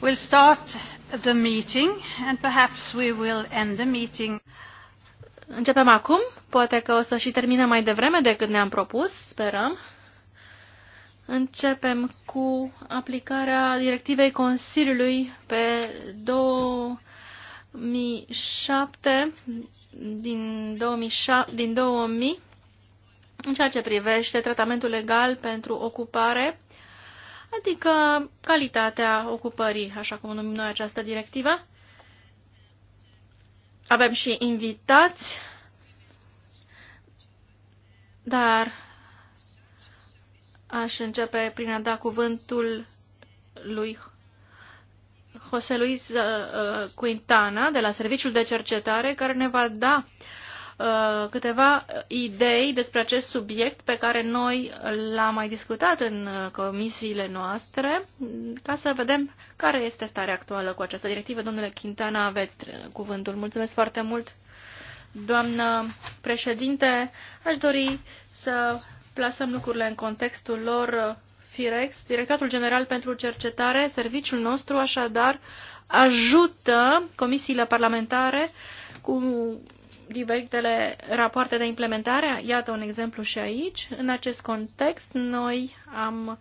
We'll start the meeting and perhaps we will end the meeting. Începem acum. Poate că o să și terminăm mai devreme decât ne-am propus, sperăm. Începem cu aplicarea directivei Consiliului pe 2007 din 2007 din 2000 în ceea ce privește tratamentul legal pentru ocupare adică calitatea ocupării, așa cum numim noi această directivă. Avem și invitați, dar aș începe prin a da cuvântul lui José Luis uh, uh, Quintana de la Serviciul de Cercetare, care ne va da uh, Uh, câteva idei despre acest subiect pe care noi l-am mai discutat în uh, comisiile noastre, ca să vedem care este starea actuală cu această directivă. Domnule Quintana, aveți cuvântul. Mulțumesc foarte mult, doamnă președinte. Aș dori să plasăm lucrurile în contextul lor uh, Firex, Directoratul General pentru Cercetare, serviciul nostru așadar ajută comisiile parlamentare cu diferitele rapoarte de implementare. Iată un exemplu și aici. În acest context, noi am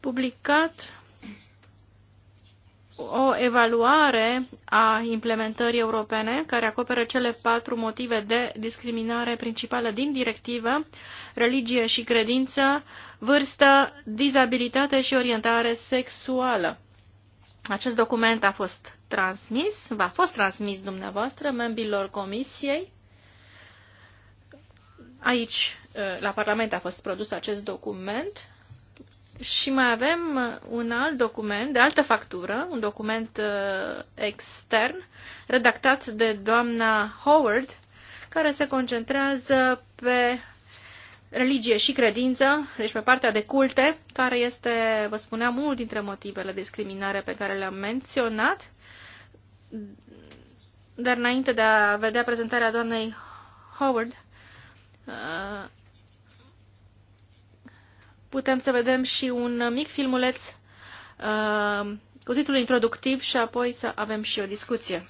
publicat o evaluare a implementării europene care acoperă cele patru motive de discriminare principală din directivă, religie și credință, vârstă, dizabilitate și orientare sexuală. Acest document a fost transmis, v-a fost transmis dumneavoastră, membrilor comisiei. Aici, uh, la Parlament, a fost produs acest document și mai avem un alt document, de altă factură, un document uh, extern, redactat de doamna Howard, care se concentrează pe religie și credință, deci pe partea de culte, care este, vă spuneam, unul dintre motivele de discriminare pe care le-am menționat. Dar înainte de a vedea prezentarea doamnei Howard, uh, putem să vedem și un mic filmuleț uh, cu titlul introductiv și apoi să avem și o discuție.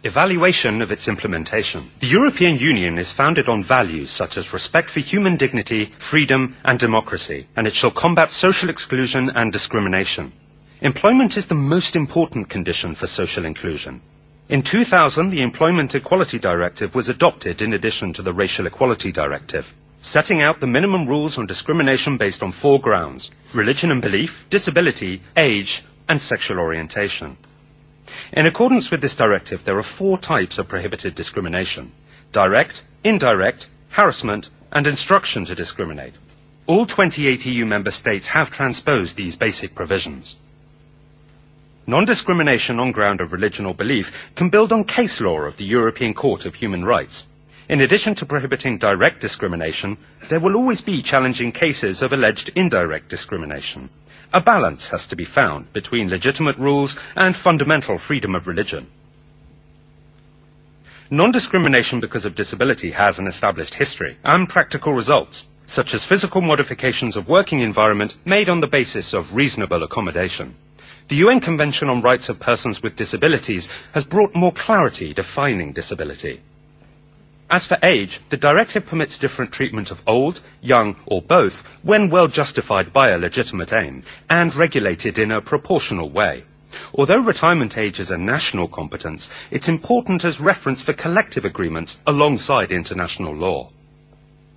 Evaluation of its implementation. The European Union is founded on values such as respect for human dignity, freedom and democracy, and it shall combat social exclusion and discrimination. Employment is the most important condition for social inclusion. In 2000, the Employment Equality Directive was adopted in addition to the Racial Equality Directive, setting out the minimum rules on discrimination based on four grounds religion and belief, disability, age, and sexual orientation. In accordance with this directive, there are four types of prohibited discrimination direct, indirect, harassment, and instruction to discriminate. All 28 EU member states have transposed these basic provisions non-discrimination on ground of religion or belief can build on case law of the European Court of Human Rights. In addition to prohibiting direct discrimination, there will always be challenging cases of alleged indirect discrimination. A balance has to be found between legitimate rules and fundamental freedom of religion. Non-discrimination because of disability has an established history and practical results, such as physical modifications of working environment made on the basis of reasonable accommodation the un convention on rights of persons with disabilities has brought more clarity defining disability. As for age, the directive permits different treatment of old, young or both when well justified by a legitimate aim and regulated in a proportional way. Although retirement age is a national competence, it's important as reference for collective agreements alongside international law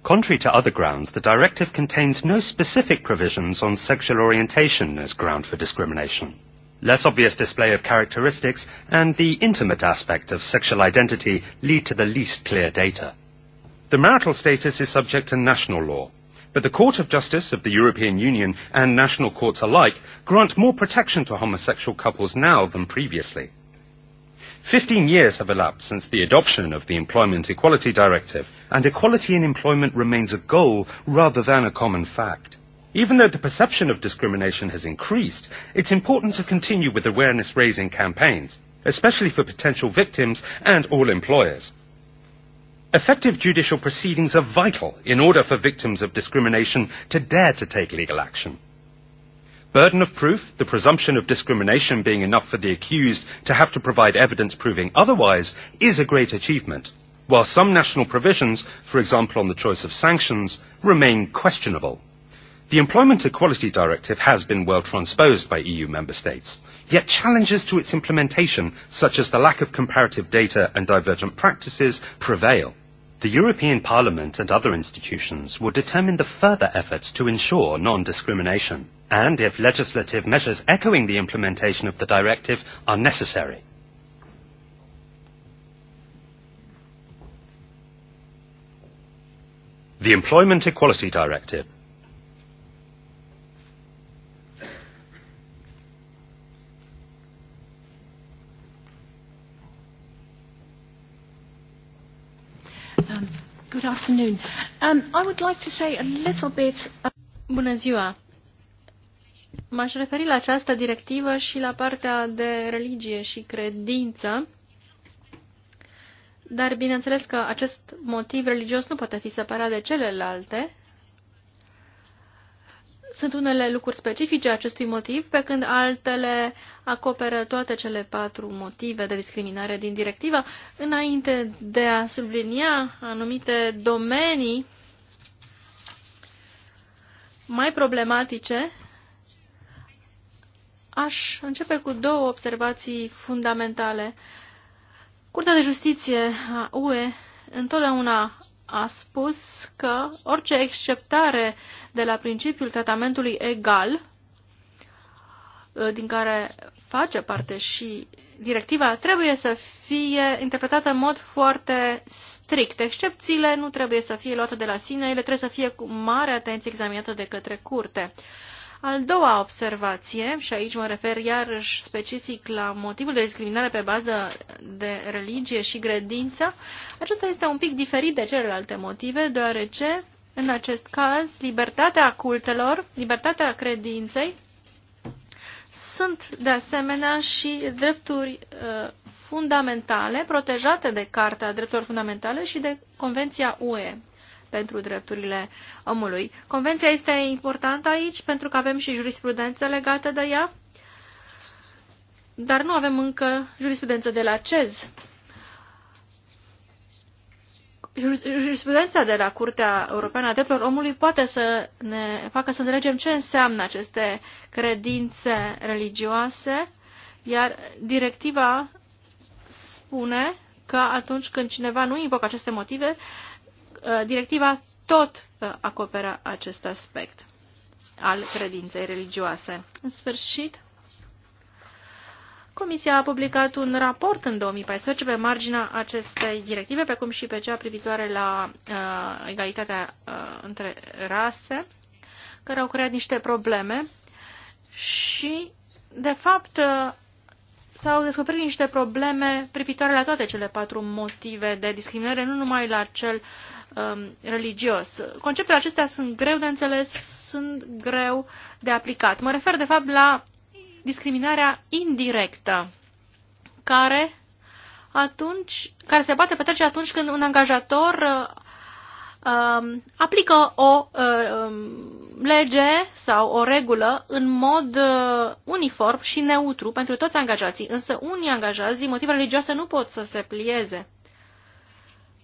contrary to other grounds the directive contains no specific provisions on sexual orientation as ground for discrimination less obvious display of characteristics and the intimate aspect of sexual identity lead to the least clear data. The marital status is subject to national law, but the Court of Justice of the European Union and national courts alike grant more protection to homosexual couples now than previously. 15 years have elapsed since the adoption of the Employment Equality Directive, and equality in employment remains a goal rather than a common fact. Even though the perception of discrimination has increased, it's important to continue with awareness-raising campaigns, especially for potential victims and all employers. Effective judicial proceedings are vital in order for victims of discrimination to dare to take legal action. Burden of proof, the presumption of discrimination being enough for the accused to have to provide evidence proving otherwise, is a great achievement, while some national provisions, for example on the choice of sanctions, remain questionable. The Employment Equality Directive has been well transposed by EU member states, yet challenges to its implementation, such as the lack of comparative data and divergent practices, prevail. The European Parliament and other institutions will determine the further efforts to ensure non-discrimination and if legislative measures echoing the implementation of the directive are necessary. The Employment Equality Directive Um, good afternoon. Um, I would like to say a little bit. Bună ziua. M-aș referi la această directivă și la partea de religie și credință, dar bineînțeles că acest motiv religios nu poate fi separat de celelalte. Sunt unele lucruri specifice acestui motiv, pe când altele acoperă toate cele patru motive de discriminare din directivă. Înainte de a sublinia anumite domenii mai problematice, Aș începe cu două observații fundamentale. Curtea de Justiție a UE întotdeauna a spus că orice exceptare de la principiul tratamentului egal, ă, din care face parte și directiva, trebuie să fie interpretată în mod foarte strict. Excepțiile nu trebuie să fie luate de la sine, ele trebuie să fie cu mare atenție examinate de către curte. Al doua observație, și aici mă refer iarăși specific la motivul de discriminare pe bază de religie și credință, acesta este un pic diferit de celelalte motive, deoarece, în acest caz, libertatea cultelor, libertatea credinței, sunt de asemenea și drepturi uh, fundamentale, protejate de Carta Drepturilor Fundamentale și de Convenția UE pentru drepturile omului. Convenția este importantă aici pentru că avem și jurisprudență legată de ea, dar nu avem încă jurisprudență de la CEZ. Jurisprudența de la Curtea Europeană a Drepturilor Omului poate să ne facă să înțelegem ce înseamnă aceste credințe religioase, iar directiva spune că atunci când cineva nu invocă aceste motive, Uh, directiva tot uh, acoperă acest aspect al credinței religioase. În sfârșit, Comisia a publicat un raport în 2014 pe marginea acestei directive, precum și pe cea privitoare la uh, egalitatea uh, între rase, care au creat niște probleme și, de fapt, uh, s-au descoperit niște probleme privitoare la toate cele patru motive de discriminare, nu numai la cel uh, um, religios. Conceptele acestea sunt greu de înțeles, sunt greu de aplicat. Mă refer, de fapt, la discriminarea indirectă, care, atunci, care se poate petrece atunci când un angajator uh, um, aplică o uh, um, lege sau o regulă în mod uh, uniform și neutru pentru toți angajații, însă unii angajați din motive religioase nu pot să se plieze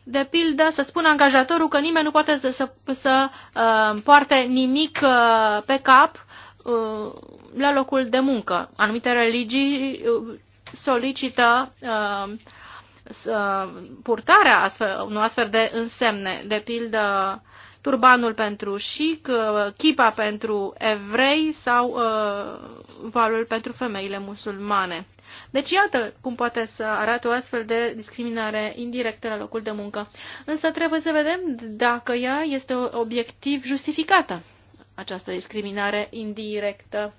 de pildă, să spună angajatorul că nimeni nu poate să, să, să uh, poarte nimic uh, pe cap uh, la locul de muncă. Anumite religii uh, solicită uh, să uh, purtarea astfel, unui astfel de însemne, de pildă turbanul pentru șic, uh, chipa pentru evrei sau uh, valul pentru femeile musulmane. Deci iată cum poate să arate o astfel de discriminare indirectă la locul de muncă. Însă trebuie să vedem dacă ea este obiectiv justificată, această discriminare indirectă.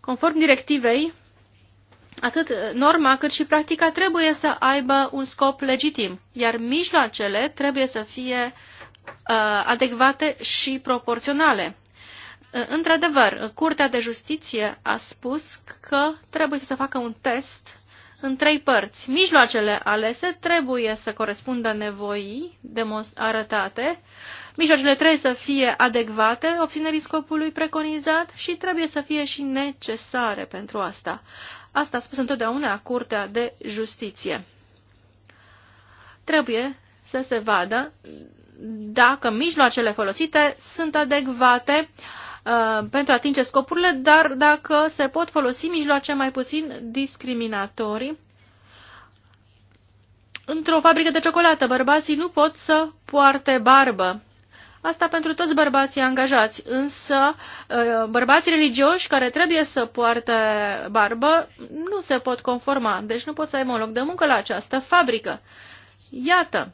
Conform directivei, atât norma cât și practica trebuie să aibă un scop legitim, iar mijloacele trebuie să fie uh, adecvate și proporționale. Într-adevăr, Curtea de Justiție a spus că trebuie să se facă un test în trei părți. Mijloacele alese trebuie să corespundă nevoii arătate, mijloacele trebuie să fie adecvate obținerii scopului preconizat și trebuie să fie și necesare pentru asta. Asta a spus întotdeauna Curtea de Justiție. Trebuie să se vadă dacă mijloacele folosite sunt adecvate uh, Uh, pentru a atinge scopurile, dar dacă se pot folosi mijloace mai puțin discriminatorii. Într-o fabrică de ciocolată, bărbații nu pot să poarte barbă. Asta pentru toți bărbații angajați, însă uh, bărbații religioși care trebuie să poarte barbă nu se pot conforma, deci nu pot să aibă un loc de muncă la această fabrică. Iată,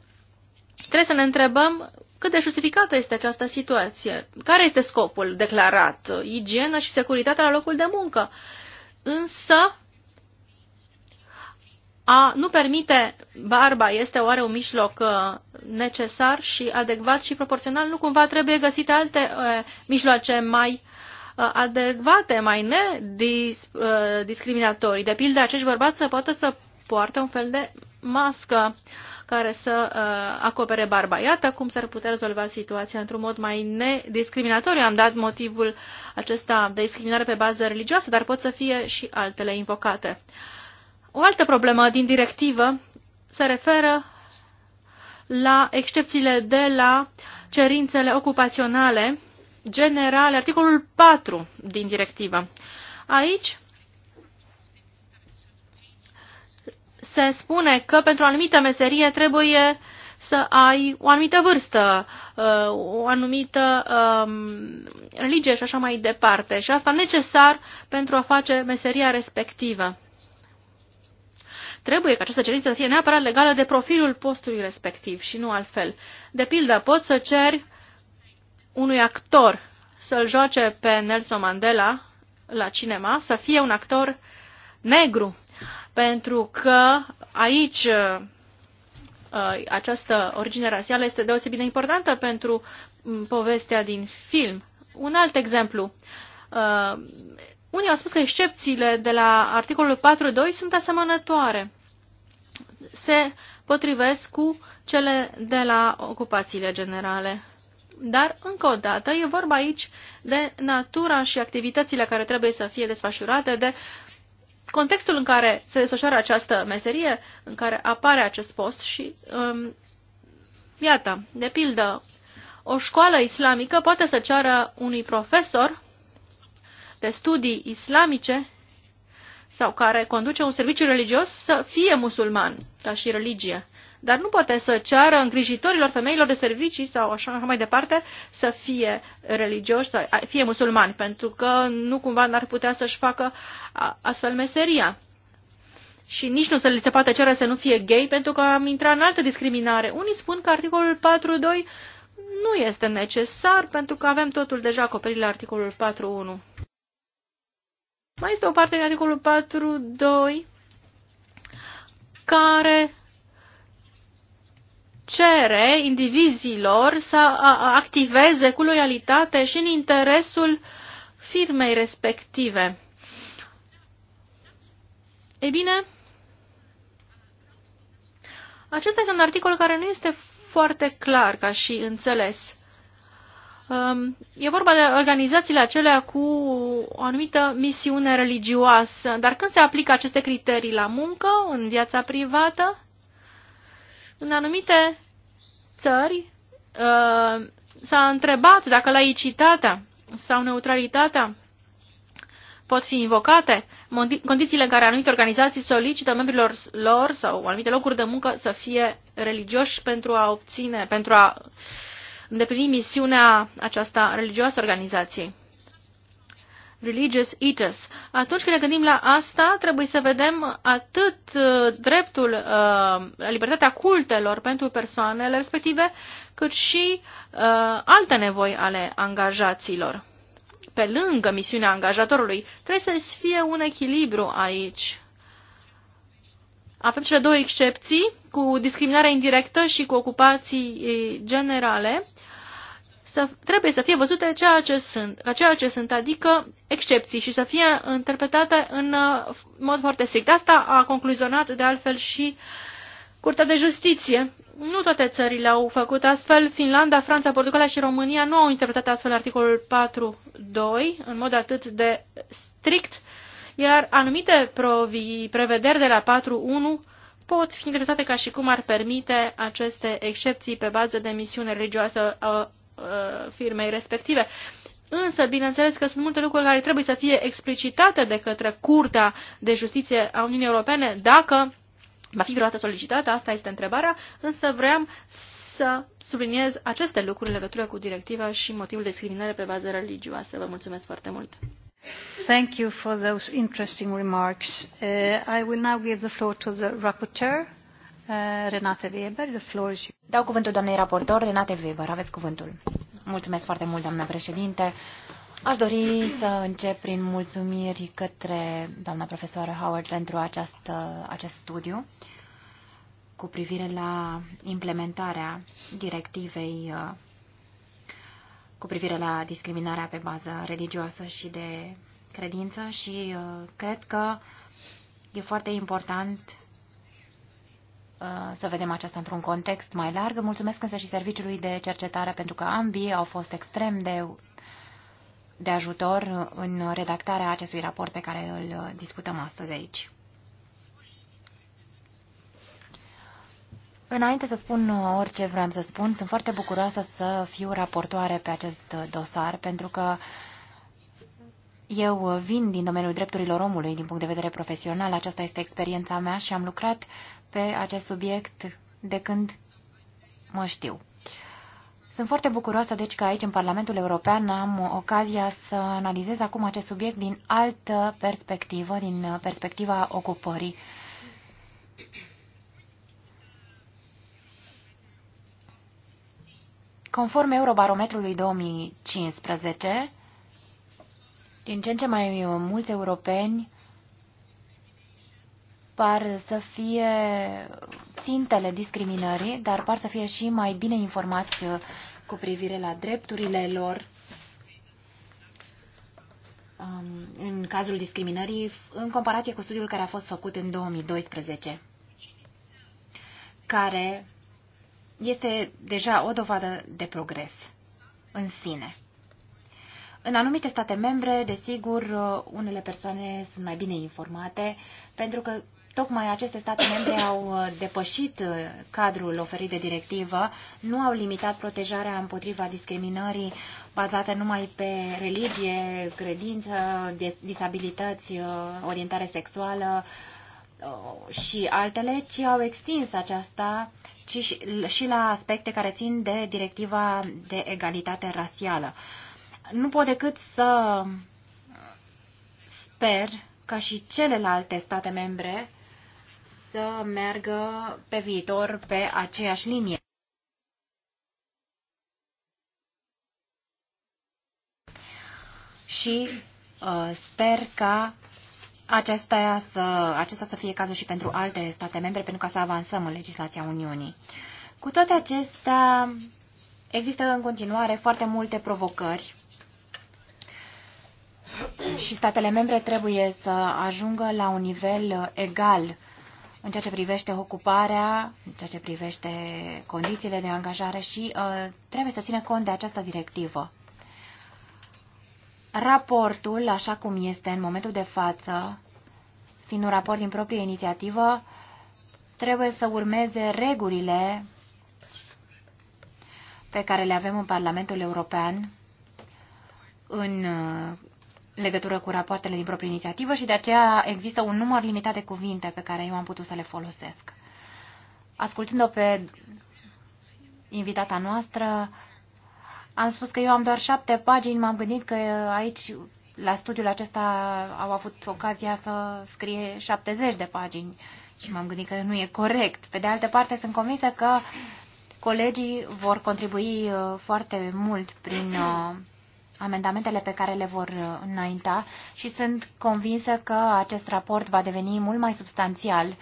trebuie să ne întrebăm cât de justificată este această situație? Care este scopul declarat? Igiena și securitatea la locul de muncă. Însă, a nu permite barba este oare un mijloc uh, necesar și adecvat și proporțional? Nu cumva trebuie găsite alte uh, mijloace mai uh, adecvate, mai nediscriminatorii. Uh, de pildă, acești bărbați să poată să poarte un fel de mască. Uh, care să uh, acopere barba. Iată cum s-ar putea rezolva situația într-un mod mai nediscriminatoriu. Am dat motivul acesta de discriminare pe bază religioasă, dar pot să fie și altele invocate. O altă problemă din directivă se referă la excepțiile de la cerințele ocupaționale generale, articolul 4 din directivă. Aici se spune că pentru o anumită meserie trebuie să ai o anumită vârstă, uh, o anumită um, religie și așa mai departe. Și asta necesar pentru a face meseria respectivă. Trebuie ca această cerință să fie neapărat legală de profilul postului respectiv și nu altfel. De pildă, poți să ceri unui actor să-l joace pe Nelson Mandela la cinema, să fie un actor negru pentru că aici uh, uh, această origine rasială este deosebit de importantă pentru mm, povestea din film. Un alt exemplu. Uh, unii au spus că excepțiile de la articolul 4.2 sunt asemănătoare. Se potrivesc cu cele de la ocupațiile generale. Dar, încă o dată, e vorba aici de natura și activitățile care trebuie să fie desfășurate de contextul în care se desfășoară această meserie, în care apare acest post și, um, iată, de pildă, o școală islamică poate să ceară unui profesor de studii islamice sau care conduce un serviciu religios să fie musulman ca și religie dar nu poate să ceară îngrijitorilor, femeilor de servicii sau așa mai departe să fie religioși, să fie musulmani, pentru că nu cumva n-ar putea să-și facă astfel meseria. Și nici nu se li se poate cere să nu fie gay, pentru că am intrat în altă discriminare. Unii spun că articolul 4.2 nu este necesar, pentru că avem totul deja acoperit la articolul 4.1. Mai este o parte din articolul 4.2 care cere indivizilor să activeze cu loialitate și în interesul firmei respective. Ei bine, acesta este un articol care nu este foarte clar ca și înțeles. Um, e vorba de organizațiile acelea cu o anumită misiune religioasă, dar când se aplică aceste criterii la muncă, în viața privată, în anumite țări uh, s-a întrebat dacă laicitatea sau neutralitatea pot fi invocate, condițiile în care anumite organizații solicită membrilor lor sau anumite locuri de muncă să fie religioși pentru a obține, pentru a îndeplini misiunea aceasta religioasă organizației religious eaters. Atunci când ne gândim la asta, trebuie să vedem atât uh, dreptul, uh, libertatea cultelor pentru persoanele respective, cât și uh, alte nevoi ale angajaților. Pe lângă misiunea angajatorului, trebuie să fie un echilibru aici. Avem cele două excepții, cu discriminarea indirectă și cu ocupații eh, generale, să, trebuie să fie văzute ceea ce sunt, ca ceea ce sunt, adică excepții și să fie interpretate în uh, mod foarte strict. Asta a concluzionat de altfel și Curtea de Justiție. Nu toate țările au făcut astfel. Finlanda, Franța, Portugalia și România nu au interpretat astfel articolul 4.2 în mod atât de strict, iar anumite prevederi de la 4.1 pot fi interpretate ca și cum ar permite aceste excepții pe bază de misiune religioasă uh, Uh, firmei respective. Însă, bineînțeles că sunt multe lucruri care trebuie să fie explicitate de către Curtea de Justiție a Uniunii Europene dacă va fi vreodată solicitată, asta este întrebarea, însă vreau să subliniez aceste lucruri în legătură cu directiva și motivul de discriminare pe bază religioasă. Vă mulțumesc foarte mult! Thank you for those interesting remarks. Uh, I will now give the floor to the rapporteur. Eh, Renate Weber, the floor is Dau cuvântul doamnei raportor, Renate Weber, aveți cuvântul. Mulțumesc foarte mult, doamna președinte. Aș dori să încep prin mulțumiri către doamna profesoară Howard pentru această, acest studiu cu privire la implementarea directivei eh, cu privire la discriminarea pe bază religioasă și de credință și eh, cred că e foarte important Uh, să vedem aceasta într-un context mai larg. Mulțumesc însă și serviciului de cercetare pentru că ambii au fost extrem de, de ajutor în redactarea acestui raport pe care îl uh, discutăm astăzi aici. Înainte să spun orice vreau să spun, sunt foarte bucuroasă să fiu raportoare pe acest dosar, pentru că eu vin din domeniul drepturilor omului din punct de vedere profesional, aceasta este experiența mea și am lucrat pe acest subiect de când mă știu. Sunt foarte bucuroasă, deci, că aici, în Parlamentul European, am ocazia să analizez acum acest subiect din altă perspectivă, din perspectiva ocupării. Conform Eurobarometrului 2015, din ce în ce mai mulți europeni par să fie țintele discriminării, dar par să fie și mai bine informați uh, cu privire la drepturile lor um, în cazul discriminării în comparație cu studiul care a fost făcut în 2012, care este deja o dovadă de progres în sine. În anumite state membre, desigur, uh, unele persoane sunt mai bine informate pentru că Tocmai aceste state membre au uh, depășit uh, cadrul oferit de directivă, nu au limitat protejarea împotriva discriminării bazată numai pe religie, credință, disabilități, uh, orientare sexuală și altele, ci au extins aceasta ci și la aspecte care țin de directiva de egalitate rasială. Nu pot decât să sper ca și celelalte state membre să meargă pe viitor pe aceeași linie. Și uh, sper ca acesta să, acesta să fie cazul și pentru alte state membre, pentru ca să avansăm în legislația Uniunii. Cu toate acestea, există în continuare foarte multe provocări și statele membre trebuie să ajungă la un nivel egal în ceea ce privește ocuparea, în ceea ce privește condițiile de angajare și uh, trebuie să ține cont de această directivă. Raportul, așa cum este în momentul de față, fiind un raport din proprie inițiativă, trebuie să urmeze regulile pe care le avem în Parlamentul European în uh, legătură cu rapoartele din proprie inițiativă și de aceea există un număr limitat de cuvinte pe care eu am putut să le folosesc. Ascultând-o pe invitata noastră, am spus că eu am doar șapte pagini, m-am gândit că aici, la studiul acesta, au avut ocazia să scrie 70 de pagini și m-am gândit că nu e corect. Pe de altă parte, sunt convinsă că colegii vor contribui uh, foarte mult prin uh, amendamentele pe care le vor uh, înainta și sunt convinsă că acest raport va deveni mult mai substanțial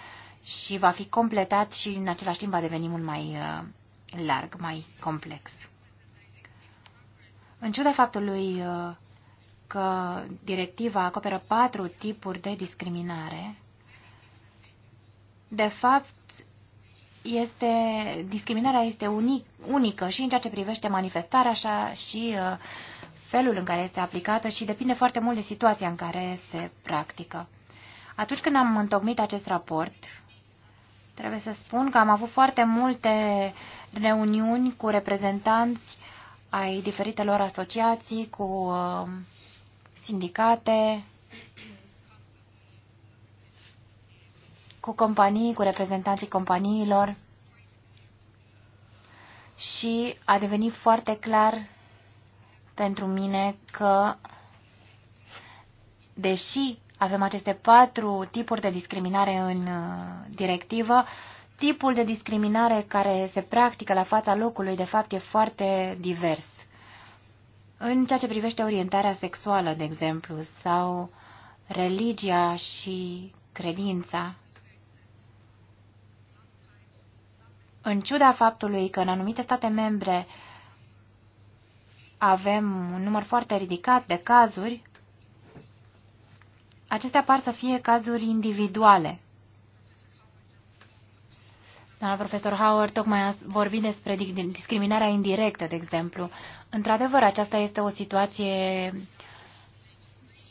și va fi completat și în același timp va deveni mult mai uh, larg, mai complex. În ciuda faptului uh, că directiva acoperă patru tipuri de discriminare, de fapt, este, discriminarea este unic, unică și în ceea ce privește manifestarea așa și uh, felul în care este aplicată și depinde foarte mult de situația în care se practică. Atunci când am întocmit acest raport, trebuie să spun că am avut foarte multe reuniuni cu reprezentanți ai diferitelor asociații, cu uh, sindicate, cu companii, cu reprezentanții companiilor și a devenit foarte clar pentru mine că, deși avem aceste patru tipuri de discriminare în uh, directivă, tipul de discriminare care se practică la fața locului, de fapt, e foarte divers. În ceea ce privește orientarea sexuală, de exemplu, sau religia și credința, în ciuda faptului că în anumite state membre uh, avem un număr foarte ridicat de cazuri, acestea par să fie cazuri individuale. Doamna profesor Howard tocmai a vorbit despre discriminarea indirectă, de exemplu. Într-adevăr, aceasta este o situație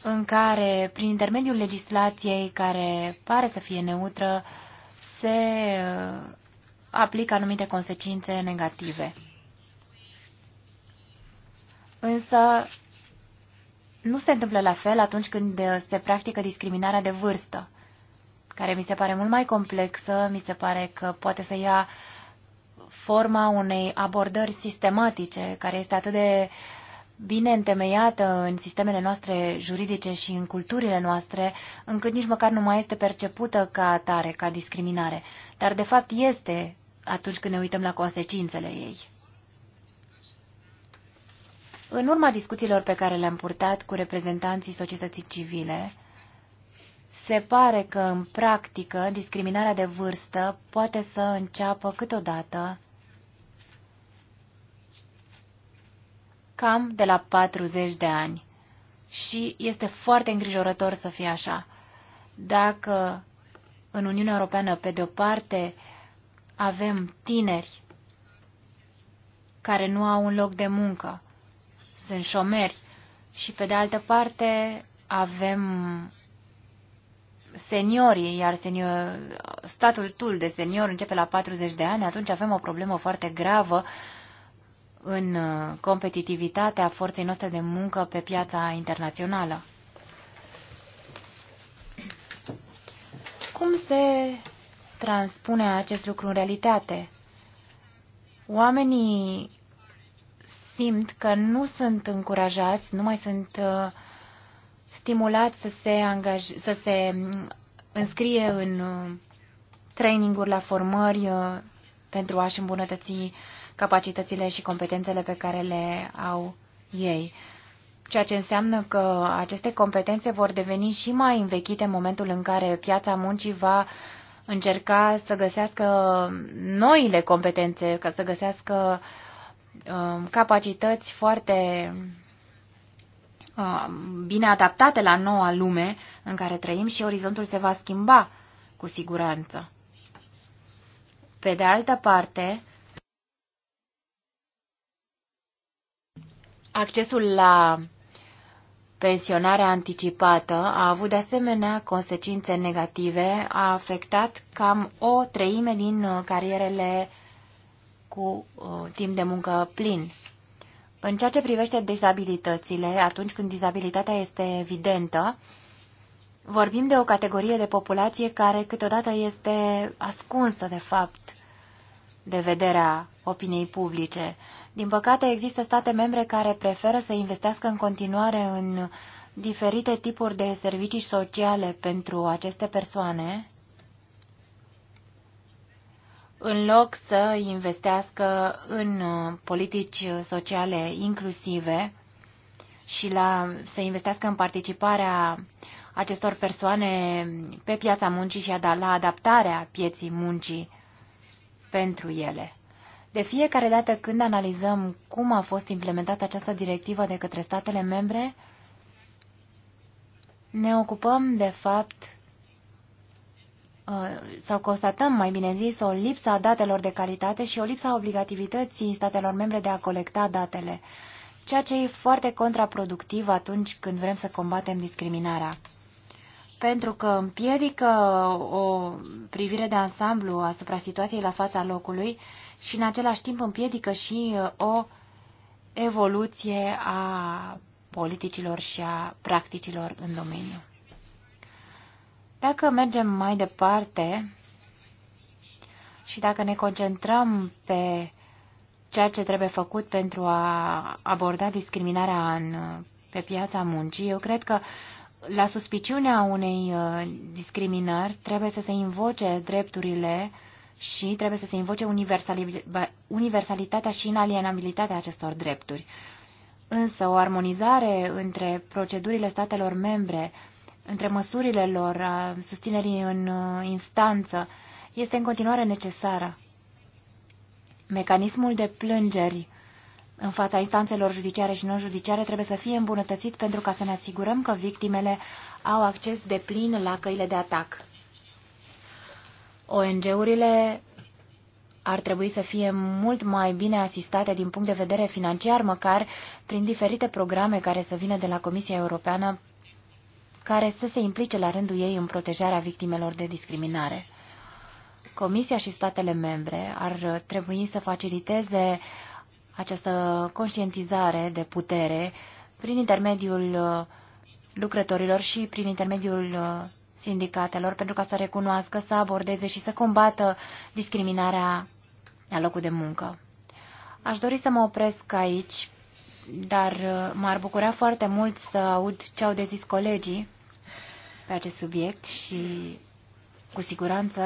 în care, prin intermediul legislației care pare să fie neutră, se uh, aplică anumite consecințe negative. Însă nu se întâmplă la fel atunci când uh, se practică discriminarea de vârstă, care mi se pare mult mai complexă, mi se pare că poate să ia forma unei abordări sistematice, care este atât de bine întemeiată în sistemele noastre juridice și în culturile noastre, încât nici măcar nu mai este percepută ca atare, ca discriminare. Dar de fapt este atunci când ne uităm la consecințele ei. În urma discuțiilor pe care le-am purtat cu reprezentanții societății civile, se pare că, în practică, discriminarea de vârstă poate să înceapă câteodată cam de la 40 de ani. Și este foarte îngrijorător să fie așa. Dacă în Uniunea Europeană, pe de-o parte, avem tineri care nu au un loc de muncă, sunt șomeri și pe de altă parte avem seniorii, iar senior, statul de senior începe la 40 de ani, atunci avem o problemă foarte gravă în uh, competitivitatea forței noastre de muncă pe piața internațională. Cum se transpune acest lucru în realitate? Oamenii simt că nu sunt încurajați, nu mai sunt uh, stimulați să se, angaj, să se mm, înscrie în uh, traininguri la formări uh, pentru a-și îmbunătăți capacitățile și competențele pe care le au ei. Ceea ce înseamnă că aceste competențe vor deveni și mai învechite în momentul în care piața muncii va încerca să găsească noile competențe, ca să găsească uh, Um, capacități foarte um, bine adaptate la noua lume în care trăim și orizontul se va schimba cu siguranță. Pe de altă parte, accesul la pensionarea anticipată a avut de asemenea consecințe negative, a afectat cam o treime din uh, carierele cu uh, timp de muncă plin. În ceea ce privește dizabilitățile, atunci când dizabilitatea este evidentă, vorbim de o categorie de populație care câteodată este ascunsă, de fapt, de vederea opiniei publice. Din păcate, există state membre care preferă să investească în continuare în diferite tipuri de servicii sociale pentru aceste persoane, în loc să investească în uh, politici uh, sociale inclusive și la, să investească în participarea acestor persoane pe piața muncii și da, la adaptarea pieții muncii pentru ele. De fiecare dată când analizăm cum a fost implementată această directivă de către statele membre, ne ocupăm de fapt Uh, sau constatăm, mai bine zis, o lipsă a datelor de calitate și o lipsă a obligativității statelor membre de a colecta datele, ceea ce e foarte contraproductiv atunci când vrem să combatem discriminarea. Pentru că împiedică o privire de ansamblu asupra situației la fața locului și în același timp împiedică și uh, o evoluție a politicilor și a practicilor în domeniu. Dacă mergem mai departe și dacă ne concentrăm pe ceea ce trebuie făcut pentru a aborda discriminarea în, pe piața muncii, eu cred că la suspiciunea unei uh, discriminări trebuie să se invoce drepturile și trebuie să se invoce universalitatea și inalienabilitatea acestor drepturi. Însă o armonizare între procedurile statelor membre între măsurile lor a susținerii în uh, instanță este în continuare necesară. Mecanismul de plângeri în fața instanțelor judiciare și non-judiciare trebuie să fie îmbunătățit pentru ca să ne asigurăm că victimele au acces de plin la căile de atac. ONG-urile ar trebui să fie mult mai bine asistate din punct de vedere financiar, măcar prin diferite programe care să vină de la Comisia Europeană care să se implice la rândul ei în protejarea victimelor de discriminare. Comisia și statele membre ar trebui să faciliteze această conștientizare de putere prin intermediul uh, lucrătorilor și prin intermediul uh, sindicatelor pentru ca să recunoască, să abordeze și să combată discriminarea la locul de muncă. Aș dori să mă opresc aici, dar uh, m-ar bucura foarte mult să aud ce au de zis colegii pe acest subiect și cu siguranță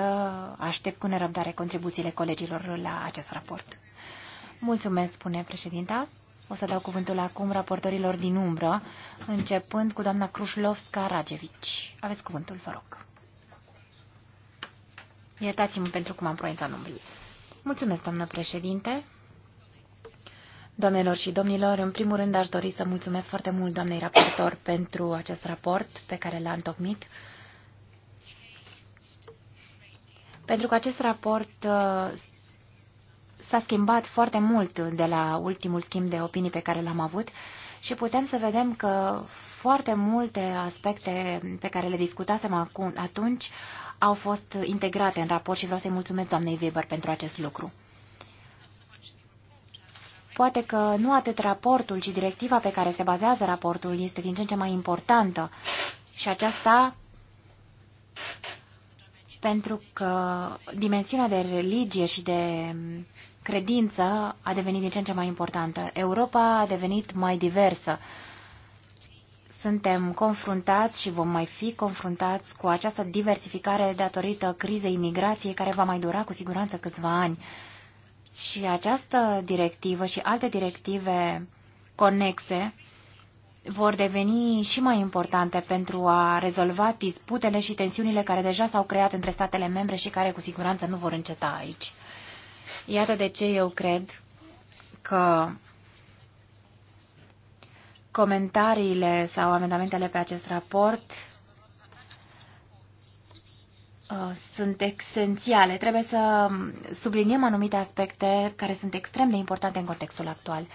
aștept cu nerăbdare contribuțiile colegilor la acest raport. Mulțumesc, spune președinta. O să dau cuvântul acum raportorilor din umbră, începând cu doamna Krușlovska-Ragevici. Aveți cuvântul, vă rog. Iertați-mă pentru cum am proiectat numele. Mulțumesc, doamnă președinte. Doamnelor și domnilor, în primul rând aș dori să mulțumesc foarte mult doamnei raportor pentru acest raport pe care l-a întocmit. Pentru că acest raport uh, s-a schimbat foarte mult de la ultimul schimb de opinii pe care l-am avut și putem să vedem că foarte multe aspecte pe care le discutasem acum, atunci au fost integrate în raport și vreau să-i mulțumesc doamnei Weber pentru acest lucru. Poate că nu atât raportul, ci directiva pe care se bazează raportul este din ce în ce mai importantă și aceasta pentru că dimensiunea de religie și de credință a devenit din ce în ce mai importantă. Europa a devenit mai diversă. Suntem confruntați și vom mai fi confruntați cu această diversificare datorită crizei imigrației care va mai dura cu siguranță câțiva ani. Și această directivă și alte directive conexe vor deveni și mai importante pentru a rezolva disputele și tensiunile care deja s-au creat între statele membre și care cu siguranță nu vor înceta aici. Iată de ce eu cred că comentariile sau amendamentele pe acest raport Uh, sunt esențiale. Trebuie să subliniem anumite aspecte care sunt extrem de importante în contextul actual.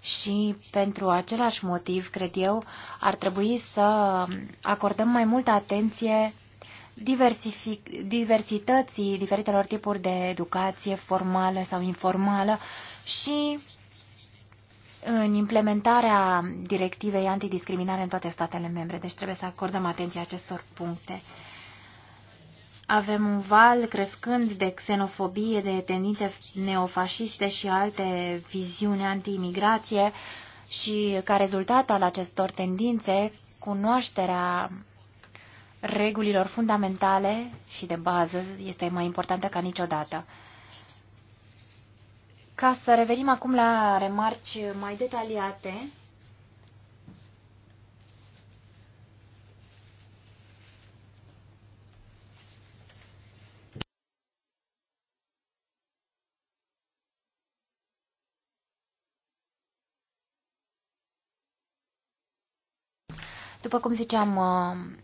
Și pentru același motiv, cred eu, ar trebui să acordăm mai multă atenție diversității diferitelor tipuri de educație formală sau informală și în implementarea directivei antidiscriminare în toate statele membre. Deci trebuie să acordăm atenție acestor puncte avem un val crescând de xenofobie, de tendințe neofașiste și alte viziuni anti-imigrație și ca rezultat al acestor tendințe, cunoașterea regulilor fundamentale și de bază este mai importantă ca niciodată. Ca să revenim acum la remarci mai detaliate, După cum ziceam, uh,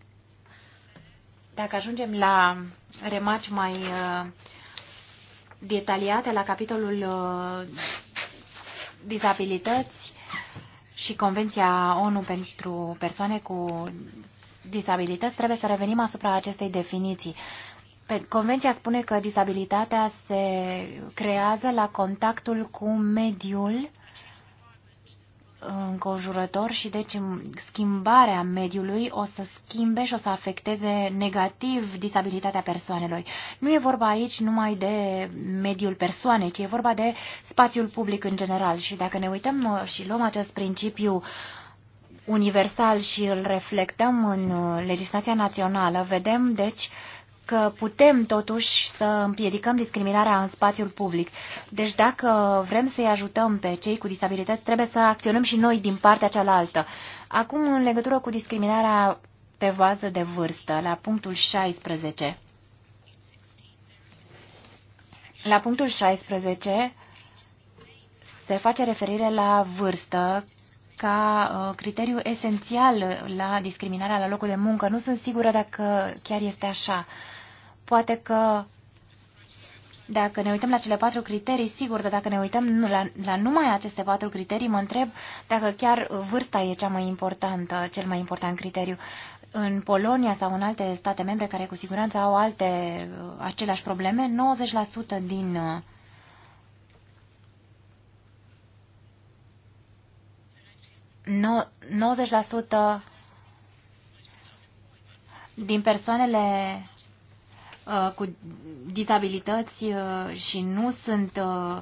dacă ajungem la remarci mai uh, detaliate la capitolul uh, dizabilități și Convenția ONU pentru persoane cu dizabilități, trebuie să revenim asupra acestei definiții. Convenția spune că disabilitatea se creează la contactul cu mediul uh, înconjurător și deci schimbarea mediului o să schimbe și o să afecteze negativ disabilitatea persoanelor. Nu e vorba aici numai de mediul persoanei, ci e vorba de spațiul public în general și dacă ne uităm uh, și luăm acest principiu universal și îl reflectăm în uh, legislația națională, vedem deci că putem totuși să împiedicăm discriminarea în spațiul public. Deci dacă vrem să-i ajutăm pe cei cu disabilități, trebuie să acționăm și noi din partea cealaltă. Acum, în legătură cu discriminarea pe vază de vârstă, la punctul 16. La punctul 16 se face referire la vârstă ca uh, criteriu esențial la discriminarea la locul de muncă. Nu sunt sigură dacă chiar este așa. Poate că dacă ne uităm la cele patru criterii, sigur, dar dacă ne uităm la, la numai aceste patru criterii, mă întreb dacă chiar vârsta e cea mai importantă, cel mai important criteriu. În Polonia sau în alte state membre care cu siguranță au alte uh, aceleași probleme, 90% din uh, no, 90% din persoanele Uh, cu dizabilități uh, și nu sunt uh,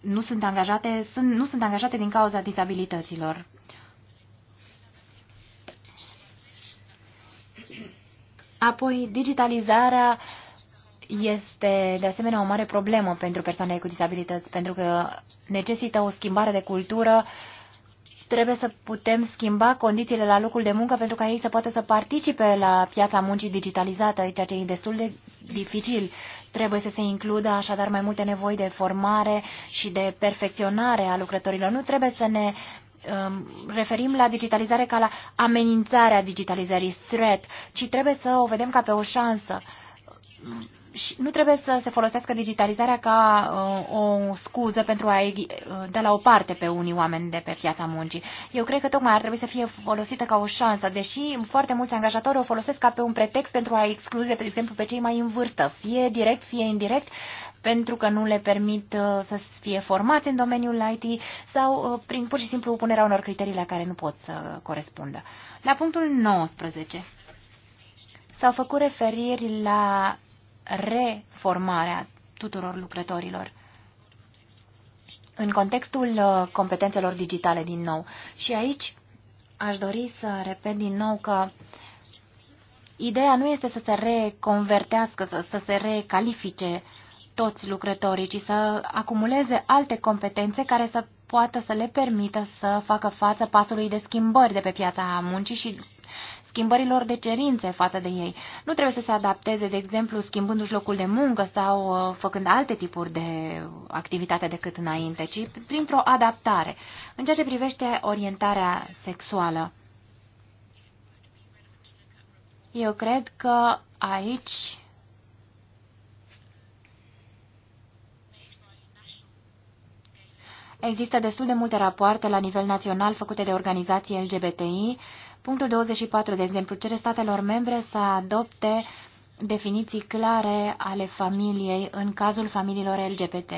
nu sunt angajate, sunt, nu sunt angajate din cauza dizabilităților. Apoi, digitalizarea este de asemenea o mare problemă pentru persoanele cu dizabilități, pentru că necesită o schimbare de cultură uh, trebuie să putem schimba condițiile la locul de muncă pentru ca ei să poată să participe la piața muncii digitalizată, ceea ce e destul de dificil. Trebuie să se includă așadar mai multe nevoi de formare și de perfecționare a lucrătorilor. Nu trebuie să ne um, referim la digitalizare ca la amenințarea digitalizării, threat, ci trebuie să o vedem ca pe o șansă și nu trebuie să se folosească digitalizarea ca uh, o scuză pentru a uh, da la o parte pe unii oameni de pe piața muncii. Eu cred că tocmai ar trebui să fie folosită ca o șansă, deși foarte mulți angajatori o folosesc ca pe un pretext pentru a exclude, de exemplu, pe cei mai în vârstă, fie direct, fie indirect, pentru că nu le permit uh, să fie formați în domeniul IT sau uh, prin pur și simplu punerea unor criterii la care nu pot să corespundă. La punctul 19 s-au făcut referiri la reformarea tuturor lucrătorilor în contextul uh, competențelor digitale din nou. Și aici aș dori să repet din nou că ideea nu este să se reconvertească, să, să se recalifice toți lucrătorii, ci să acumuleze alte competențe care să poată să le permită să facă față pasului de schimbări de pe piața muncii și schimbărilor de cerințe față de ei. Nu trebuie să se adapteze, de exemplu, schimbându-și locul de muncă sau uh, făcând alte tipuri de activitate decât înainte, ci printr-o adaptare. În ceea ce privește orientarea sexuală, eu cred că aici Există destul de multe rapoarte la nivel național făcute de organizații LGBTI Punctul 24, de exemplu, cere statelor membre să adopte definiții clare ale familiei în cazul familiilor LGBT.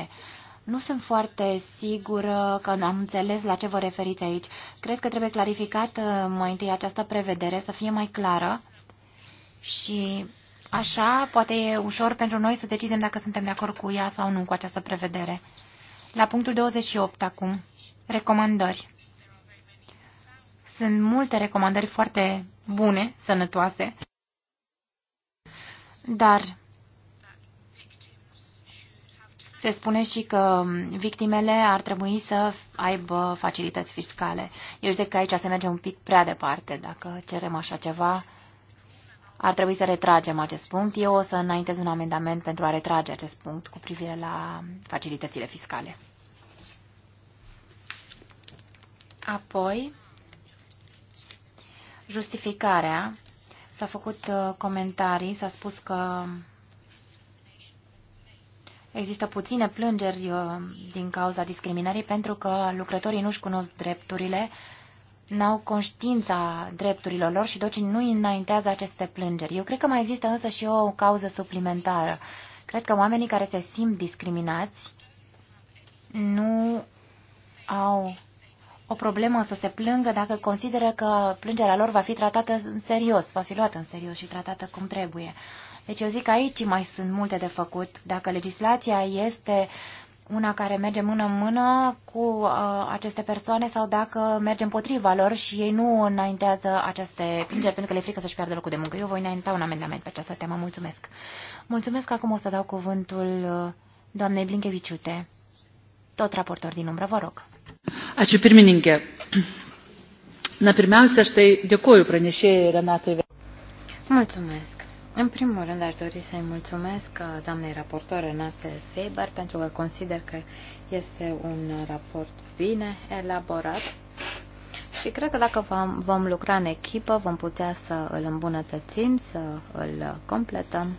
Nu sunt foarte sigură că am înțeles la ce vă referiți aici. Cred că trebuie clarificată mai întâi această prevedere, să fie mai clară și așa poate e ușor pentru noi să decidem dacă suntem de acord cu ea sau nu cu această prevedere. La punctul 28 acum, recomandări. Sunt multe recomandări foarte bune, sănătoase, dar se spune și că victimele ar trebui să aibă facilități fiscale. Eu zic că aici se merge un pic prea departe. Dacă cerem așa ceva, ar trebui să retragem acest punct. Eu o să înaintez un amendament pentru a retrage acest punct cu privire la facilitățile fiscale. Apoi, Justificarea. S-a făcut uh, comentarii, s-a spus că există puține plângeri uh, din cauza discriminării pentru că lucrătorii nu-și cunosc drepturile, n-au conștiința drepturilor lor și docii nu înaintează aceste plângeri. Eu cred că mai există însă și o cauză suplimentară. Cred că oamenii care se simt discriminați nu au o problemă să se plângă dacă consideră că plângerea lor va fi tratată în serios, va fi luată în serios și tratată cum trebuie. Deci eu zic că aici mai sunt multe de făcut. Dacă legislația este una care merge mână-mână cu uh, aceste persoane sau dacă merge împotriva lor și ei nu înaintează aceste plângeri pentru că le frică să-și piardă locul de muncă. Eu voi înainta un amendament pe această temă. Mulțumesc. Mulțumesc. Acum o să dau cuvântul uh, doamnei Blinkeviciute, tot raportor din umbră. Vă rog. Ačiū pirmininkė. Na, pirmiausia, aš tai dėkuoju pranešėjai Renatai. Mulțumesc. În primul rând, aș dori să-i mulțumesc uh, doamnei raportor Renate Weber pentru că consider că este un raport bine elaborat și cred că dacă vom, vom lucra în echipă, vom putea să îl îmbunătățim, să îl completăm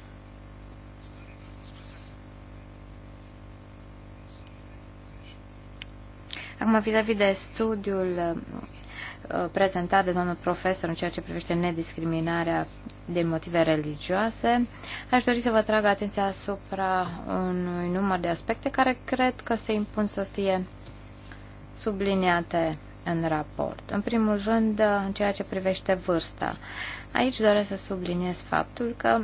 Acum, vis-a-vis -vis de studiul uh, prezentat de domnul profesor în ceea ce privește nediscriminarea din motive religioase, aș dori să vă trag atenția asupra unui număr de aspecte care cred că se impun să fie subliniate în raport. În primul rând, uh, în ceea ce privește vârsta. Aici doresc să subliniez faptul că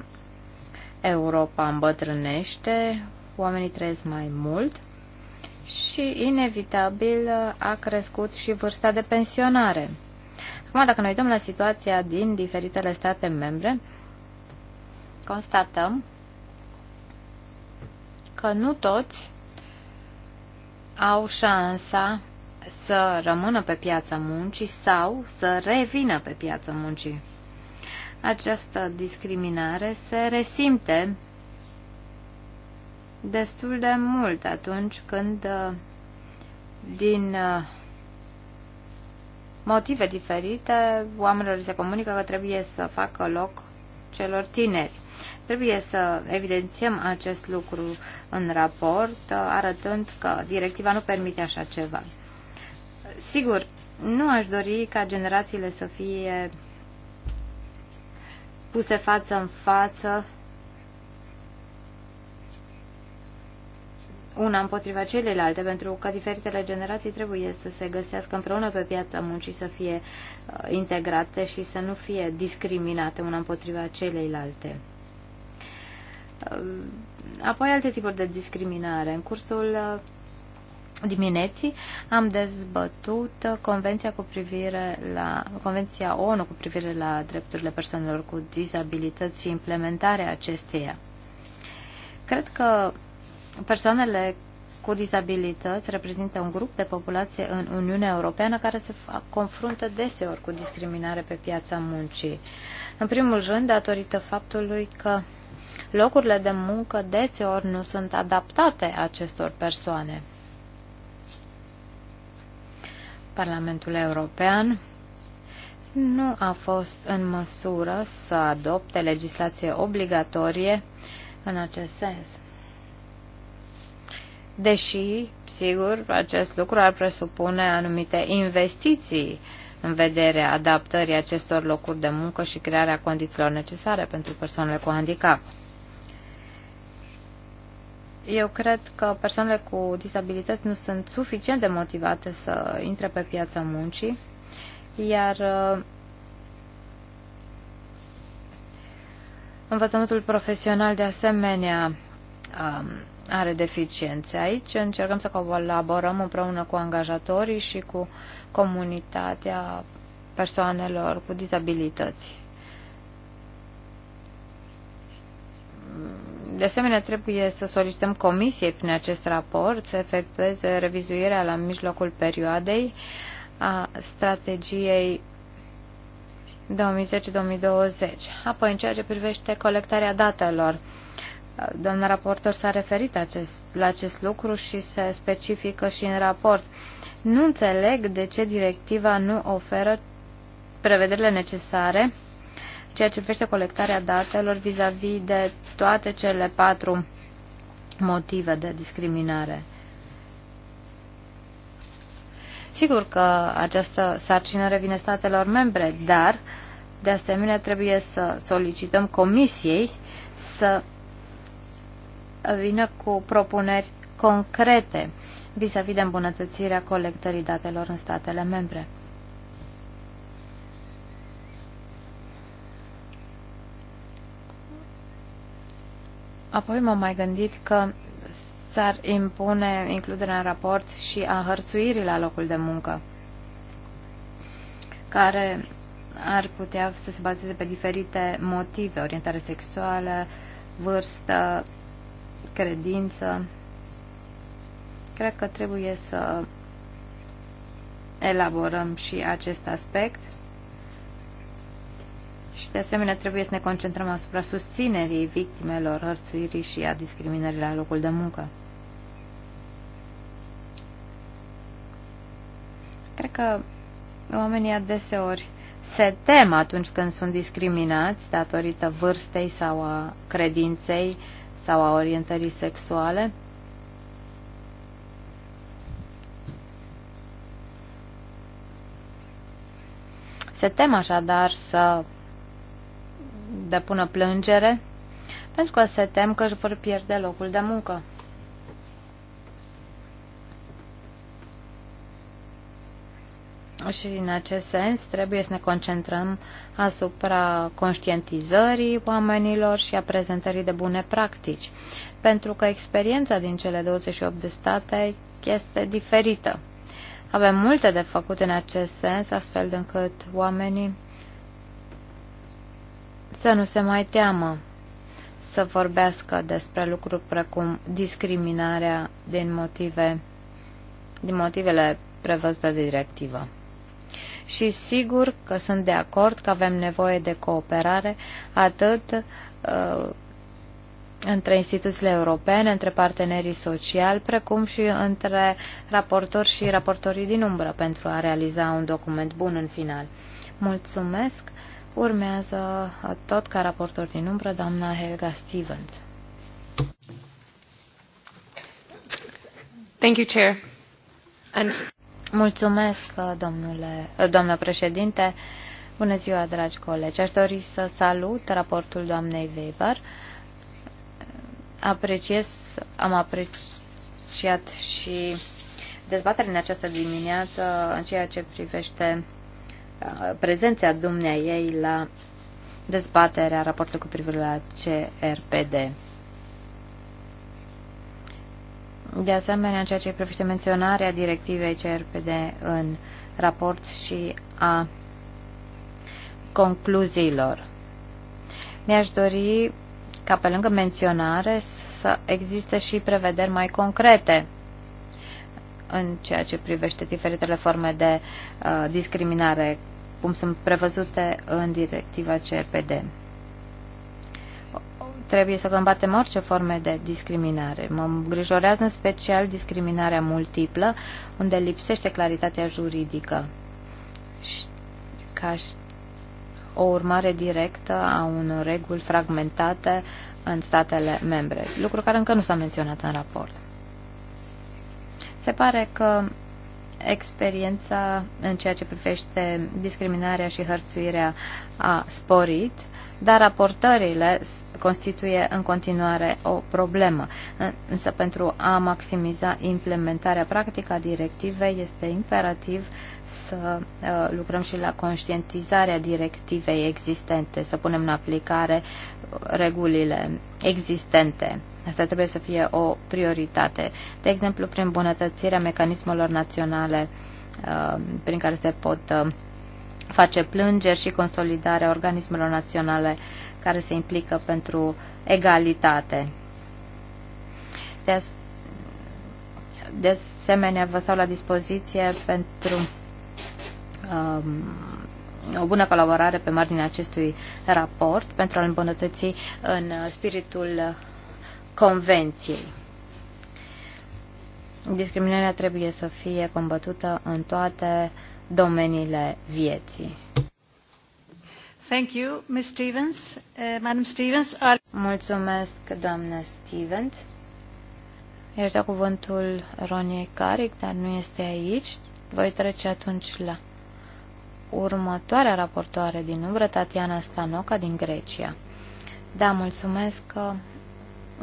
Europa îmbătrânește, oamenii trăiesc mai mult și inevitabil a crescut și vârsta de pensionare. Acum, dacă ne uităm la situația din diferitele state membre, constatăm că nu toți au șansa să rămână pe piața muncii sau să revină pe piața muncii. Această discriminare se resimte destul de mult atunci când uh, din uh, motive diferite oamenilor se comunică că trebuie să facă loc celor tineri. Trebuie să evidențiem acest lucru în raport, uh, arătând că directiva nu permite așa ceva. Sigur, nu aș dori ca generațiile să fie puse față în față una împotriva celelalte, pentru că diferitele generații trebuie să se găsească împreună pe piața muncii, să fie uh, integrate și să nu fie discriminate una împotriva celeilalte. Uh, apoi alte tipuri de discriminare. În cursul uh, dimineții am dezbătut convenția cu privire la convenția ONU cu privire la drepturile persoanelor cu dizabilități și implementarea acesteia. Cred că Persoanele cu dizabilități reprezintă un grup de populație în Uniunea Europeană care se confruntă deseori cu discriminare pe piața muncii. În primul rând, datorită faptului că locurile de muncă deseori nu sunt adaptate acestor persoane. Parlamentul European nu a fost în măsură să adopte legislație obligatorie în acest sens deși, sigur, acest lucru ar presupune anumite investiții în vederea adaptării acestor locuri de muncă și crearea condițiilor necesare pentru persoanele cu handicap. Eu cred că persoanele cu disabilități nu sunt suficient de motivate să intre pe piața muncii, iar uh, învățământul profesional de asemenea um, are deficiențe. Aici încercăm să colaborăm împreună cu angajatorii și cu comunitatea persoanelor cu dizabilități. De asemenea, trebuie să solicităm comisiei prin acest raport să efectueze revizuirea la mijlocul perioadei a strategiei 2010-2020. Apoi, în ceea ce privește colectarea datelor, Doamna raportor s-a referit acest, la acest lucru și se specifică și în raport. Nu înțeleg de ce directiva nu oferă prevederile necesare ceea ce privește colectarea datelor vis-a-vis -vis de toate cele patru motive de discriminare. Sigur că această sarcină revine statelor membre, dar de asemenea trebuie să solicităm comisiei să vină cu propuneri concrete vis-a-vis -vis de îmbunătățirea colectării datelor în statele membre. Apoi m-am mai gândit că s-ar impune includerea în raport și a hărțuirii la locul de muncă, care ar putea să se bazeze pe diferite motive, orientare sexuală, vârstă, credință, cred că trebuie să elaborăm și acest aspect și de asemenea trebuie să ne concentrăm asupra susținerii victimelor hărțuirii și a discriminării la locul de muncă. Cred că oamenii adeseori se tem atunci când sunt discriminați datorită vârstei sau a credinței uh, sau a orientării sexuale. Se tem așadar să depună plângere pentru că se tem că își vor pierde locul de muncă. Și în acest sens trebuie să ne concentrăm asupra conștientizării oamenilor și a prezentării de bune practici, pentru că experiența din cele 28 de state este diferită. Avem multe de făcut în acest sens, astfel încât oamenii să nu se mai teamă să vorbească despre lucruri precum discriminarea din motive din motivele prevăzute de directivă și sigur că sunt de acord că avem nevoie de cooperare atât uh, între instituțiile europene, între partenerii sociali, precum și între raportori și raportorii din umbră pentru a realiza un document bun în final. Mulțumesc! Urmează tot ca raportor din umbră doamna Helga Stevens. Thank you, Chair. And... Mulțumesc, domnule, doamnă președinte. Bună ziua, dragi colegi. Aș dori să salut raportul doamnei Weber. Apreciez, am apreciat și dezbaterea în această dimineață în ceea ce privește uh, prezența dumnea ei la dezbaterea raportului cu privire la CRPD. De asemenea, în ceea ce privește menționarea directivei CRPD în raport și a concluziilor, mi-aș dori ca pe lângă menționare să existe și prevederi mai concrete în ceea ce privește diferitele forme de uh, discriminare, cum sunt prevăzute în directiva CRPD trebuie să combatem orice forme de discriminare. Mă îngrijorează în special discriminarea multiplă, unde lipsește claritatea juridică. Și ca o urmare directă a unor reguli fragmentate în statele membre, lucru care încă nu s-a menționat în raport. Se pare că experiența în ceea ce privește discriminarea și hărțuirea a sporit, dar raportările constituie în continuare o problemă. Însă pentru a maximiza implementarea practică a directivei este imperativ să uh, lucrăm și la conștientizarea directivei existente, să punem în aplicare uh, regulile existente. Asta trebuie să fie o prioritate. De exemplu, prin bunătățirea mecanismelor naționale uh, prin care se pot uh, face plângeri și consolidarea organismelor naționale care se implică pentru egalitate. De, asemenea, vă stau la dispoziție pentru um, o bună colaborare pe marginea acestui raport pentru a îmbunătăți în spiritul Convenției. Discriminarea trebuie să fie combătută în toate domeniile vieții. Thank you, Ms. Stevens. Uh, Madam Stevens, are... Mulțumesc, doamnă Stevens. i da cuvântul Roniei Caric, dar nu este aici. Voi trece atunci la următoarea raportoare din umbră, Tatiana Stanoca din Grecia. Da, mulțumesc. Că... Uh,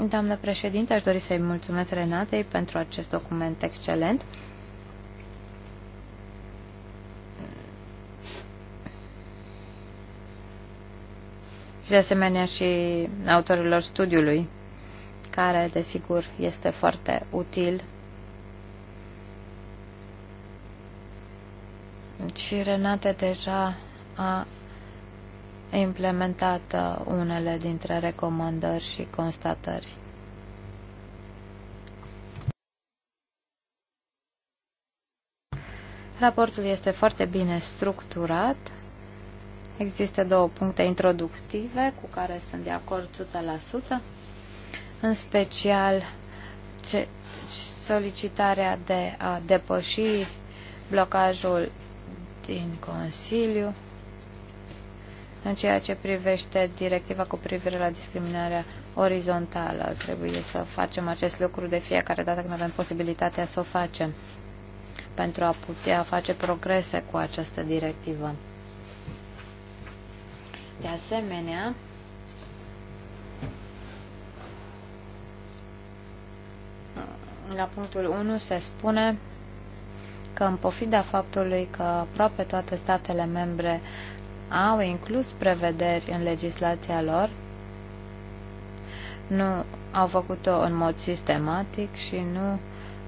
Doamnă președinte, aș dori să-i mulțumesc Renatei pentru acest document excelent. Și de asemenea și autorilor studiului, care, desigur, este foarte util. Și Renate deja a implementat unele dintre recomandări și constatări. Raportul este foarte bine structurat. Există două puncte introductive cu care sunt de acord 100%, în special ce, solicitarea de a depăși blocajul din Consiliu în ceea ce privește directiva cu privire la discriminarea orizontală, trebuie să facem acest lucru de fiecare dată când avem posibilitatea să o facem pentru a putea face progrese cu această directivă. De asemenea, la punctul 1 se spune că în pofida faptului că aproape toate statele membre au inclus prevederi în legislația lor, nu au făcut-o în mod sistematic și nu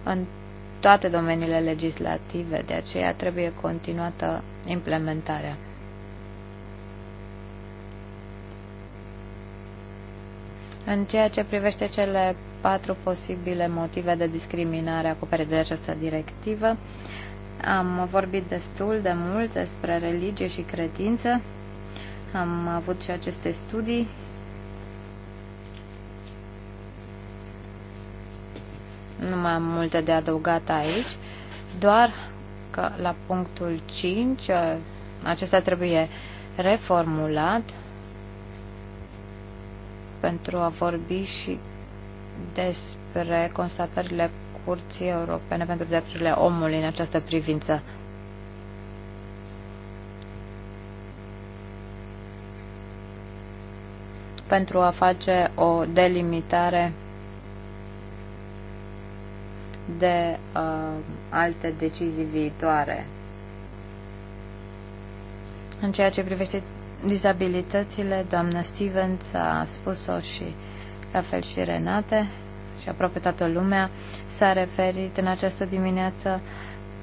în toate domeniile legislative, de aceea trebuie continuată implementarea. În ceea ce privește cele patru posibile motive de discriminare acoperite de această directivă, am vorbit destul de mult despre religie și credință. Am avut și aceste studii. Nu mai am multe de adăugat aici, doar că la punctul 5 uh, acesta trebuie reformulat pentru a vorbi și despre constatările Curții Europene pentru Drepturile Omului în această privință. pentru a face o delimitare de uh, alte decizii viitoare. În ceea ce privește dizabilitățile, doamna Stevens a spus-o și la fel și Renate, și aproape toată lumea s-a referit în această dimineață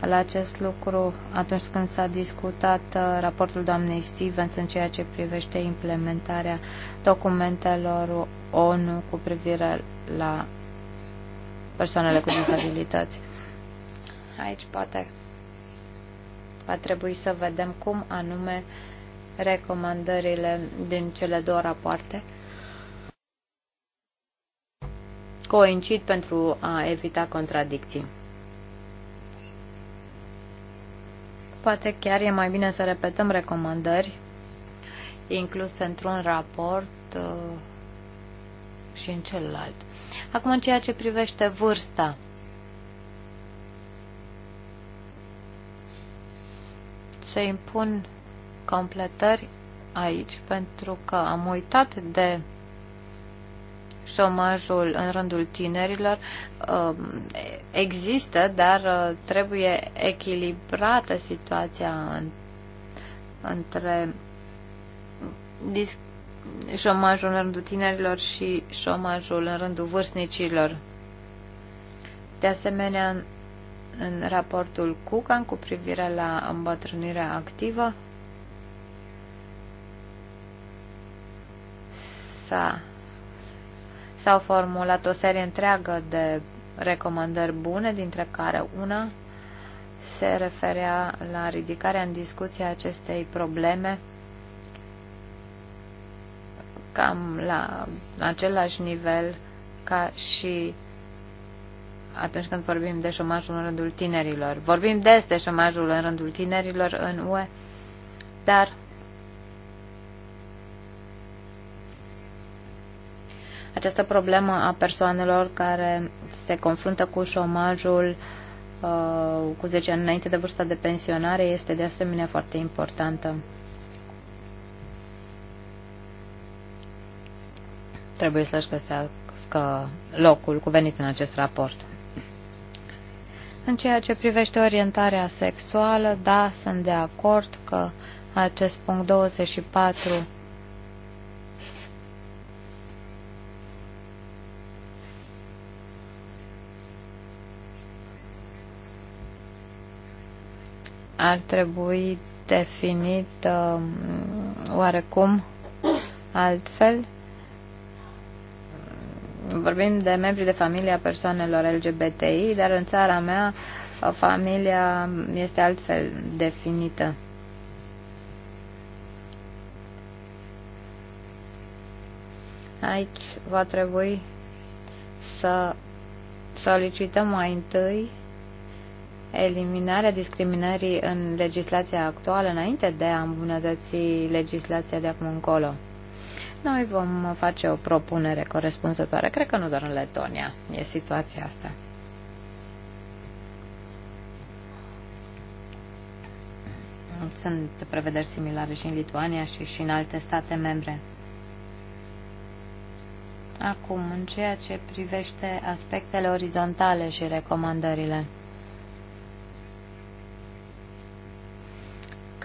la acest lucru atunci când s-a discutat uh, raportul doamnei Stevens în ceea ce privește implementarea documentelor ONU cu privire la persoanele cu dizabilități. Aici poate va trebui să vedem cum anume recomandările din cele două rapoarte coincid pentru a evita contradicții. Poate chiar e mai bine să repetăm recomandări incluse într-un raport uh, și în celălalt. Acum, în ceea ce privește vârsta, se impun completări aici, pentru că am uitat de șomajul în rândul tinerilor um, există, dar uh, trebuie echilibrată situația între șomajul în rândul tinerilor și șomajul în rândul vârstnicilor. De asemenea, în, raportul Cucan cu privire la îmbătrânirea activă, S-au formulat o serie întreagă de recomandări bune, dintre care una se referea la ridicarea în discuție acestei probleme cam la același nivel ca și atunci când vorbim de șomajul în rândul tinerilor. Vorbim des de șomajul în rândul tinerilor în UE, dar această problemă a persoanelor care se confruntă cu șomajul uh, cu 10 ani înainte de vârsta de pensionare este de asemenea foarte importantă. Trebuie să-și găsească locul cuvenit în acest raport. În ceea ce privește orientarea sexuală, da, sunt de acord că acest punct 24 ar trebui definit uh, oarecum altfel. Vorbim de membri de familie a persoanelor LGBTI, dar în țara mea uh, familia este altfel definită. Aici va trebui să solicităm mai întâi eliminarea discriminării în legislația actuală înainte de a îmbunătăți legislația de acum încolo. Noi vom face o propunere corespunzătoare. Cred că nu doar în Letonia e situația asta. Sunt prevederi similare și în Lituania și, și în alte state membre. Acum, în ceea ce privește aspectele orizontale și recomandările.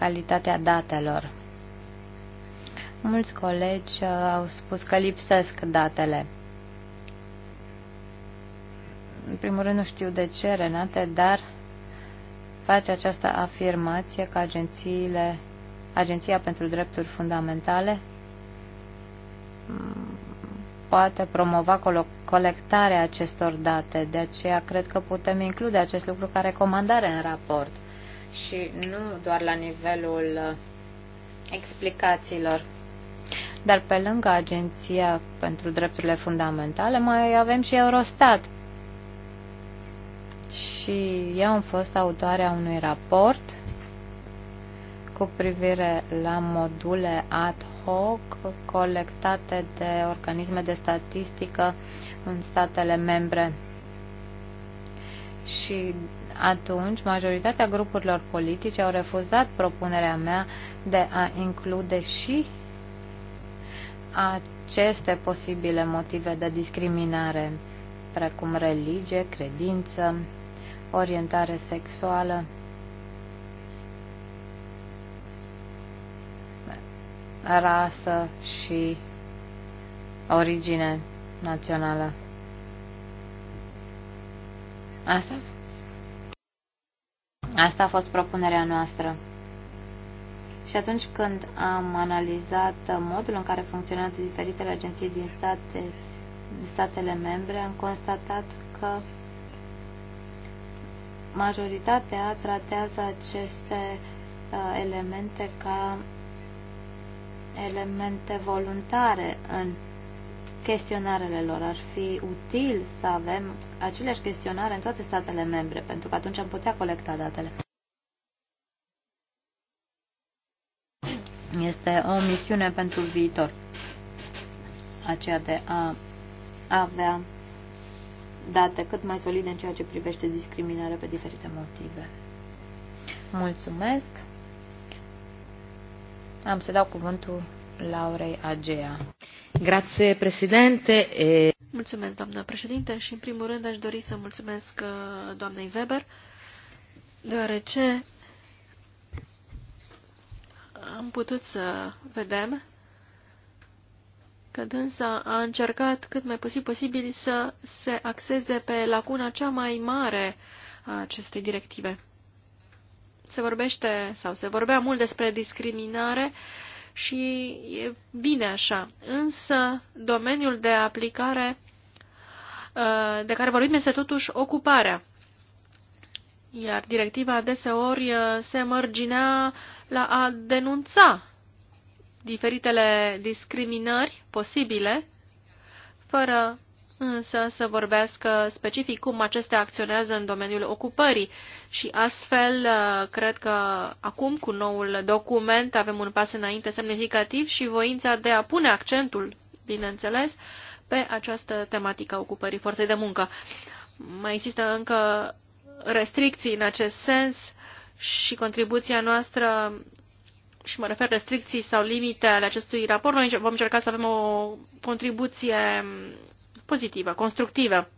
calitatea datelor. Mulți colegi uh, au spus că lipsesc datele. În primul rând nu știu de ce, Renate, dar face această afirmație că agențiile, Agenția pentru Drepturi Fundamentale mm, poate promova colectarea acestor date. De aceea cred că putem include acest lucru ca recomandare în raport și nu doar la nivelul uh, explicațiilor. Dar pe lângă Agenția pentru Drepturile Fundamentale mai avem și Eurostat. Și eu am fost autoarea unui raport cu privire la module ad hoc colectate de organisme de statistică în statele membre. Și atunci majoritatea grupurilor politice au refuzat propunerea mea de a include și aceste posibile motive de discriminare, precum religie, credință, orientare sexuală, rasă și origine națională. Asta Asta a fost propunerea noastră. Și atunci când am analizat modul în care funcționează diferitele agenții din state, din statele membre, am constatat că majoritatea tratează aceste uh, elemente ca elemente voluntare în chestionarele lor. Ar fi util să avem aceleași chestionare în toate statele membre, pentru că atunci am putea colecta datele. Este o misiune pentru viitor, aceea de a avea date cât mai solide în ceea ce privește discriminarea pe diferite motive. Mulțumesc! Am să dau cuvântul Laurei Agea. Grazie, președinte. Mulțumesc, doamnă președinte, și în primul rând aș dori să mulțumesc uh, doamnei Weber, deoarece am putut să vedem că dânsa a încercat cât mai puțin posibil să se axeze pe lacuna cea mai mare a acestei directive. Se vorbește sau se vorbea mult despre discriminare uh, și e bine așa. Însă domeniul de aplicare uh, de care vorbim este totuși ocuparea. Iar directiva deseori uh, se mărginea la a denunța diferitele discriminări posibile, fără însă să vorbească specific cum acestea acționează în domeniul ocupării și astfel uh, cred că acum cu noul document avem un pas înainte semnificativ și voința de a pune accentul, bineînțeles, pe această tematică a ocupării forței de muncă. Mai există încă restricții în acest sens și contribuția noastră și mă refer restricții sau limite ale acestui raport. Noi vom încerca să avem o contribuție pozitivă, constructivă.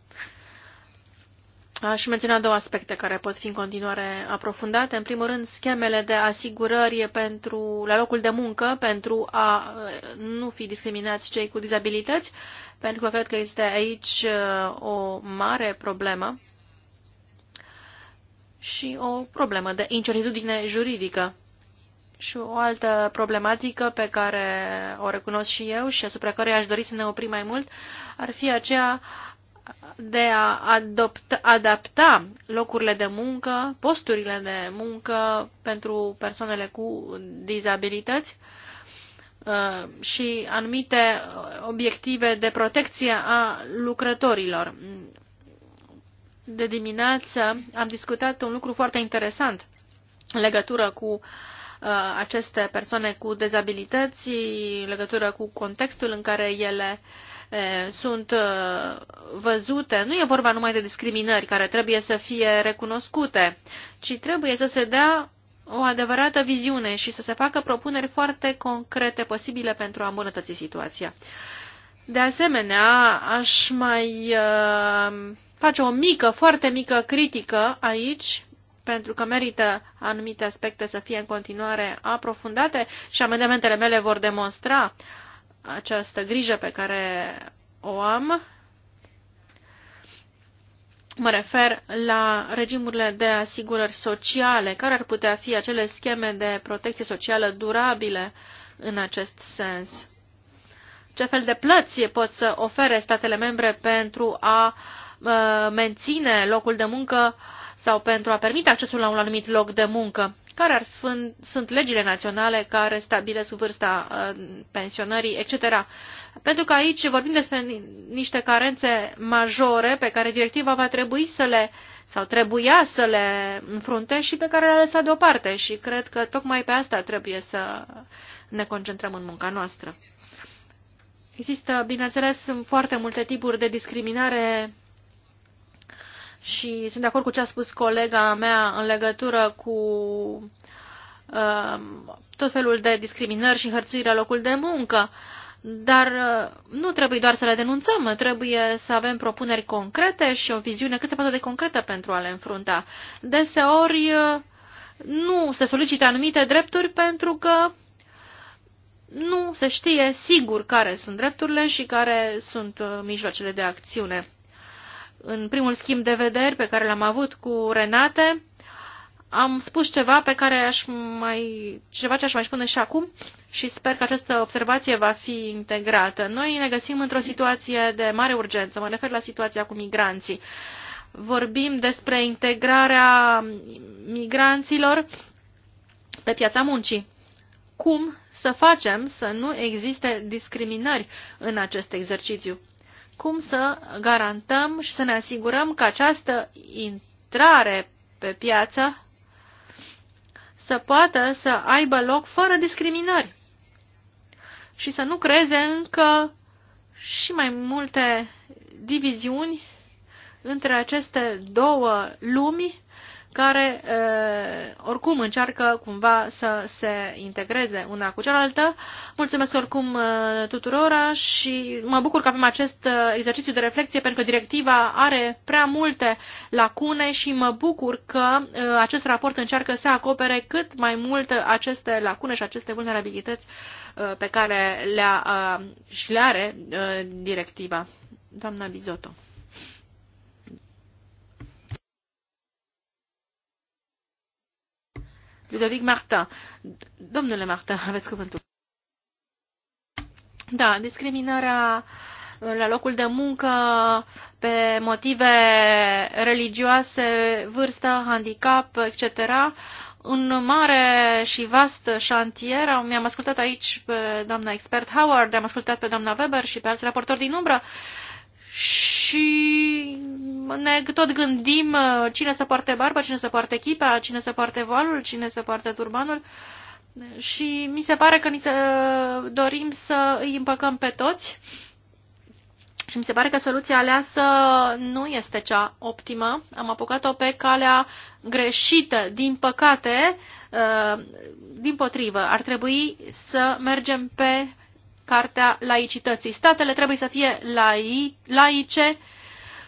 Aș menționa două aspecte care pot fi în continuare aprofundate. În primul rând, schemele de asigurări pentru, la locul de muncă pentru a eh, nu fi discriminați cei cu dizabilități, pentru că cred că este aici eh, o mare problemă și o problemă de incertitudine juridică. Și o altă problematică pe care o recunosc și eu și asupra care aș dori să ne oprim mai mult ar fi aceea de a adopta, adapta locurile de muncă, posturile de muncă pentru persoanele cu dizabilități uh, și anumite obiective de protecție a lucrătorilor. De dimineață am discutat un lucru foarte interesant în legătură cu uh, Uh, aceste persoane cu dezabilități în legătură cu contextul în care ele sunt uh, văzute. Nu e vorba numai de discriminări care trebuie să fie recunoscute, ci trebuie să se dea o adevărată viziune și să se facă propuneri foarte concrete posibile pentru a îmbunătăți situația. De asemenea, aș mai uh, face o mică, foarte mică critică aici pentru că merită anumite aspecte să fie în continuare aprofundate și amendamentele mele vor demonstra această grijă pe care o am. Mă refer la regimurile de asigurări sociale, care ar putea fi acele scheme de protecție socială durabile în acest sens. Ce fel de plăți pot să ofere statele membre pentru a uh, menține locul de muncă uh, sau pentru a permite accesul la un anumit loc de muncă. Care ar fi, sunt legile naționale care stabilesc vârsta uh, pensionării, etc. Pentru că aici vorbim despre niște carențe majore pe care directiva va trebui să le sau trebuia să le înfrunte și pe care le-a lăsat deoparte și cred că tocmai pe asta trebuie să ne concentrăm în munca noastră. Există, bineînțeles, foarte multe tipuri de discriminare și sunt de acord cu ce a spus colega mea în legătură cu uh, tot felul de discriminări și hărțuirea locul de muncă. Dar uh, nu trebuie doar să le denunțăm, trebuie să avem propuneri concrete și o viziune cât se poate de concretă pentru a le înfrunta. Deseori uh, nu se solicită anumite drepturi pentru că nu se știe sigur care sunt drepturile și care sunt mijloacele de acțiune în primul schimb de vederi pe care l-am avut cu Renate, am spus ceva pe care aș mai, ceva ce aș mai spune și acum și sper că această observație va fi integrată. Noi ne găsim într-o situație de mare urgență, mă refer la situația cu migranții. Vorbim despre integrarea migranților pe piața muncii. Cum să facem să nu existe discriminări în acest exercițiu? cum să garantăm și să ne asigurăm că această intrare pe piață să poată să aibă loc fără discriminări și să nu creeze încă și mai multe diviziuni între aceste două lumi care oricum încearcă cumva să se integreze una cu cealaltă. Mulțumesc oricum tuturora și mă bucur că avem acest exercițiu de reflexie pentru că directiva are prea multe lacune și mă bucur că acest raport încearcă să acopere cât mai mult aceste lacune și aceste vulnerabilități pe care le-a și le are directiva. Doamna Bizotto. Ludovic Martin. Domnule Martin, aveți cuvântul. Da, discriminarea la locul de muncă pe motive religioase, vârstă, handicap, etc. Un mare și vast șantier, mi-am ascultat aici pe doamna expert Howard, am ascultat pe doamna Weber și pe alți raportori din umbră, uh, și ne tot gândim uh, cine să poarte barba, cine să poarte chipa, cine să poarte valul, cine să poarte turbanul. Și mi se pare că ni se uh, dorim să îi împăcăm pe toți și mi se pare că soluția aleasă nu este cea optimă. Am apucat-o pe calea greșită, din păcate, uh, din potrivă. Ar trebui să mergem pe Cartea Laicității. Statele trebuie să fie lai, laice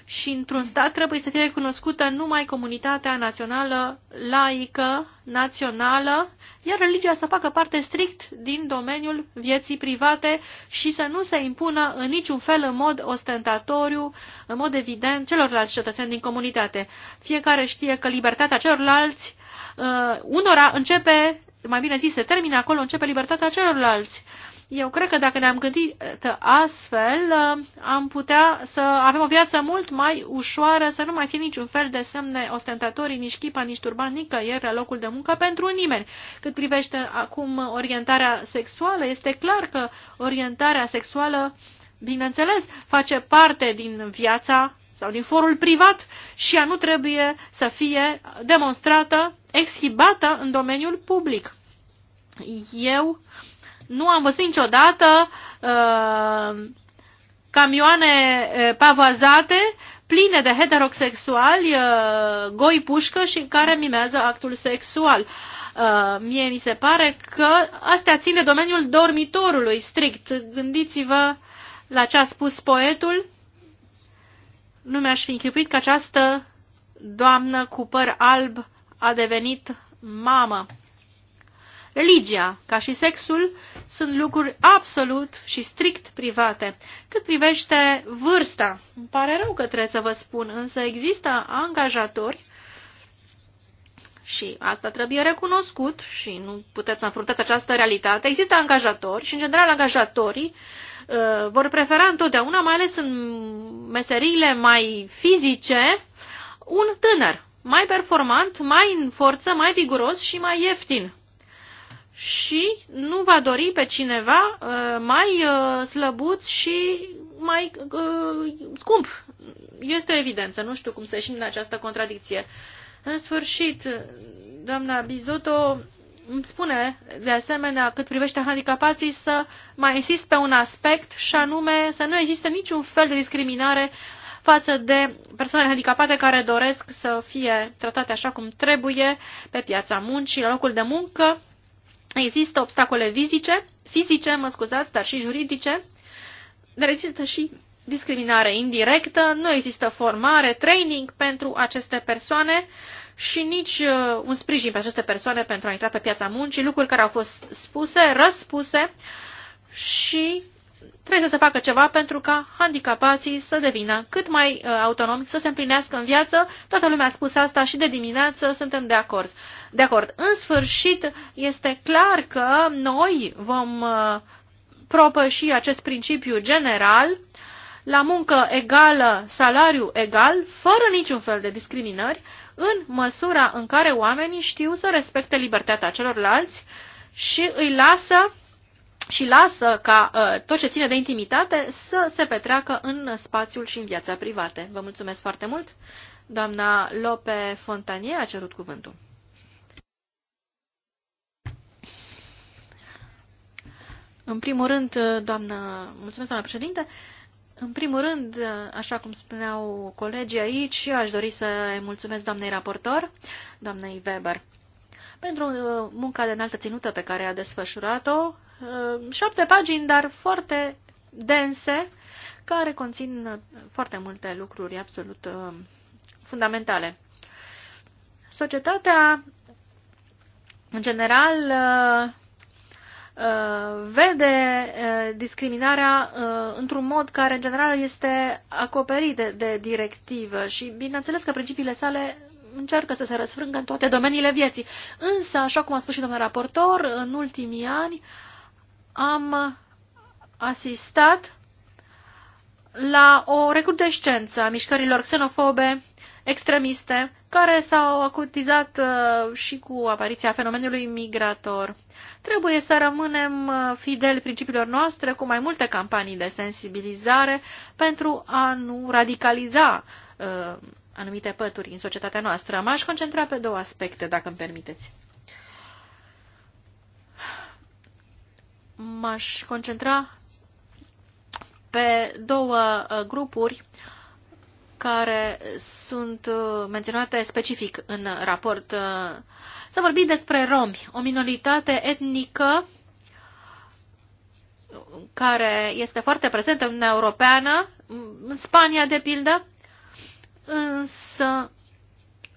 și într-un stat trebuie să fie cunoscută numai comunitatea națională laică, națională, iar religia să facă parte strict din domeniul vieții private și să nu se impună în niciun fel în mod ostentatoriu, în mod evident, celorlalți cetățeni din comunitate. Fiecare știe că libertatea celorlalți uh, unora începe, mai bine zis, se termină acolo, începe libertatea celorlalți. Uh, eu cred că dacă ne-am gândit astfel, ă, am putea să avem o viață mult mai ușoară, să nu mai fie niciun fel de semne ostentatorii, nici chipa, nici turban, nicăieri la locul de muncă pentru nimeni. Cât privește acum orientarea sexuală, este clar că orientarea sexuală, bineînțeles, face parte din viața sau din forul privat și ea nu trebuie să fie demonstrată, exhibată în domeniul public. Eu nu am văzut niciodată uh, camioane uh, pavazate pline de heterosexuali, uh, goi pușcă și care mimează actul sexual. Uh, mie mi se pare că astea țin de domeniul dormitorului strict. Gândiți-vă la ce a spus poetul. Nu mi-aș fi închipuit că această doamnă cu păr alb a devenit mamă. Religia, ca și sexul, sunt lucruri absolut și strict private. Cât privește vârsta, îmi pare rău că trebuie să vă spun, însă există angajatori și asta trebuie recunoscut și nu puteți să înfruntați această realitate. Există angajatori și, în general, angajatorii uh, vor prefera întotdeauna, mai ales în meseriile mai fizice, un tânăr mai performant, mai în forță, mai viguros și mai ieftin și nu va dori pe cineva uh, mai uh, slăbuț și mai uh, scump. Este o evidență, nu știu cum să ieșim din această contradicție. În sfârșit, doamna Bizotto îmi spune, de asemenea, cât privește handicapații, să mai insist pe un aspect și anume să nu existe niciun fel de discriminare față de persoane handicapate care doresc să fie tratate așa cum trebuie pe piața muncii, la locul de muncă, Există obstacole fizice, fizice, mă scuzați, dar și juridice, dar există și discriminare indirectă, nu există formare, training pentru aceste persoane și nici uh, un sprijin pe aceste persoane pentru a intra pe piața muncii, lucruri care au fost spuse, răspuse și trebuie să se facă ceva pentru ca handicapații să devină cât mai uh, autonomi, să se împlinească în viață. Toată lumea a spus asta și de dimineață suntem de acord. De acord. În sfârșit, este clar că noi vom uh, propăși acest principiu general la muncă egală, salariu egal, fără niciun fel de discriminări, în măsura în care oamenii știu să respecte libertatea celorlalți și îi lasă și lasă ca uh, tot ce ține de intimitate să se petreacă în spațiul și în viața private. Vă mulțumesc foarte mult. Doamna Lope Fontanie a cerut cuvântul. În primul rând, doamnă, mulțumesc, doamna președinte, în primul rând, așa cum spuneau colegii aici, aș dori să mulțumesc doamnei raportor, doamnei Weber, pentru uh, munca de înaltă ținută pe care a desfășurat-o Ehm, șapte pagini, dar foarte dense, care conțin uh, foarte multe lucruri absolut ehm, fundamentale. Societatea, în general, uh, uh, vede discriminarea într-un mod care, în general, este acoperit de, de directivă și, bineînțeles, că principiile sale încearcă să se răsfrângă în toate domeniile vieții. Însă, așa cum a spus și domnul raportor, în ultimii ani, uh, am asistat la o recrudescență a mișcărilor xenofobe, extremiste, care s-au acutizat uh, și cu apariția fenomenului migrator. Trebuie să rămânem uh, fideli principiilor noastre cu mai multe campanii de sensibilizare pentru a nu radicaliza uh, anumite pături în societatea noastră. M-aș concentra pe două aspecte, dacă îmi permiteți. m-aș concentra pe două uh, grupuri care sunt uh, menționate specific în raport. Uh, să vorbim despre romi, o minoritate etnică care este foarte prezentă în Uniunea Europeană, în Spania, de pildă, însă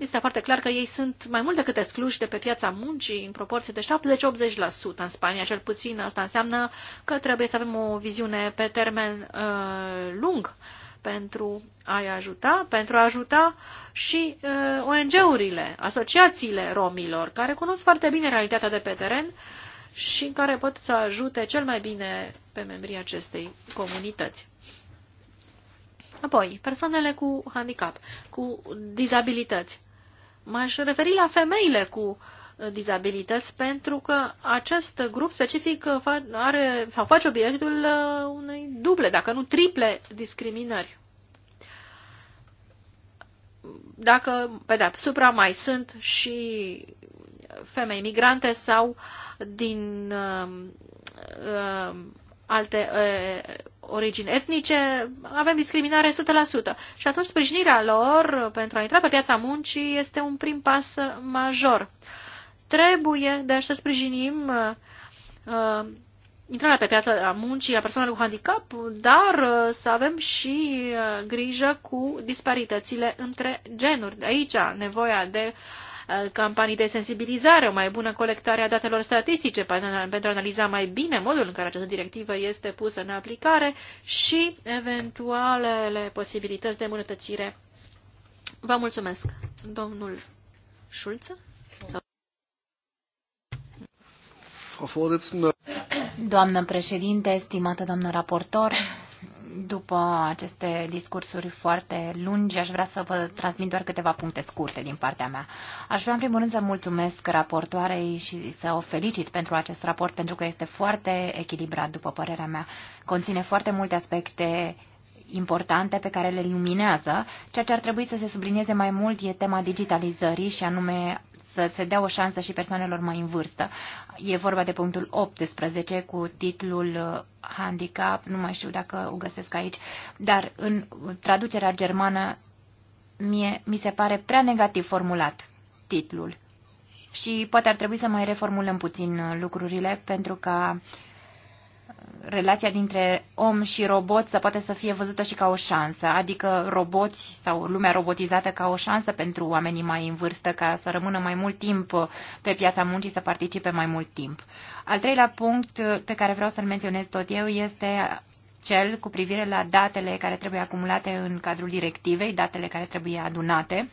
este foarte clar că ei sunt mai mult decât excluși de pe piața muncii în proporție de 70-80% în Spania, cel puțin asta înseamnă că trebuie să avem o viziune pe termen uh, lung pentru a-i ajuta, pentru a ajuta și uh, ONG-urile, asociațiile romilor, care cunosc foarte bine realitatea de pe teren și care pot să ajute cel mai bine pe membrii acestei comunități. Apoi, persoanele cu handicap, cu dizabilități. M-aș referi la femeile cu uh, dizabilități pentru că acest grup specific uh, are, sau face obiectul uh, unei duble, dacă nu triple discriminări. Dacă pe deasupra mai sunt și femei migrante sau din uh, uh, alte uh, origini etnice, avem discriminare 100%. Și atunci sprijinirea lor pentru a intra pe piața muncii este un prim pas major. Trebuie, deci, să sprijinim uh, intrarea pe piața muncii a persoanelor cu handicap, dar uh, să avem și uh, grijă cu disparitățile între genuri. De aici nevoia de uh, Uh, campanii de sensibilizare, o mai bună colectare a datelor statistice pentru a analiza mai bine modul în care această directivă este pusă în aplicare și eventualele posibilități de îmbunătățire. Vă mulțumesc, domnul Șulță. Doamnă președinte, estimată doamnă raportor, după aceste discursuri foarte lungi, aș vrea să vă transmit doar câteva puncte scurte din partea mea. Aș vrea, în primul rând, să mulțumesc raportoarei și să o felicit pentru acest raport, pentru că este foarte echilibrat, după părerea mea. Conține foarte multe aspecte importante pe care le luminează. Ceea ce ar trebui să se sublinieze mai mult e tema digitalizării și anume să se dea o șansă și persoanelor mai în vârstă. E vorba de punctul 18 cu titlul uh, handicap, nu mai știu dacă o găsesc aici, dar în traducerea germană mie, mi se pare prea negativ formulat titlul. Și poate ar trebui să mai reformulăm puțin uh, lucrurile pentru ca uh, relația dintre om și robot să poate să fie văzută și ca o șansă, adică roboți sau lumea robotizată ca o șansă pentru oamenii mai în vârstă ca să rămână mai mult timp pe piața muncii, să participe mai mult timp. Al treilea punct pe care vreau să-l menționez tot eu este cel cu privire la datele care trebuie acumulate în cadrul directivei, datele care trebuie adunate.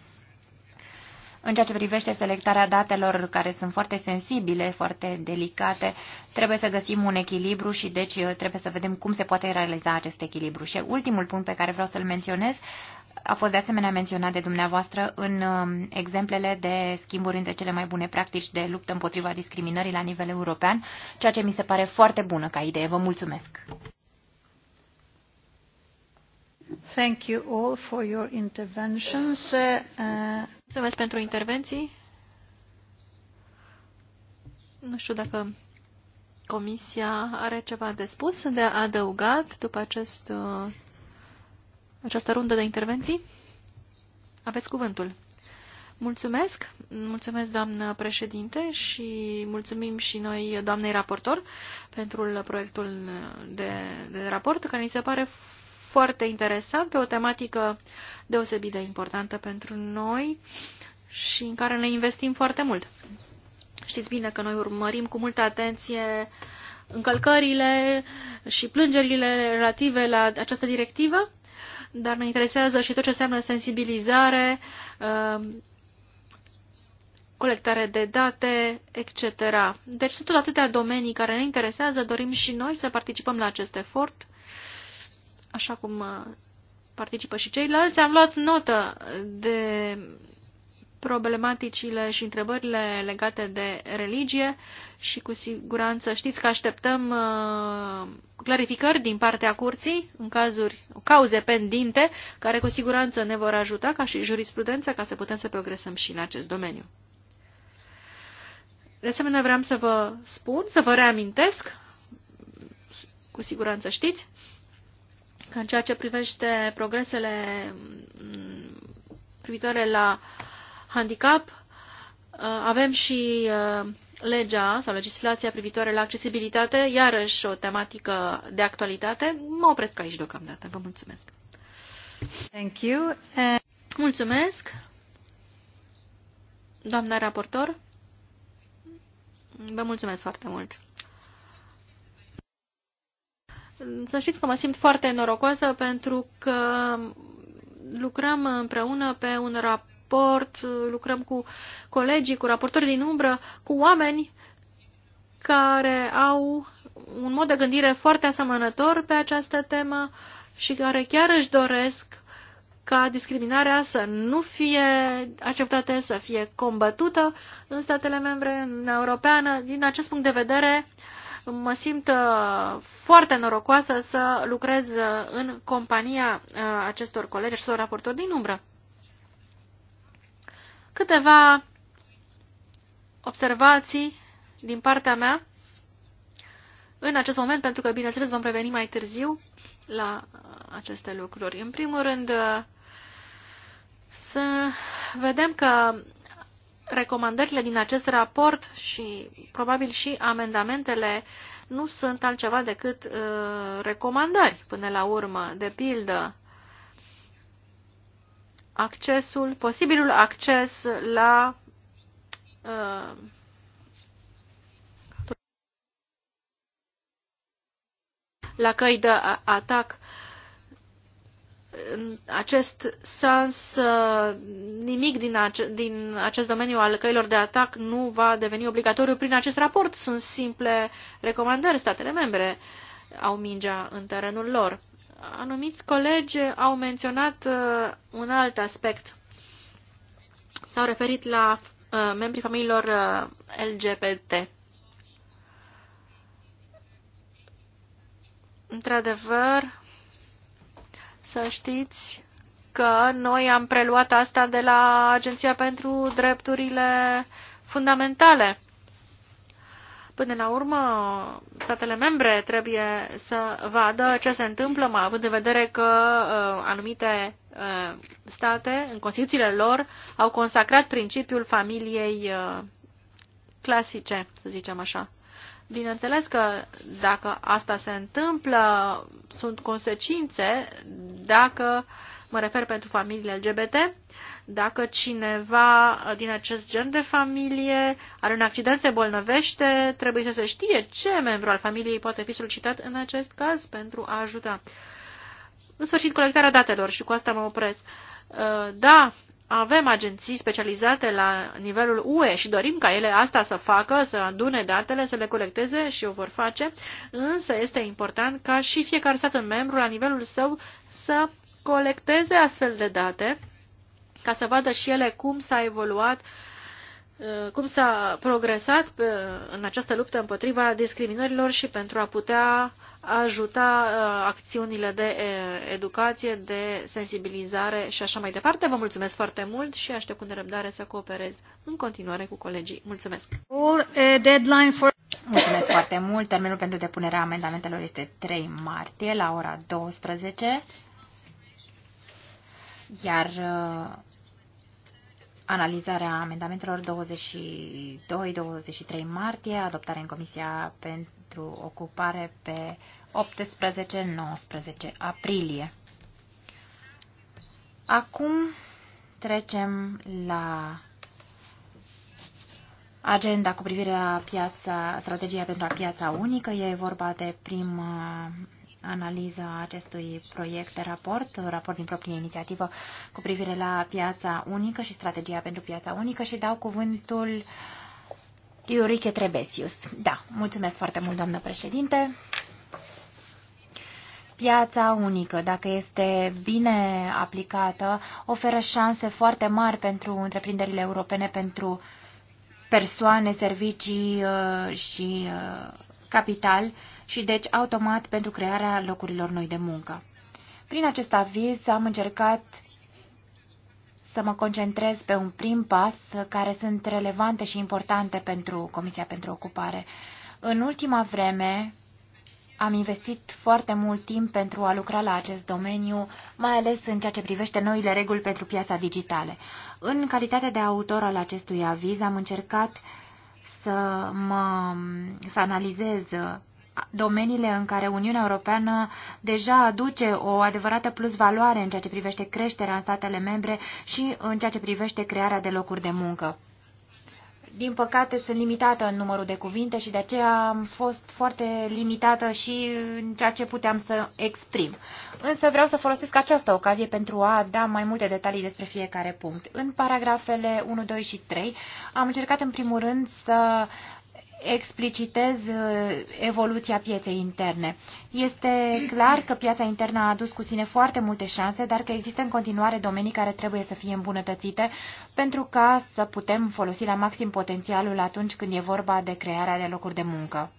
În ceea ce privește selectarea datelor care sunt foarte sensibile, foarte delicate, trebuie să găsim un echilibru și deci uh, trebuie să vedem cum se poate realiza acest echilibru. Și ultimul punct pe care vreau să-l menționez a fost de asemenea menționat de dumneavoastră în um, exemplele de schimburi între cele mai bune practici de luptă împotriva discriminării la nivel european, ceea ce mi se pare foarte bună ca idee. Vă mulțumesc! Thank you all for your interventions. Uh, Mulțumesc pentru intervenții. Nu știu dacă Comisia are ceva de spus, de adăugat după acest, uh, această rundă de intervenții. Aveți cuvântul. Mulțumesc, mulțumesc doamnă președinte și mulțumim și noi doamnei raportor pentru proiectul de, de raport, care ni se pare foarte interesant, pe o tematică deosebit de importantă pentru noi și în care ne investim foarte mult. Știți bine că noi urmărim cu multă atenție încălcările și plângerile relative la această directivă, dar ne interesează și tot ce înseamnă sensibilizare, uh, colectare de date, etc. Deci sunt tot atâtea domenii care ne interesează, dorim și noi să participăm la acest efort așa cum uh, participă și ceilalți. Am luat notă de problematicile și întrebările legate de religie și cu siguranță știți că așteptăm uh, clarificări din partea curții în cazuri, cauze pendinte, care cu siguranță ne vor ajuta ca și jurisprudența ca să putem să progresăm și în acest domeniu. De asemenea, vreau să vă spun, să vă reamintesc, cu siguranță știți, ca în ceea ce privește progresele mm, privitoare la handicap, uh, avem și uh, legea sau legislația privitoare la accesibilitate, iarăși o tematică de actualitate. Mă opresc aici deocamdată. Vă mulțumesc. Thank you. Mulțumesc. Doamna raportor, vă mulțumesc foarte mult. Să știți că mă simt foarte norocoasă pentru că lucrăm împreună pe un raport, lucrăm cu colegii, cu raportori din umbră, cu oameni care au un mod de gândire foarte asemănător pe această temă și care chiar își doresc ca discriminarea să nu fie acceptată, să fie combătută în statele membre, în Europeană. Din acest punct de vedere, uh, mă simt uh, foarte norocoasă să lucrez uh, în compania uh, acestor colegi, acestor raportori din umbră. Câteva observații din partea mea în acest moment, pentru că, bineînțeles, vom reveni mai târziu la aceste lucruri. În primul rând, să vedem că recomandările din acest raport și probabil și amendamentele nu sunt altceva decât uh, recomandări până la urmă, de pildă accesul, posibilul acces la uh, la căi de atac uh, în acest sens uh, nimic din, ace- din acest domeniu al căilor de atac nu va deveni obligatoriu prin acest raport. Sunt simple recomandări. Statele membre au mingea în terenul lor. Anumiți colegi au menționat uh, un alt aspect. S-au referit la uh, membrii familiilor LGBT. Într-adevăr, să știți că noi am preluat asta de la Agenția pentru Drepturile Fundamentale. Până la urmă, statele membre trebuie să vadă ce se întâmplă, mai având în vedere că uh, anumite uh, state, în Constituțiile lor, au consacrat principiul familiei uh, clasice, să zicem așa. Bineînțeles că dacă asta se întâmplă, sunt consecințe dacă, mă refer pentru familiile LGBT, dacă cineva din acest gen de familie are un accident, se bolnăvește, trebuie să se știe ce membru al familiei poate fi solicitat în acest caz pentru a ajuta. În sfârșit, colectarea datelor și cu asta mă opresc. Ă, da, avem agenții specializate la nivelul UE și dorim ca ele asta să facă, să adune datele, să le colecteze și o vor face, însă este important ca și fiecare stat membru la nivelul său să colecteze astfel de date ca să vadă și ele cum s-a evoluat uh, Uh, cum s-a progresat uh, în această luptă împotriva discriminărilor și pentru a putea ajuta uh, acțiunile de educație, de sensibilizare și așa mai departe. Vă mulțumesc foarte mult și aștept cu nerăbdare să cooperez în continuare cu colegii. Mulțumesc! Mulțumesc foarte mult! Termenul pentru depunerea amendamentelor este 3 martie la ora 12, iar analizarea amendamentelor 22-23 martie, adoptare în Comisia pentru Ocupare pe 18-19 aprilie. Acum trecem la agenda cu privire la piața, strategia pentru a piața unică. E vorba de prima analiza acestui proiect de raport, raport din proprie inițiativă cu privire la piața unică și strategia pentru piața unică și dau cuvântul Iuriche Trebesius. Da, mulțumesc foarte mult, doamnă președinte. Piața unică, dacă este bine aplicată, oferă șanse foarte mari pentru întreprinderile europene, pentru persoane, servicii uh, și uh, capital și deci automat pentru crearea locurilor noi de muncă. Prin acest aviz am încercat să mă concentrez pe un prim pas care sunt relevante și importante pentru Comisia pentru Ocupare. În ultima vreme am investit foarte mult timp pentru a lucra la acest domeniu, mai ales în ceea ce privește noile reguli pentru piața digitale. În calitate de autor al acestui aviz am încercat să, mă, să analizez domeniile în care Uniunea Europeană deja aduce o adevărată plus valoare în ceea ce privește creșterea în statele membre și în ceea ce privește crearea de locuri de muncă. Din păcate, sunt limitată în numărul de cuvinte și de aceea am fost foarte limitată și în ceea ce puteam să exprim. Însă vreau să folosesc această ocazie pentru a da mai multe detalii despre fiecare punct. În paragrafele 1, 2 și 3 am încercat în primul rând să uh, explicitez uh, evoluția pieței interne. Este clar că piața internă a adus cu sine foarte multe șanse, dar că există în continuare domenii care trebuie să fie îmbunătățite pentru ca să putem folosi la maxim potențialul atunci când e vorba de crearea de locuri de muncă.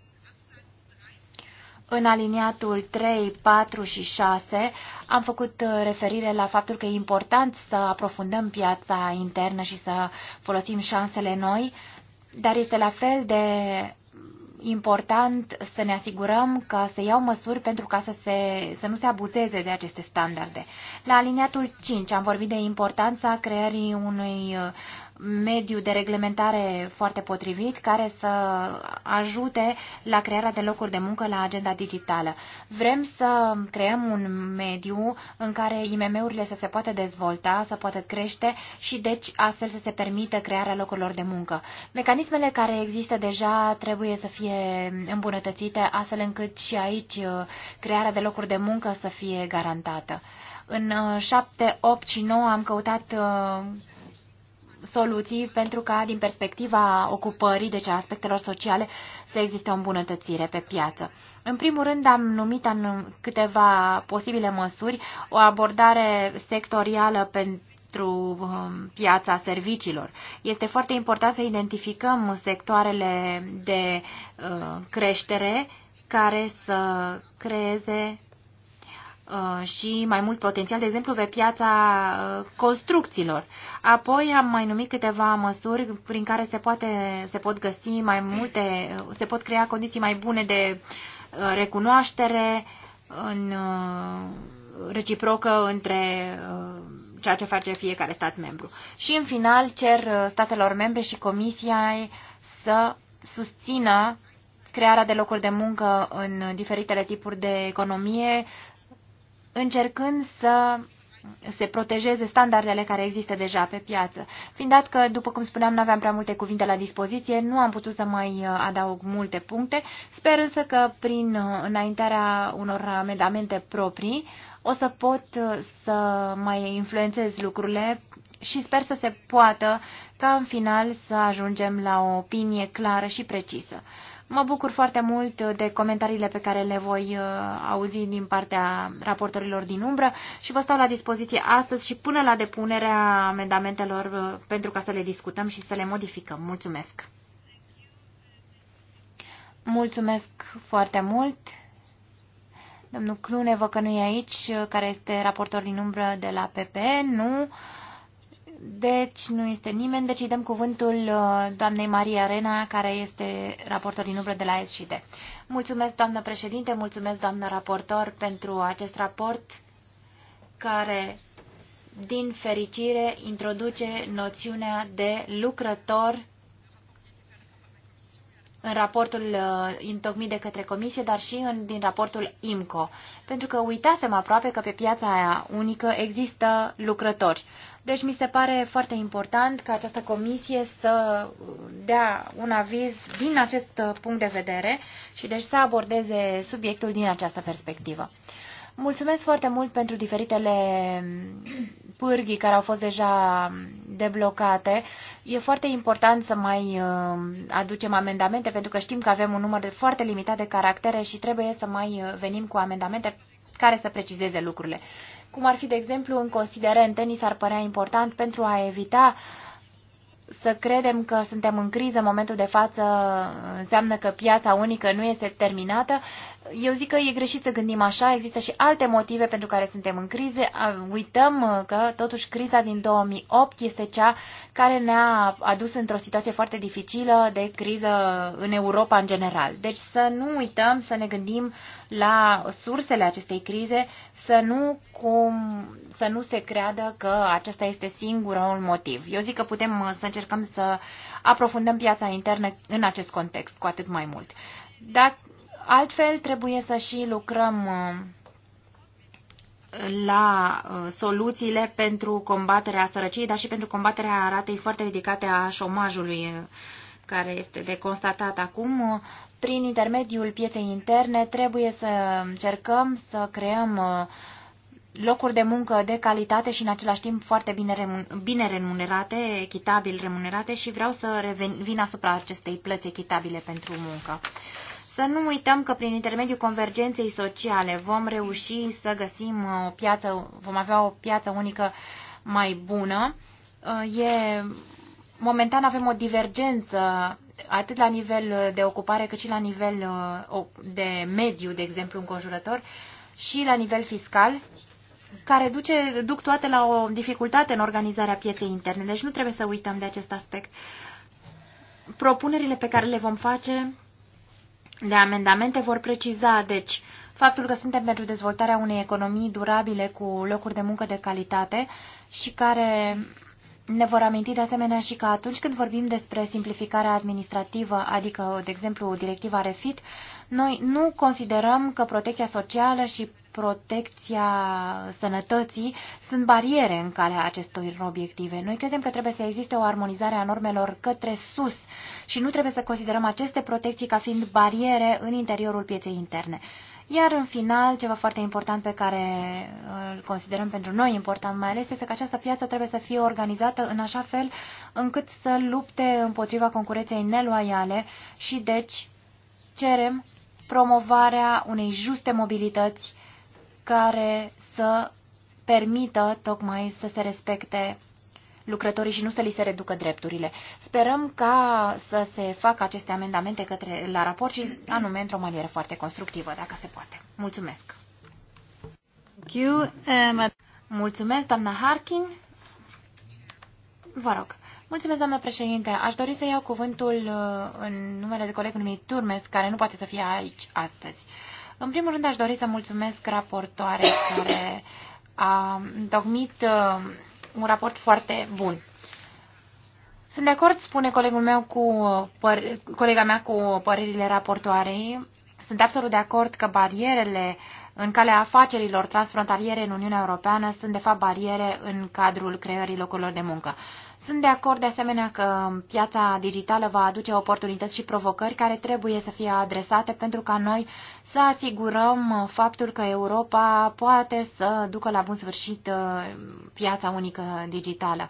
În aliniatul 3, 4 și 6 am făcut uh, referire la faptul că e important să aprofundăm piața internă și să folosim șansele noi, dar este la fel de important să ne asigurăm că se iau măsuri pentru ca să, se, să nu se abuzeze de aceste standarde. La aliniatul 5 am vorbit de importanța creării unui mediu de reglementare foarte potrivit care să ajute la crearea de locuri de muncă la agenda digitală. Vrem să creăm un mediu în care IMM-urile să se poată dezvolta, să poată crește și deci astfel să se permită crearea locurilor de muncă. Mecanismele care există deja trebuie să fie îmbunătățite astfel încât și aici uh, crearea de locuri de muncă să fie garantată. În 7, uh, 8 și 9 am căutat uh, soluții pentru ca, din perspectiva ocupării, deci a aspectelor sociale, să existe o îmbunătățire pe piață. În primul rând, am numit în câteva posibile măsuri o abordare sectorială pentru pentru um, piața serviciilor. Este foarte important să identificăm sectoarele de uh, creștere care să creeze Uh, și mai mult potențial, de exemplu, pe piața uh, construcțiilor. Apoi am mai numit câteva măsuri prin care se, poate, se pot găsi mai multe, uh, se pot crea condiții mai bune de recunoaștere în reciprocă între ceea ce face fiecare stat membru. Și în final cer statelor membre și comisiei să susțină crearea de locuri de muncă în diferitele tipuri de economie, încercând să se protejeze standardele care există deja pe piață. Fiind dat că, după cum spuneam, nu aveam prea multe cuvinte la dispoziție, nu am putut să mai uh, adaug multe puncte. Sper însă că prin uh, înaintarea unor amendamente proprii o să pot uh, să mai influențez lucrurile și sper să se poată ca în final să ajungem la o opinie clară și precisă. Mă bucur foarte mult de comentariile pe care le voi uh, auzi din partea raportorilor din umbră și vă stau la dispoziție astăzi și până la depunerea amendamentelor uh, pentru ca să le discutăm și să le modificăm. Mulțumesc! Mulțumesc foarte mult! Domnul Clune, vă că nu e aici, uh, care este raportor din umbră de la PP, nu... Deci nu este nimeni. Deci dăm cuvântul uh, doamnei Maria Arena, care este raportor din umbră de la SCD. Mulțumesc, doamnă președinte, mulțumesc, doamnă raportor, pentru acest raport care, din fericire, introduce noțiunea de lucrător în raportul uh, întocmit de către comisie, dar și în, din raportul IMCO. Pentru că uitasem aproape că pe piața aia unică există lucrători. Deci mi se pare foarte important ca această comisie să dea un aviz din acest punct de vedere și deci să abordeze subiectul din această perspectivă. Mulțumesc foarte mult pentru diferitele pârghii care au fost deja deblocate. E foarte important să mai uh, aducem amendamente pentru că știm că avem un număr foarte limitat de caractere și trebuie să mai uh, venim cu amendamente care să precizeze lucrurile. Cum ar fi, de exemplu, în considerente, ni s-ar părea important pentru a evita să credem că suntem în criză în momentul de față înseamnă că piața unică nu este terminată. Eu zic că e greșit să gândim așa, există și alte motive pentru care suntem în crize. Uităm uh, că totuși criza din 2008 este cea care ne-a adus într-o situație foarte dificilă de criză în Europa în general. Deci să nu uităm să ne gândim la sursele acestei crize, să nu, cum, să nu se creadă că acesta este singurul motiv. Eu zic că putem uh, să încercăm să aprofundăm piața internă în acest context, cu atât mai mult. Dacă Altfel, trebuie să și lucrăm uh, la uh, soluțiile pentru combaterea sărăciei, dar și pentru combaterea ratei foarte ridicate a șomajului uh, care este de constatat acum. Prin intermediul pieței interne trebuie să încercăm să creăm locuri de muncă de calitate și în același timp foarte bine, remun- bine remunerate, echitabil remunerate și vreau să revin asupra acestei plăți echitabile pentru muncă. Să nu uităm că prin intermediul convergenței sociale vom reuși să găsim o piață, vom avea o piață unică mai bună. E, momentan avem o divergență atât la nivel de ocupare cât și la nivel de mediu, de exemplu, înconjurător și la nivel fiscal care duce, duc toate la o dificultate în organizarea pieței interne. Deci nu trebuie să uităm de acest aspect. Propunerile pe care le vom face de amendamente vor preciza, deci, faptul că suntem pentru dezvoltarea unei economii durabile cu locuri de muncă de calitate și care ne vor aminti de asemenea și că atunci când vorbim despre simplificarea administrativă, adică, de exemplu, directiva REFIT, noi nu considerăm că protecția socială și protecția sănătății sunt bariere în calea acestor obiective. Noi credem că trebuie să existe o armonizare a normelor către sus și nu trebuie să considerăm aceste protecții ca fiind bariere în interiorul pieței interne. Iar în final, ceva foarte important pe care uh, îl considerăm pentru noi important mai ales este că această piață trebuie să fie organizată în așa fel încât să lupte împotriva concurenței neloiale și deci cerem promovarea unei juste mobilități care să permită tocmai să se respecte lucrătorii și nu să li se reducă drepturile. Sperăm ca să se facă aceste amendamente către, la raport și anume într-o manieră foarte constructivă, dacă se poate. Mulțumesc! Uh, Mulțumesc, doamna Harkin. Vă rog. Mulțumesc, doamnă președinte. Aș dori să iau cuvântul uh, în numele de colegul meu Turmes, care nu poate să fie aici astăzi. În primul rând, aș dori să mulțumesc raportoare care a dogmit uh, un raport foarte bun. Sunt de acord, spune colegul meu cu, uh, păr, colega mea cu părerile raportoarei. Sunt absolut de acord că barierele în calea afacerilor transfrontaliere în Uniunea Europeană sunt de fapt bariere în cadrul creării locurilor de muncă. Sunt de acord de asemenea că piața digitală va aduce oportunități și provocări care trebuie să fie adresate pentru ca noi să asigurăm faptul că Europa poate să ducă la bun sfârșit uh, piața unică digitală.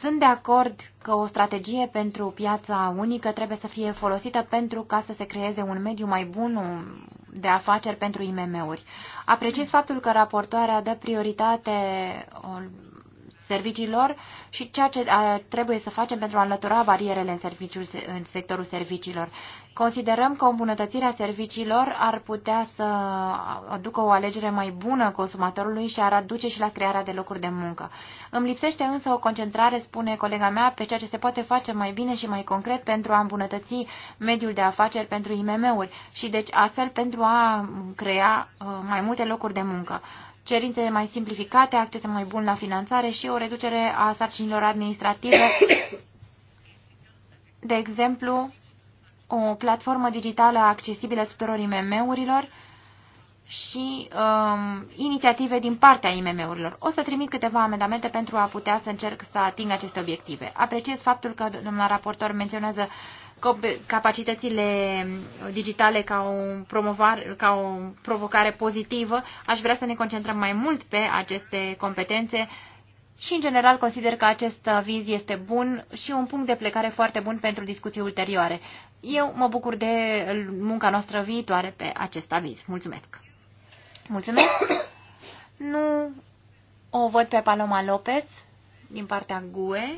Sunt de acord că o strategie pentru piața unică trebuie să fie folosită pentru ca să se creeze un mediu mai bun de afaceri pentru IMM-uri. Apreciez faptul că raportoarea dă prioritate uh, serviciilor și ceea ce trebuie să facem pentru a înlătura barierele în, serviciul, în sectorul serviciilor. Considerăm că îmbunătățirea serviciilor ar putea să aducă o alegere mai bună consumatorului și ar aduce și la crearea de locuri de muncă. Îmi lipsește însă o concentrare, spune colega mea, pe ceea ce se poate face mai bine și mai concret pentru a îmbunătăți mediul de afaceri pentru IMM-uri și deci astfel pentru a crea uh, mai multe locuri de muncă cerințe mai simplificate, accese mai bun la finanțare și o reducere a sarcinilor administrative, de exemplu, o platformă digitală accesibilă tuturor IMM-urilor și um, inițiative din partea IMM-urilor. O să trimit câteva amendamente pentru a putea să încerc să ating aceste obiective. Apreciez faptul că domnul raportor menționează uh, capacitățile digitale ca o, ca o provocare pozitivă, aș vrea să ne concentrăm mai mult pe aceste competențe și, în general, consider că acest aviz este bun și un punct de plecare foarte bun pentru discuții ulterioare. Eu mă bucur de munca noastră viitoare pe acest aviz. Mulțumesc! Mulțumesc! Nu o văd pe Paloma Lopez din partea GUE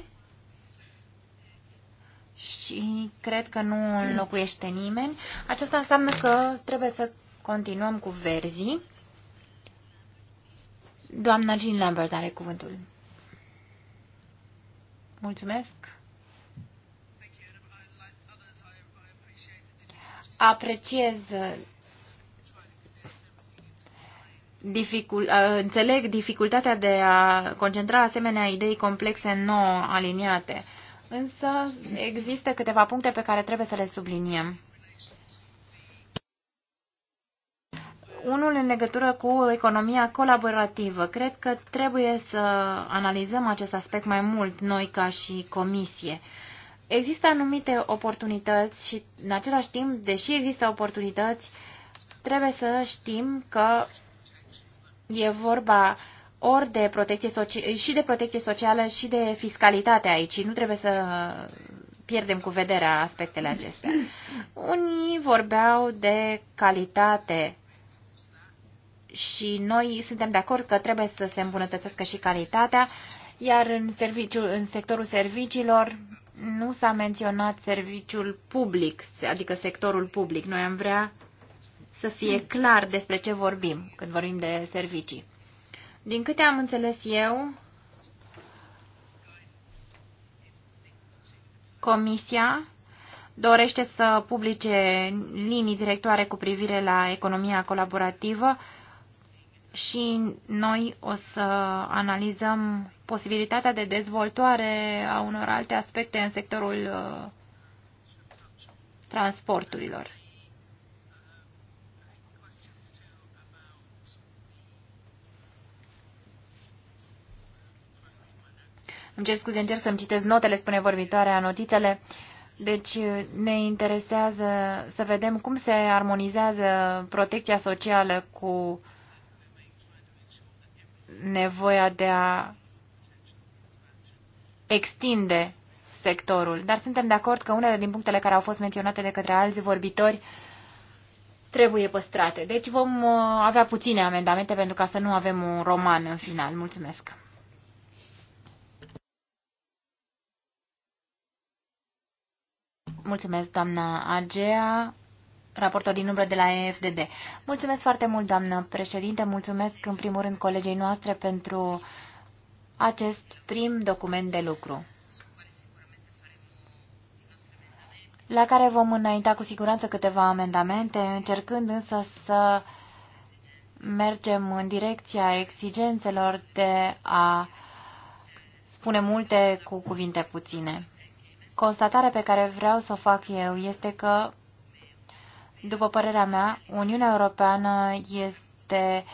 și cred că nu înlocuiește nimeni. Aceasta înseamnă că trebuie să continuăm cu verzii. Doamna Jean Lambert are cuvântul. Mulțumesc. Apreciez uh, dificul, uh, înțeleg dificultatea de a concentra asemenea idei complexe nouă aliniate. Însă există câteva puncte pe care trebuie să le subliniem. Unul în legătură cu economia colaborativă. Cred că trebuie să analizăm acest aspect mai mult noi ca și comisie. Există anumite oportunități și în același timp, deși există oportunități, trebuie să știm că e vorba ori de protecție și de protecție socială și de fiscalitate aici. Nu trebuie să pierdem cu vederea aspectele acestea. Unii vorbeau de calitate și noi suntem de acord că trebuie să se îmbunătățească și calitatea, iar în, serviciu, în sectorul serviciilor nu s-a menționat serviciul public, adică sectorul public. Noi am vrea să fie clar despre ce vorbim când vorbim de servicii. Din câte am înțeles eu, Comisia dorește să publice linii directoare cu privire la economia colaborativă și noi o să analizăm posibilitatea de dezvoltare a unor alte aspecte în sectorul uh, transporturilor. Îmi cer scuze, încerc să-mi citesc notele, spune vorbitoarea, notițele. Deci uh, ne interesează să vedem cum se armonizează protecția socială cu nevoia de a extinde sectorul. Dar suntem de acord că unele din punctele care au fost menționate de către alți vorbitori trebuie păstrate. Deci vom uh, avea puține amendamente pentru ca să nu avem un roman în final. Mulțumesc! Mulțumesc, doamna Agea, raportor din umbră de la EFDD. Mulțumesc foarte mult, doamnă președinte. Mulțumesc, în primul rând, colegei noastre pentru acest prim document de lucru, la care vom înainta cu siguranță câteva amendamente, încercând însă să mergem în direcția exigențelor de a spune multe cu cuvinte puține. Constatarea pe care vreau să o fac eu este că, după părerea mea, Uniunea Europeană este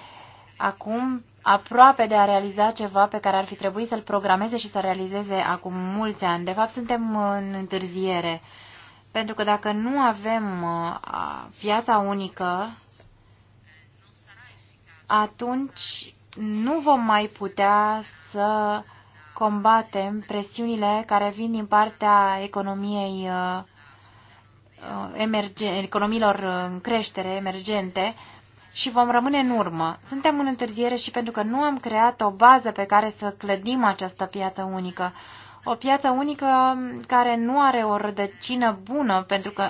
acum aproape de a realiza ceva pe care ar fi trebuit să-l programeze și să realizeze acum mulți ani. De fapt, suntem în întârziere. Pentru că dacă nu avem uh, piața unică, atunci nu vom mai putea să combatem presiunile care vin din partea economiei uh, uh, emergen, economiilor în creștere, emergente, și vom rămâne în urmă. Suntem în întârziere și pentru că nu am creat o bază pe care să clădim această piață unică. O piață unică um, care nu are o rădăcină bună, pentru că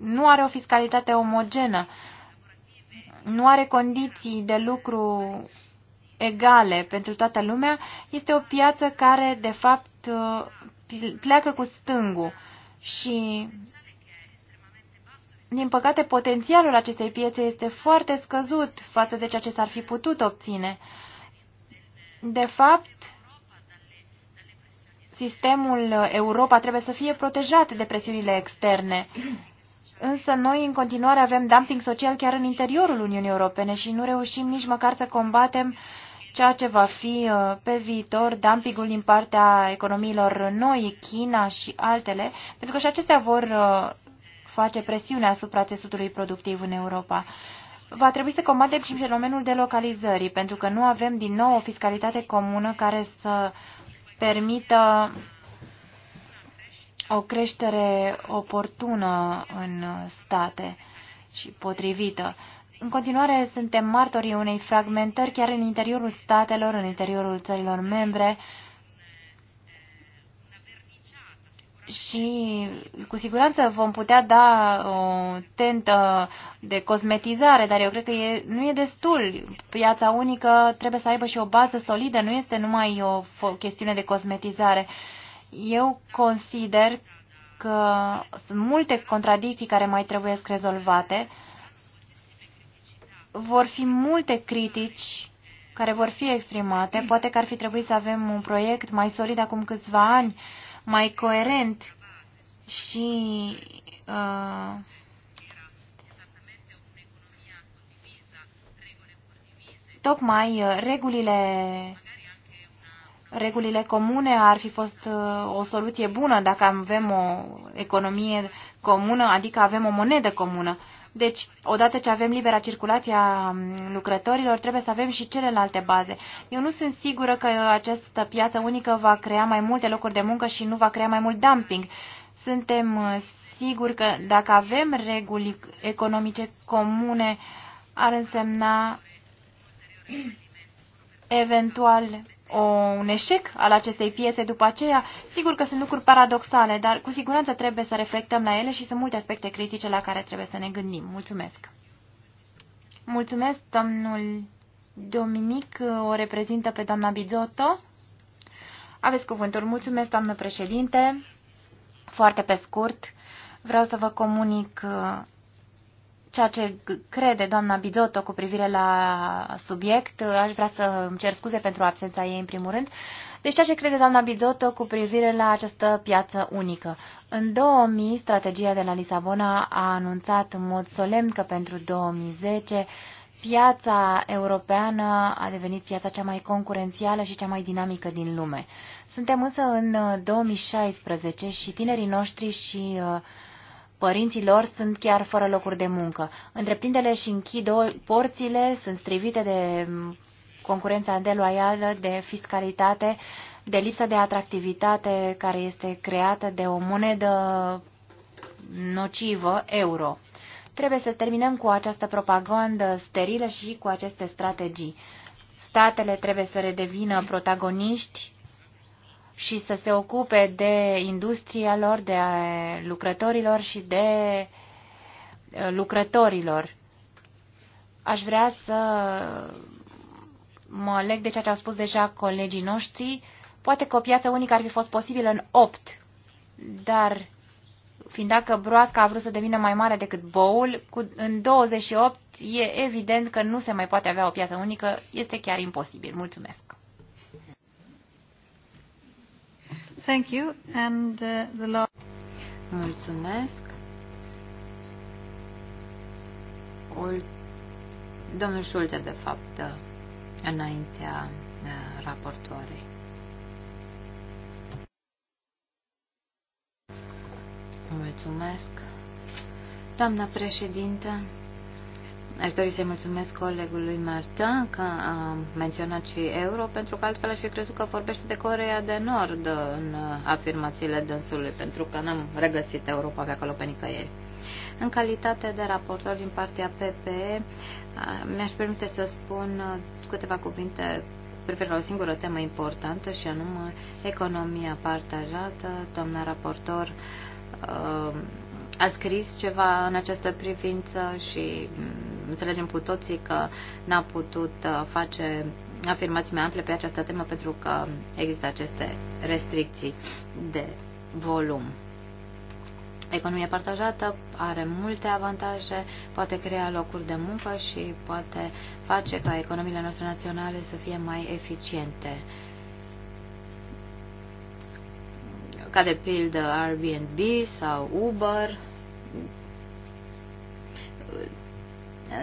nu are o fiscalitate omogenă, nu are condiții de lucru egale pentru toată lumea, este o piață care, de fapt, uh, pleacă cu stângul. Și, din păcate, potențialul acestei piețe este foarte scăzut față de ceea ce s-ar fi putut obține. De fapt, sistemul Europa trebuie să fie protejat de presiunile externe. Însă noi în continuare avem dumping social chiar în interiorul Uniunii Europene și nu reușim nici măcar să combatem ceea ce va fi uh, pe viitor dumpingul din partea economiilor noi, China și altele, pentru că și acestea vor uh, face presiune asupra țesutului productiv în Europa. Va trebui să combatem și fenomenul de localizări pentru că nu avem din nou o fiscalitate comună care să permită o creștere oportună în state și potrivită. În continuare suntem martorii unei fragmentări chiar în interiorul statelor, în interiorul țărilor membre și cu siguranță vom putea da o tentă de cosmetizare, dar eu cred că e, nu e destul. Piața unică trebuie să aibă și o bază solidă, nu este numai o chestiune de cosmetizare. Eu consider că sunt multe contradicții care mai trebuie să rezolvate vor fi multe critici care vor fi exprimate. Poate că ar fi trebuit să avem un proiect mai solid acum câțiva ani, mai coerent și uh, tocmai uh, regulile regulile comune ar fi fost uh, o soluție bună dacă avem o economie comună, adică avem o monedă comună. Deci, odată ce avem libera circulație a lucrătorilor, trebuie să avem și celelalte baze. Eu nu sunt sigură că această piață unică va crea mai multe locuri de muncă și nu va crea mai mult dumping. Suntem uh, siguri că dacă avem reguli economice comune, ar însemna eventual un eșec al acestei piețe după aceea. Sigur că sunt lucruri paradoxale, dar cu siguranță trebuie să reflectăm la ele și sunt multe aspecte critice la care trebuie să ne gândim. Mulțumesc! Mulțumesc, domnul Dominic, o reprezintă pe doamna Bizotto. Aveți cuvântul. Mulțumesc, doamnă președinte. Foarte pe scurt, vreau să vă comunic ceea ce crede doamna Bidotto cu privire la subiect. Aș vrea să îmi cer scuze pentru absența ei, în primul rând. Deci ceea ce crede doamna Bizotto cu privire la această piață unică. În 2000, strategia de la Lisabona a anunțat în mod solemn că pentru 2010 piața europeană a devenit piața cea mai concurențială și cea mai dinamică din lume. Suntem însă în 2016 și tinerii noștri și uh, părinții lor sunt chiar fără locuri de muncă. Întreprinderile și închid porțile, sunt strivite de concurența deloială, de fiscalitate, de lipsa de atractivitate care este creată de o monedă nocivă, euro. Trebuie să terminăm cu această propagandă sterilă și cu aceste strategii. Statele trebuie să redevină protagoniști și să se ocupe de industria lor, de lucrătorilor și de lucrătorilor. Aș vrea să mă leg de ceea ce au spus deja colegii noștri. Poate că o piață unică ar fi fost posibilă în 8, dar fiind dacă broasca a vrut să devină mai mare decât boul, cu, în 28 e evident că nu se mai poate avea o piață unică, este chiar imposibil. Mulțumesc! Thank you. And uh, the last... Mulțumesc. Ult... Domnul Șulte, de fapt, uh, înaintea uh, raportoarei. Mulțumesc. Doamna președintă, Aș dori să-i mulțumesc colegului Martin că a menționat și euro, pentru că altfel aș fi crezut că vorbește de Corea de Nord în afirmațiile dânsului, pentru că n-am regăsit Europa pe acolo pe nicăieri. În calitate de raportor din partea PPE, mi-aș permite să spun câteva cuvinte prefer la o singură temă importantă și anume economia partajată. Doamna raportor a scris ceva în această privință și mm, înțelegem cu toții că n-a putut uh, face afirmații mai ample pe această temă pentru că există aceste restricții de volum. Economia partajată are multe avantaje, poate crea locuri de muncă și poate face ca economiile noastre naționale să fie mai eficiente. ca de pildă Airbnb sau Uber.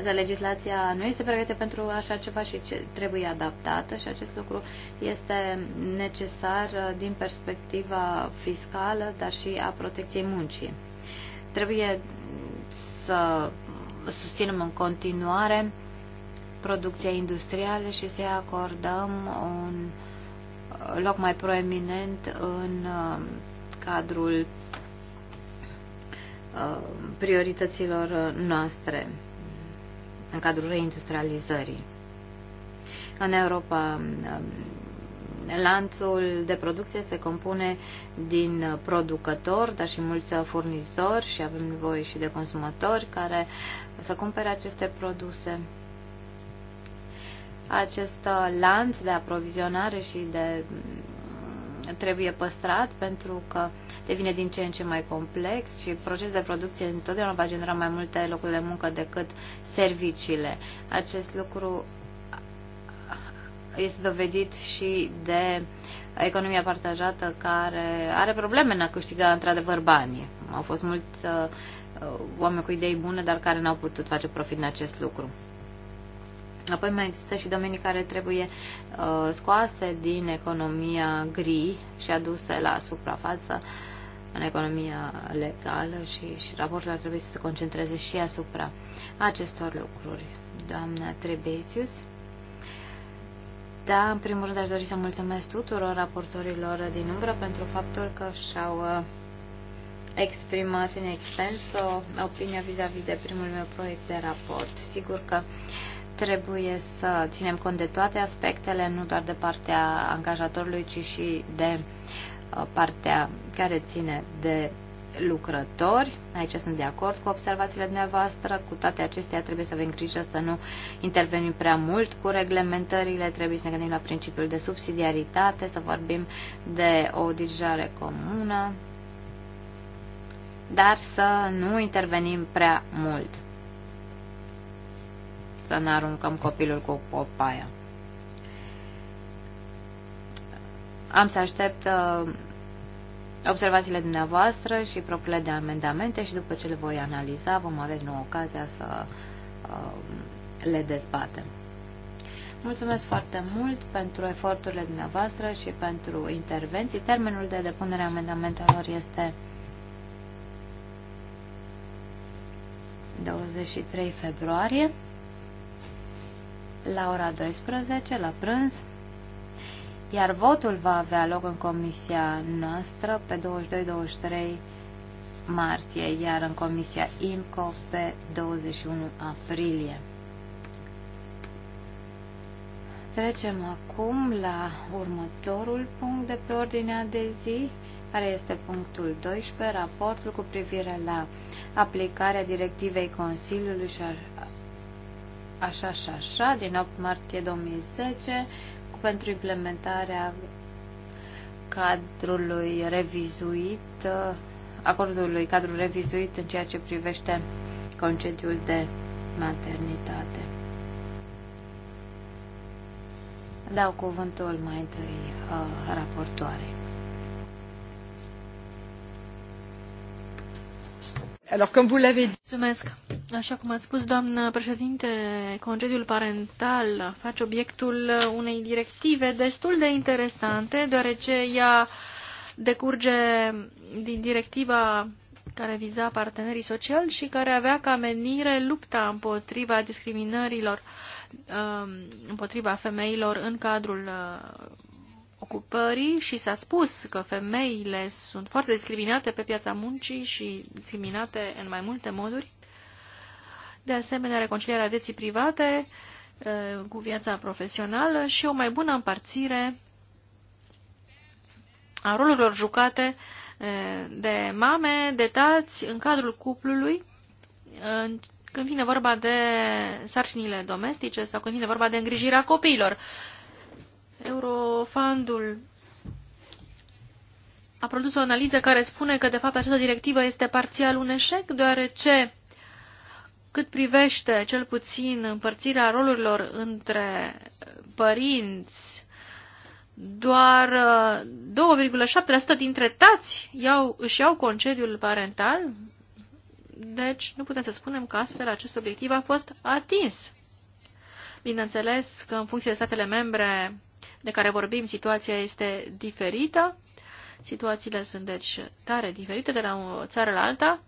Dar legislația nu este pregătită pentru așa ceva și trebuie adaptată și acest lucru este necesar din perspectiva fiscală, dar și a protecției muncii. Trebuie să susținem în continuare producția industrială și să acordăm un loc mai proeminent în cadrul uh, priorităților noastre în cadrul reindustrializării. În Europa, um, lanțul de producție se compune din producători, dar și mulți furnizori și avem nevoie și de consumatori care să cumpere aceste produse. Acest uh, lanț de aprovizionare și de trebuie păstrat pentru că devine din ce în ce mai complex și procesul de producție întotdeauna va genera mai multe locuri de muncă decât serviciile. Acest lucru este dovedit și de economia partajată care are probleme în a câștiga într-adevăr banii. Au fost mulți uh, oameni cu idei bune, dar care n-au putut face profit în acest lucru. Apoi mai există și domenii care trebuie uh, scoase din economia gri și aduse la suprafață în economia legală și, și raportul ar trebui să se concentreze și asupra acestor lucruri. Doamna Trebesius. Da, în primul rând aș dori să mulțumesc tuturor raportorilor din umbră pentru faptul că și-au uh, exprimat în extens o opinie vis-a-vis -vis de primul meu proiect de raport. Sigur că uh, trebuie să ținem cont de toate aspectele, nu doar de partea angajatorului, ci și de uh, partea care ține de lucrători. Aici sunt de acord cu observațiile dumneavoastră. Cu toate acestea trebuie să avem grijă să nu intervenim prea mult cu reglementările. Trebuie să ne gândim la principiul de subsidiaritate, să vorbim de o dirijare comună, dar să nu intervenim prea mult să ne aruncăm copilul cu copaia. Am să aștept uh, observațiile dumneavoastră și propriile de amendamente și după ce le voi analiza vom avea nouă ocazia să uh, le dezbatem. Mulțumesc foarte mult pentru eforturile dumneavoastră și pentru intervenții. Termenul de depunere a amendamentelor este 23 februarie la ora 12, la prânz, iar votul va avea loc în comisia noastră pe 22-23 martie, iar în comisia IMCO pe 21 aprilie. Trecem acum la următorul punct de pe ordinea de zi, care este punctul 12, raportul cu privire la aplicarea directivei Consiliului și a așa și așa din 8 martie 2010 cu pentru implementarea cadrului revizuit, acordului cadrul revizuit în ceea ce privește concediul de maternitate. Dau cuvântul mai întâi uh, raportoarei. Alors, comme vous l'avez dit... Mulțumesc. Așa cum ați spus, doamnă președinte, concediul parental face obiectul unei directive destul de interesante, deoarece ea decurge din directiva care viza partenerii sociali și care avea ca menire lupta împotriva discriminărilor um, împotriva femeilor în cadrul uh, ocupării și s-a spus că femeile sunt foarte discriminate pe piața muncii și discriminate în mai multe moduri. De asemenea, reconcilierea vieții private uh, cu viața profesională și o mai bună împărțire a rolurilor jucate uh, de mame, de tați în cadrul cuplului, când vine vorba de sarcinile domestice sau când vine vorba de îngrijirea copiilor. Eurofundul a produs o analiză care spune că, de fapt, această directivă este parțial un eșec, deoarece cât privește cel puțin împărțirea rolurilor între părinți, doar 2,7% uh, dintre tați iau, își iau concediul parental, deci nu putem să spunem că astfel acest obiectiv a fost atins. Bineînțeles că în funcție de statele membre de care vorbim, situația este diferită. Situațiile sunt, deci, tare diferite de la o țară la alta,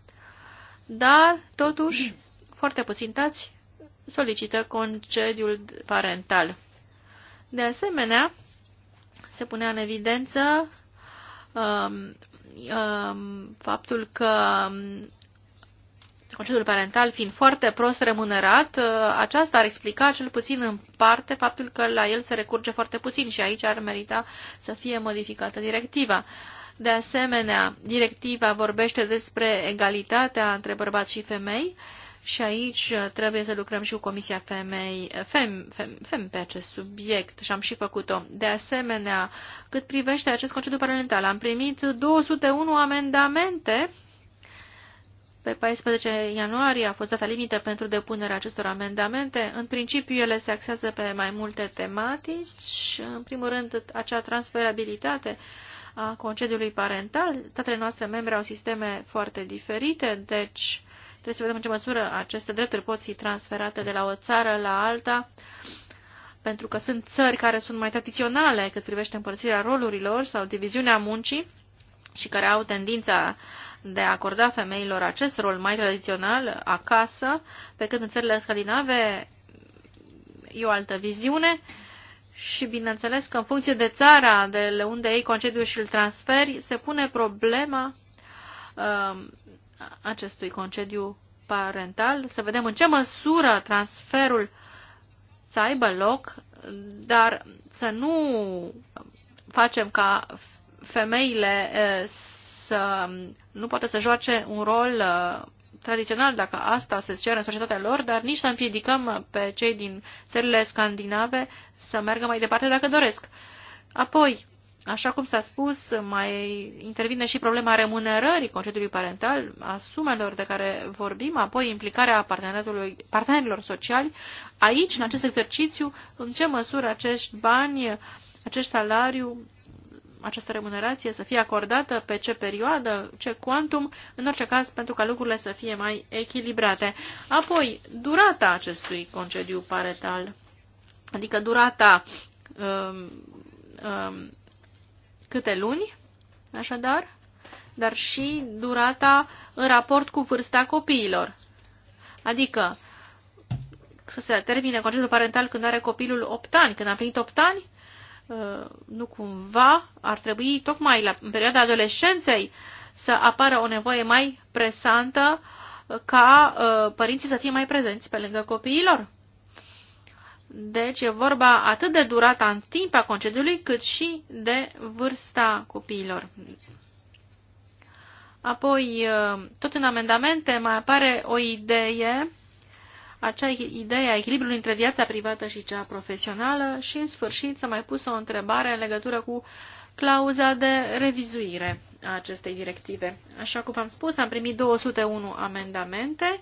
dar, totuși, foarte puțin tați solicită concediul parental. De asemenea, se punea în evidență um, um, faptul că um, concediul parental fiind foarte prost remunerat, ă, aceasta ar explica cel puțin în parte faptul că la el se recurge foarte puțin și aici ar merita să fie modificată directiva. De asemenea, directiva vorbește despre egalitatea între bărbați și femei și aici trebuie să lucrăm și cu Comisia Femei, Fem, Fem, Fem pe acest subiect și am și făcut-o. De asemenea, cât privește acest concediu parental, am primit 201 amendamente pe 14 ianuarie a fost data limită pentru depunerea acestor amendamente. În principiu, ele se axează pe mai multe tematici. În primul rând, acea transferabilitate a concediului parental. Statele noastre membre au sisteme foarte diferite, deci trebuie să vedem în ce măsură aceste drepturi pot fi transferate de la o țară la alta, pentru că sunt țări care sunt mai tradiționale cât privește împărțirea rolurilor sau diviziunea muncii și care au tendința de a acorda femeilor acest rol mai tradițional acasă, pe când în țările scandinave e o altă viziune și bineînțeles că în funcție de țara de unde ei concediu și îl transferi, se pune problema uh, acestui concediu parental, să vedem în ce măsură transferul să aibă loc, dar să nu facem ca femeile uh, să nu poate să joace un rol uh, tradițional, dacă asta se cere în societatea lor, dar nici să împiedicăm pe cei din țările scandinave să meargă mai departe dacă doresc. Apoi, așa cum s-a spus, mai intervine și problema remunerării concediului parental, a sumelor de care vorbim, apoi implicarea partenerilor sociali. Aici, în acest exercițiu, în ce măsură acești bani, acest salariu această remunerație să fie acordată, pe ce perioadă, ce quantum, în orice caz pentru ca lucrurile să fie mai echilibrate. Apoi, durata acestui concediu paretal, adică durata um, um, câte luni, așadar, dar și durata în raport cu vârsta copiilor. Adică, să se termine concediul parental când are copilul 8 ani, când a plinit 8 ani, Uh, nu cumva ar trebui tocmai la, în perioada adolescenței să apară o nevoie mai presantă ca uh, părinții să fie mai prezenți pe lângă copiilor. Deci e vorba atât de durata în timp a concediului, cât și de vârsta copiilor. Apoi, uh, tot în amendamente mai apare o idee acea idee a echilibrului între viața privată și cea profesională și, în sfârșit, să mai pus o întrebare în legătură cu clauza de revizuire a acestei directive. Așa cum v-am spus, am primit 201 amendamente.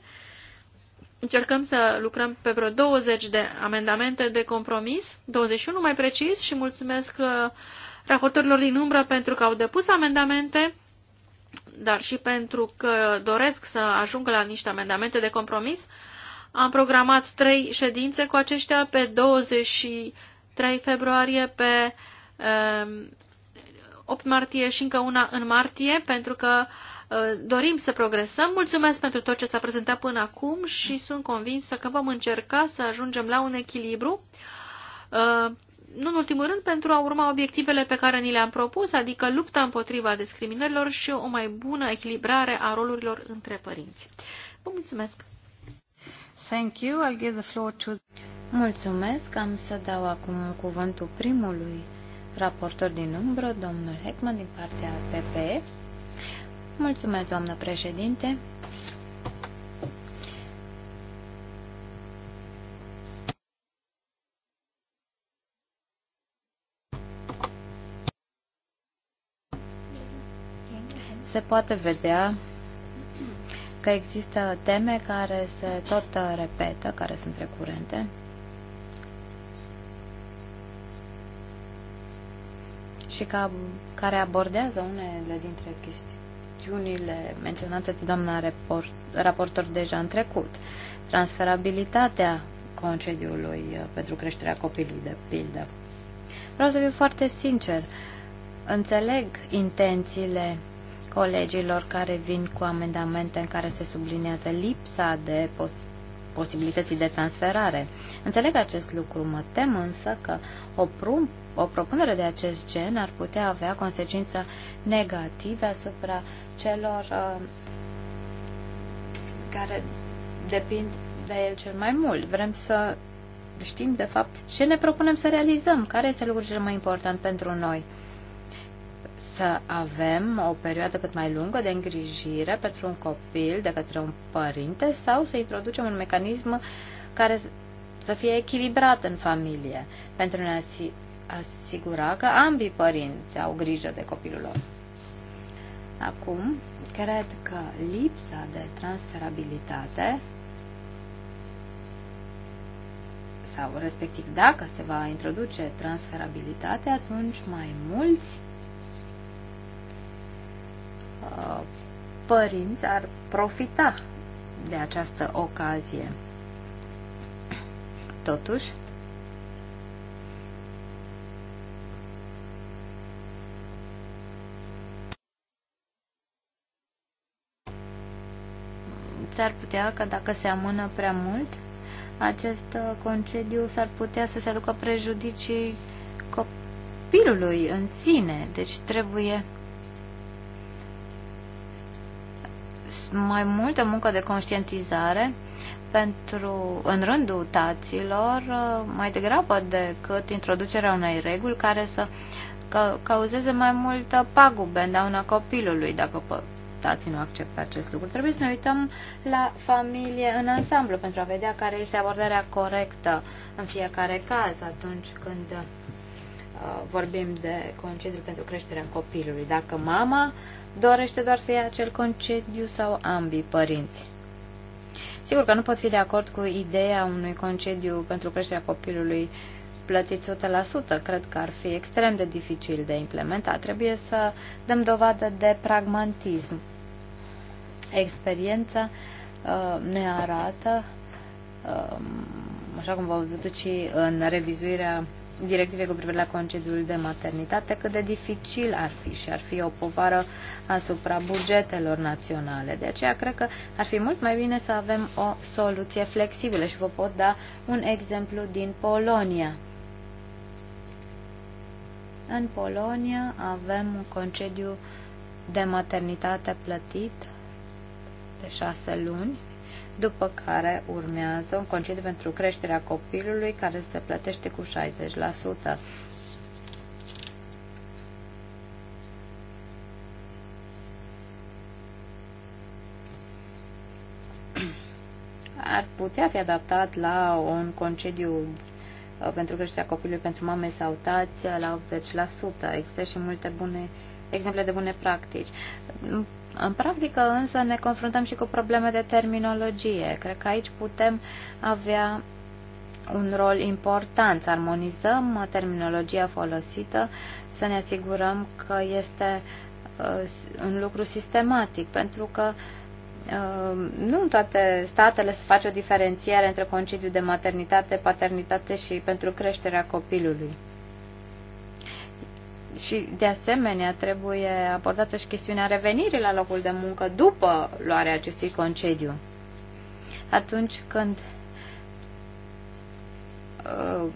Încercăm să lucrăm pe vreo 20 de amendamente de compromis, 21 mai precis, și mulțumesc uh, raportorilor din umbră pentru că au depus amendamente dar și pentru că doresc să ajungă la niște amendamente de compromis am programat trei ședințe cu aceștia pe 23 februarie, pe 8 ehm, martie și încă una în martie, pentru că ă, dorim să progresăm. Mulțumesc pentru tot ce s-a prezentat până acum și sunt convinsă că vom încerca să ajungem la un echilibru ă, nu în ultimul rând, pentru a urma obiectivele pe care ni le-am propus, adică lupta împotriva discriminărilor și o mai bună echilibrare a rolurilor între părinți. Vă mulțumesc! Thank you. I'll give the floor to... Mulțumesc. Am să dau acum cuvântul primului raportor din umbră, domnul Heckman, din partea PPE. Mulțumesc, doamnă președinte. Se poate vedea că există teme care se tot uh, repetă, care sunt recurente. și ca, care abordează unele dintre chestiunile menționate de doamna report, raportor deja în trecut. Transferabilitatea concediului uh, pentru creșterea copilului, de pildă. Vreau să fiu foarte sincer. Înțeleg intențiile colegilor care vin cu amendamente în care se subliniază lipsa de pos- posibilității de transferare. Înțeleg acest lucru, mă tem însă că o, o propunere de acest gen ar putea avea consecință negative asupra celor uh, care depind de el cel mai mult. Vrem să știm, de fapt, ce ne propunem să realizăm, care este lucrul cel mai important pentru noi să avem o perioadă cât mai lungă de îngrijire pentru un copil de către un părinte sau să introducem un mecanism care să fie echilibrat în familie pentru a ne asigura că ambii părinți au grijă de copilul lor. Acum, cred că lipsa de transferabilitate sau respectiv dacă se va introduce transferabilitate, atunci mai mulți Uh, părinți ar profita de această ocazie. Totuși, s-ar putea că dacă se amână prea mult, acest uh, concediu s-ar putea să se aducă prejudicii copilului în sine. Deci trebuie mai multă muncă de conștientizare pentru, în rândul taților uh, mai degrabă decât introducerea unei reguli care să cauzeze mai multă pagubă în dauna copilului dacă tații nu acceptă acest lucru. Trebuie să ne uităm la familie în ansamblu pentru a vedea care este abordarea corectă în fiecare caz atunci când Uh, vorbim de concediu pentru creșterea copilului, dacă mama dorește doar să ia acel concediu sau ambii părinți. Sigur că nu pot fi de acord cu ideea unui concediu pentru creșterea copilului plătit 100%, cred că ar fi extrem de dificil de implementat. Trebuie să dăm dovadă de pragmatism. Experiența uh, ne arată, uh, așa cum v-am văzut și în revizuirea directivei cu privire la concediul de maternitate, cât de dificil ar fi și ar fi o povară asupra bugetelor naționale. De aceea cred că ar fi mult mai bine să avem o soluție flexibilă și vă pot da un exemplu din Polonia. În Polonia avem un concediu de maternitate plătit de șase luni după care urmează un concediu pentru creșterea copilului care se plătește cu 60%. ar putea fi adaptat la un concediu uh, pentru creșterea copilului pentru mame sau tați uh, la 80%. Există și multe bune exemple de bune practici. În practică însă ne confruntăm și cu probleme de terminologie. Cred că aici putem avea un rol important. Să armonizăm terminologia folosită, să ne asigurăm că este uh, un lucru sistematic, pentru că uh, nu în toate statele se face o diferențiere între concediu de maternitate, paternitate și pentru creșterea copilului și, de asemenea, trebuie abordată și chestiunea revenirii la locul de muncă după luarea acestui concediu. Atunci când uh,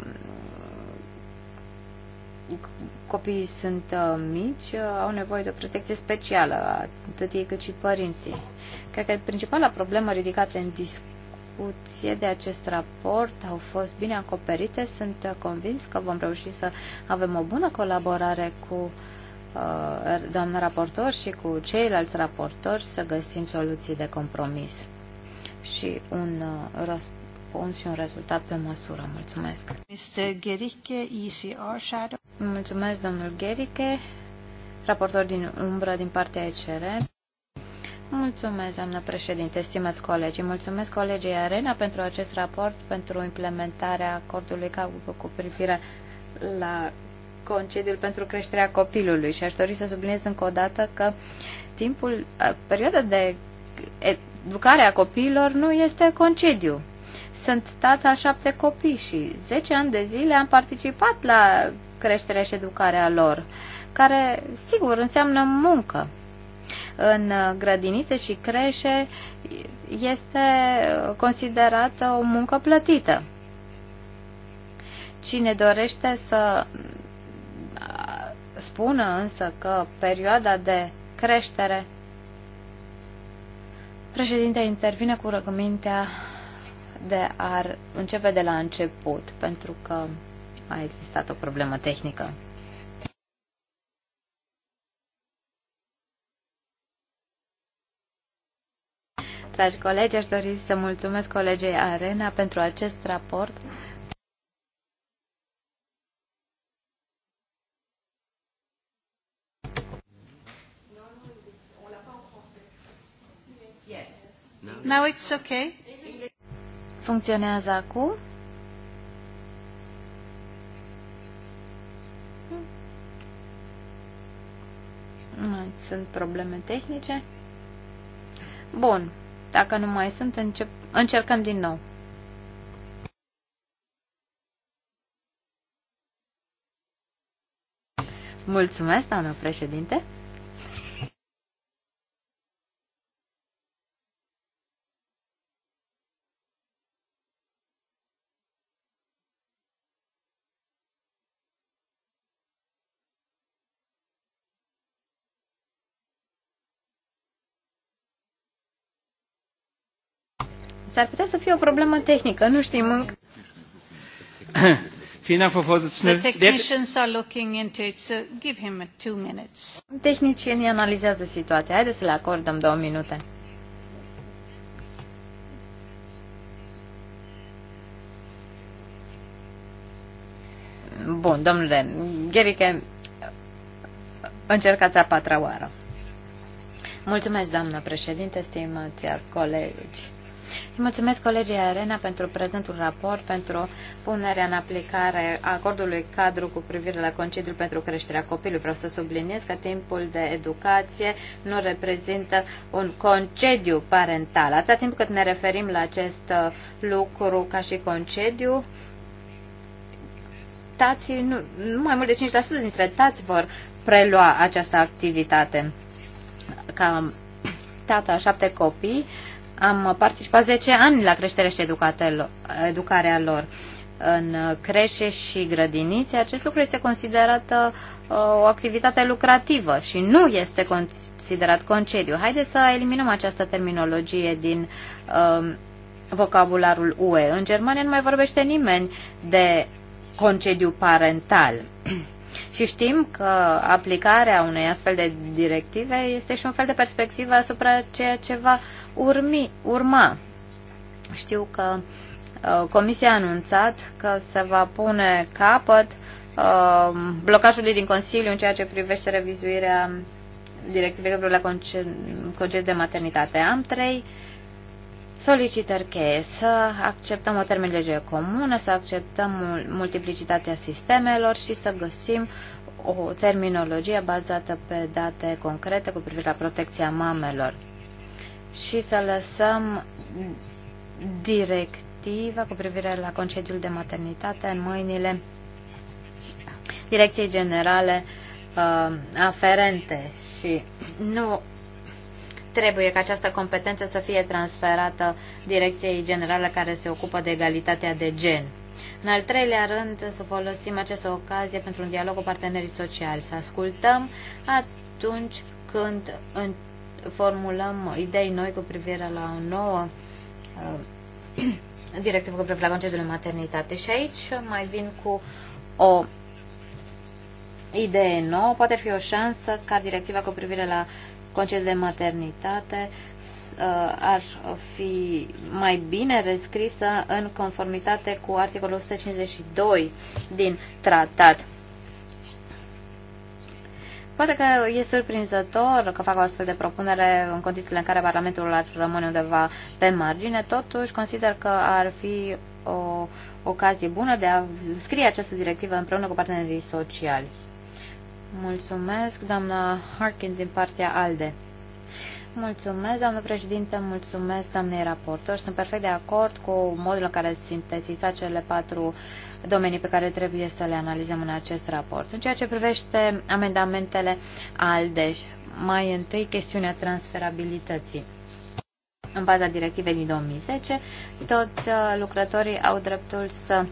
copiii sunt uh, mici, uh, au nevoie de o protecție specială, atât ei cât și părinții. Cred că principala problemă ridicată în discuție discuție de acest raport au fost bine acoperite. Sunt convins că vom reuși să avem o bună colaborare cu uh, doamna raportor și cu ceilalți raportori să găsim soluții de compromis și un uh, răspuns și un rezultat pe măsură. Mulțumesc. Mr. Gerike, ECR Shadow. Mulțumesc, domnul Gerike, raportor din umbră din partea ECR. Mulțumesc, doamnă președinte, stimați colegii. Mulțumesc colegii Arena pentru acest raport, pentru implementarea acordului ca cu privire la concediul pentru creșterea copilului și aș dori să subliniez încă o dată că timpul, perioada de educare a copiilor nu este concediu. Sunt tata șapte copii și zece ani de zile am participat la creșterea și educarea lor, care sigur înseamnă muncă în grădinițe și creșe este considerată o muncă plătită. Cine dorește să spună însă că perioada de creștere președinte intervine cu răgămintea de a începe de la început, pentru că a existat o problemă tehnică. Dragi colegi, aș dori să mulțumesc colegei Arena pentru acest raport. Now it's okay. Funcționează acum. sunt probleme tehnice. Bun. Dacă nu mai sunt, încep, încercăm din nou. Mulțumesc, doamnă președinte. S-ar putea să fie o problemă tehnică, nu știm încă. Tehnicienii analizează situația. Haideți să le acordăm două minute. Bun, domnule Gheriche, încercați a patra oară. Mulțumesc, doamnă președinte, stimați colegi. Îi mulțumesc colegii Arena pentru prezentul raport, pentru punerea în aplicare a acordului cadru cu privire la concediul pentru creșterea copilului. Vreau să subliniez că timpul de educație nu reprezintă un concediu parental. Atâta timp cât ne referim la acest uh, lucru ca și concediu, tații, nu, nu mai mult de 5% dintre tați vor prelua această activitate. Ca tată a șapte copii, uh, am participat 10 ani la creșterea și educarea lor în creșe și grădinițe, acest lucru este considerat uh, o activitate lucrativă și nu este considerat concediu. Haideți să eliminăm această terminologie din um, vocabularul UE. În Germania nu mai vorbește nimeni de concediu parental. Și știm că aplicarea unei astfel de directive este și un fel de perspectivă asupra ceea ce va urmi, urma. Știu că uh, Comisia a anunțat că se va pune capăt uh, blocajului din Consiliu în ceea ce privește revizuirea directivei la concediu de maternitate. Am trei uh, solicitări cheie, să acceptăm o terminologie comună, să acceptăm multiplicitatea sistemelor și să găsim o terminologie bazată pe date concrete cu privire la protecția mamelor și să lăsăm directiva cu privire la concediul de maternitate în mâinile Direcției Generale uh, aferente și nu trebuie ca această competență să fie transferată Direcției Generale care se ocupă de egalitatea de gen. În al treilea rând, să folosim această ocazie pentru un dialog cu partenerii sociali, să ascultăm atunci când formulăm idei noi cu privire la o nouă uh, directivă cu privire la concediul de maternitate. Și aici mai vin cu o idee nouă, poate fi o șansă ca directiva cu privire la concediu de maternitate uh, ar fi mai bine rescrisă în conformitate cu articolul 152 din tratat. Poate că e surprinzător că fac o astfel de propunere în condițiile în care Parlamentul ar rămâne undeva pe margine, totuși consider că ar fi o ocazie bună de a scrie această directivă împreună cu partenerii sociali. Mulțumesc, doamna Harkins, din partea ALDE. Mulțumesc, doamnă președinte, mulțumesc, doamnei raportor. Sunt perfect de acord cu modul în care ați sintetizat cele patru domenii pe care trebuie să le analizăm în acest raport. În ceea ce privește amendamentele ALDE, mai întâi chestiunea transferabilității. În baza directivei din 2010, toți uh, lucrătorii au dreptul să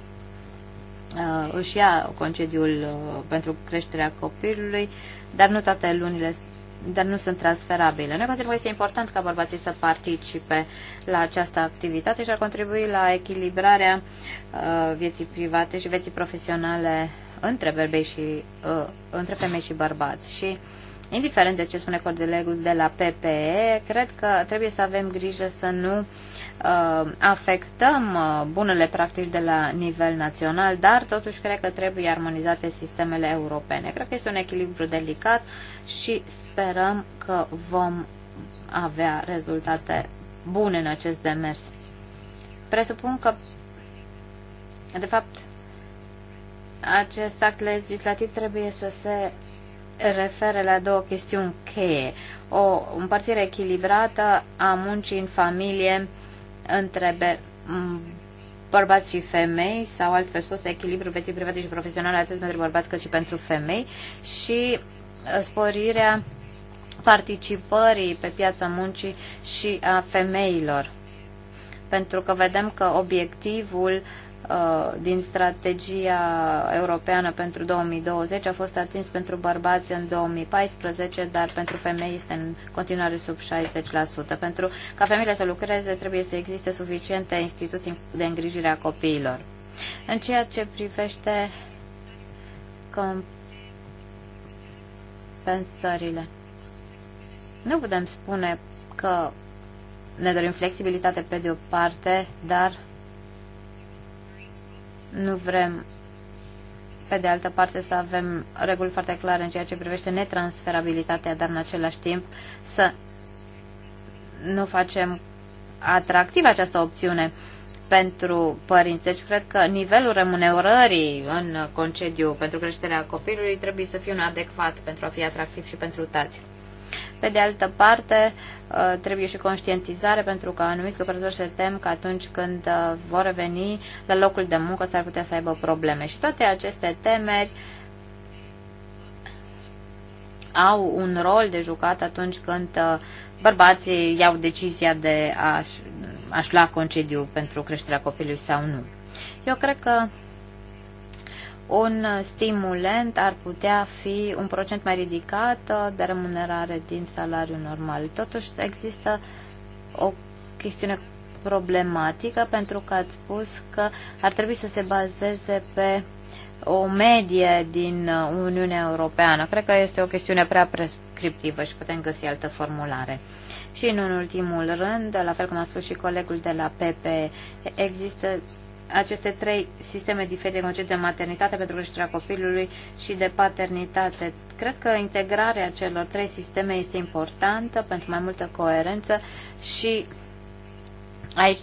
Uh, își ia concediul uh, pentru creșterea copilului, dar nu toate lunile dar nu sunt transferabile. Noi considerăm că este important ca bărbații să participe la această activitate și ar contribui la echilibrarea uh, vieții private și vieții profesionale între, berbei și, uh, între femei și bărbați. Și indiferent de ce spune colegul de la PPE, cred că trebuie să avem grijă să nu uh, Uh, afectăm uh, bunele practici de la nivel național, dar totuși cred că trebuie armonizate sistemele europene. Cred că este un echilibru delicat și sperăm că vom avea rezultate bune în acest demers. Presupun că, de fapt, acest act legislativ trebuie să se refere la două chestiuni cheie. O împărțire echilibrată a muncii în familie între bărbați și femei sau altfel spus echilibru vieții private și profesionale atât pentru bărbați cât și pentru femei și uh, sporirea participării pe piața muncii și a femeilor. Pentru că vedem că obiectivul Uh, din strategia europeană pentru 2020 a fost atins pentru bărbați în 2014, dar pentru femei este în continuare sub 60%. Pentru ca femeile să lucreze, trebuie să existe suficiente instituții de îngrijire a copiilor. În ceea ce privește compensările, nu putem spune că ne dorim flexibilitate pe de o parte, dar nu vrem, pe de altă parte, să avem reguli foarte clare în ceea ce privește netransferabilitatea, dar în același timp să nu facem atractivă această opțiune pentru părinți. Deci cred că nivelul remunerării în concediu pentru creșterea copilului trebuie să fie un adecvat pentru a fi atractiv și pentru tați. Pe de altă parte, uh, trebuie și conștientizare pentru că anumiți lucrători se tem că atunci când uh, vor reveni la locul de muncă s-ar putea să aibă probleme. Și toate aceste temeri au un rol de jucat atunci când uh, bărbații iau decizia de a-și, a lua concediu pentru creșterea copilului sau nu. Eu cred că un stimulent ar putea fi un procent mai ridicat uh, de remunerare din salariul normal. Totuși există o chestiune problematică pentru că ați spus că ar trebui să se bazeze pe o medie din uh, Uniunea Europeană. Cred că este o chestiune prea prescriptivă și putem găsi altă formulare. Și în ultimul rând, la fel cum a spus și colegul de la PP, există aceste trei sisteme diferite de concediu de maternitate pentru creșterea copilului și de paternitate. Cred că integrarea celor trei sisteme este importantă pentru mai multă coerență și aici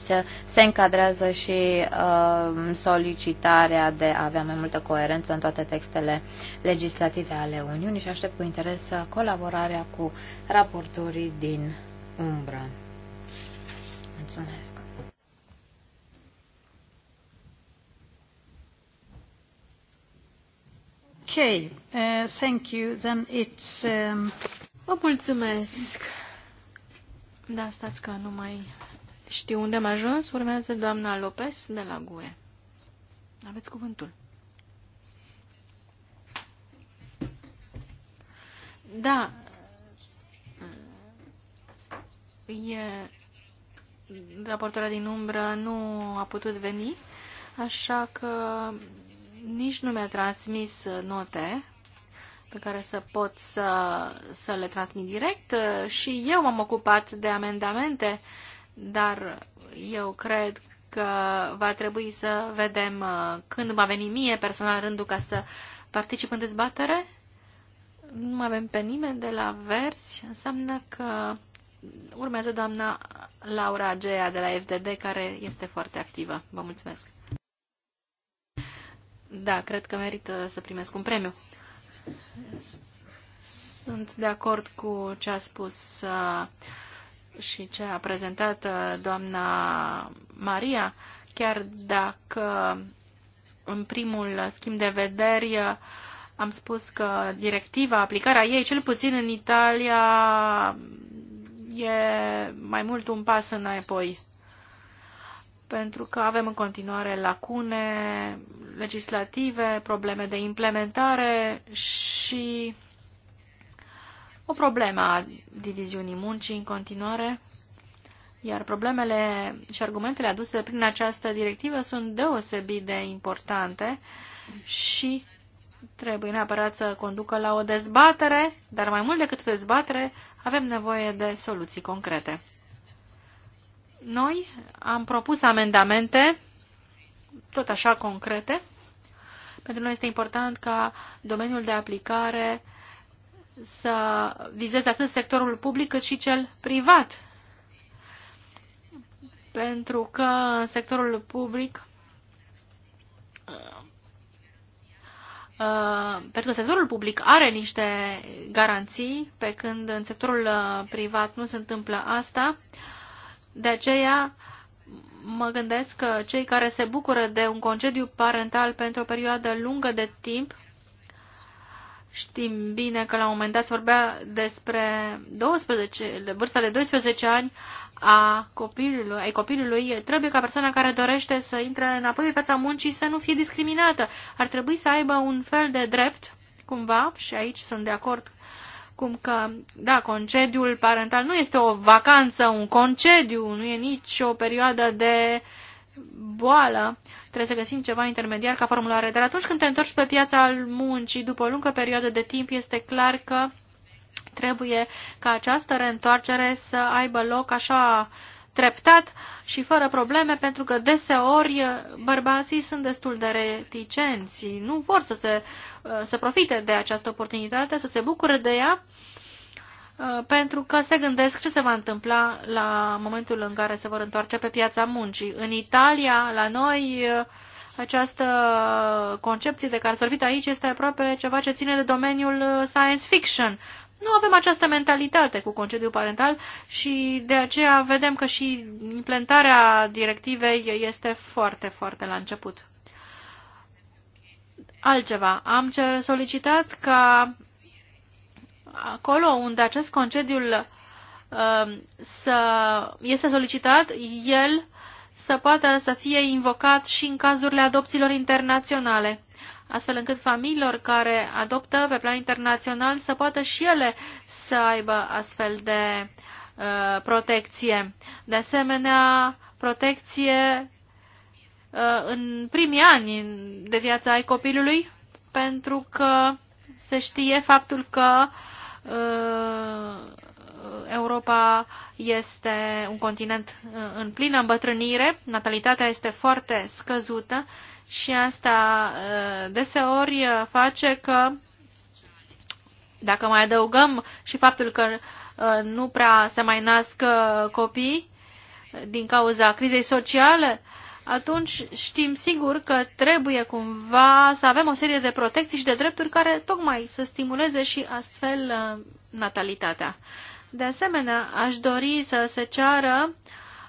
se încadrează și uh, solicitarea de a avea mai multă coerență în toate textele legislative ale Uniunii și aștept cu interes colaborarea cu raporturii din umbră. Mulțumesc! Okay, uh, thank you. Then it's... Um... Vă mulțumesc. Da, stați că nu mai știu unde am ajuns. Urmează doamna Lopez de la GUE. Aveți cuvântul. Da. E... Raportora din umbră nu a putut veni, așa că nici nu mi-a transmis uh, note pe care să pot să, să le transmit direct uh, și eu m-am ocupat de amendamente, dar eu cred că va trebui să vedem uh, când va veni mie personal rândul ca să particip în dezbatere. Nu avem pe nimeni de la Verzi, înseamnă că urmează doamna Laura Gea de la FDD, care este foarte activă. Vă mulțumesc! Da, cred că merită să primesc un premiu. Sunt de acord cu ce a spus uh, și ce a prezentat uh, doamna Maria, chiar dacă în primul schimb de vederi uh, am spus că directiva, aplicarea ei, cel puțin în Italia, e mai mult un pas înapoi pentru că avem în continuare lacune legislative, probleme de implementare și o problemă a diviziunii muncii în continuare, iar problemele și argumentele aduse prin această directivă sunt deosebit de importante și trebuie neapărat să conducă la o dezbatere, dar mai mult decât o dezbatere, avem nevoie de soluții concrete. Noi am propus amendamente, tot așa concrete. Pentru noi este important ca domeniul de aplicare să vizeze atât sectorul public cât și cel privat. Pentru că în sectorul public uh, uh, pentru că sectorul public are niște garanții, pe când în sectorul uh, privat nu se întâmplă asta. Uh, de aceea mă gândesc că cei care se bucură de un concediu parental pentru o perioadă lungă de timp, știm bine că la un moment dat vorbea despre 12, de vârsta de 12 ani a copilului, ai copilului, trebuie ca persoana care dorește să intre înapoi pe piața muncii să nu fie discriminată. Ar trebui să aibă un fel de drept, cumva, și aici sunt de acord cum că, da, concediul parental nu este o vacanță, un concediu, nu e nici o perioadă de boală. Trebuie să găsim ceva intermediar ca formulare. Dar atunci când te întorci pe piața muncii, după o lungă perioadă de timp, este clar că trebuie ca această reîntoarcere să aibă loc așa treptat și fără probleme, pentru că deseori bărbații sunt destul de reticenți, nu vor să se uh, Uh, să profite de această oportunitate, să se bucure de ea, uh, pentru că se gândesc ce se va întâmpla la momentul în care se vor întoarce pe piața muncii. În Italia, la noi, uh, această concepție de care s-a vorbit aici este aproape ceva ce ține de domeniul science fiction. Nu avem această mentalitate cu concediu parental și de aceea vedem că și implementarea directivei este foarte, foarte la început altceva. Am solicitat ca acolo unde acest concediu uh, să este solicitat, el să poată să fie invocat și în cazurile adopțiilor internaționale, astfel încât familiilor care adoptă pe plan internațional să poată și ele să aibă astfel de uh, protecție. De asemenea, protecție Uh, în primii ani de viață ai copilului, pentru că se știe faptul că uh, Europa este un continent uh, în plină îmbătrânire, natalitatea este foarte scăzută și asta deseori face că, dacă mai adăugăm și faptul că nu prea se mai nasc copii din cauza crizei sociale, atunci știm sigur că trebuie cumva să avem o serie de protecții și de drepturi care tocmai să stimuleze și astfel uh, natalitatea. De asemenea, aș dori să se ceară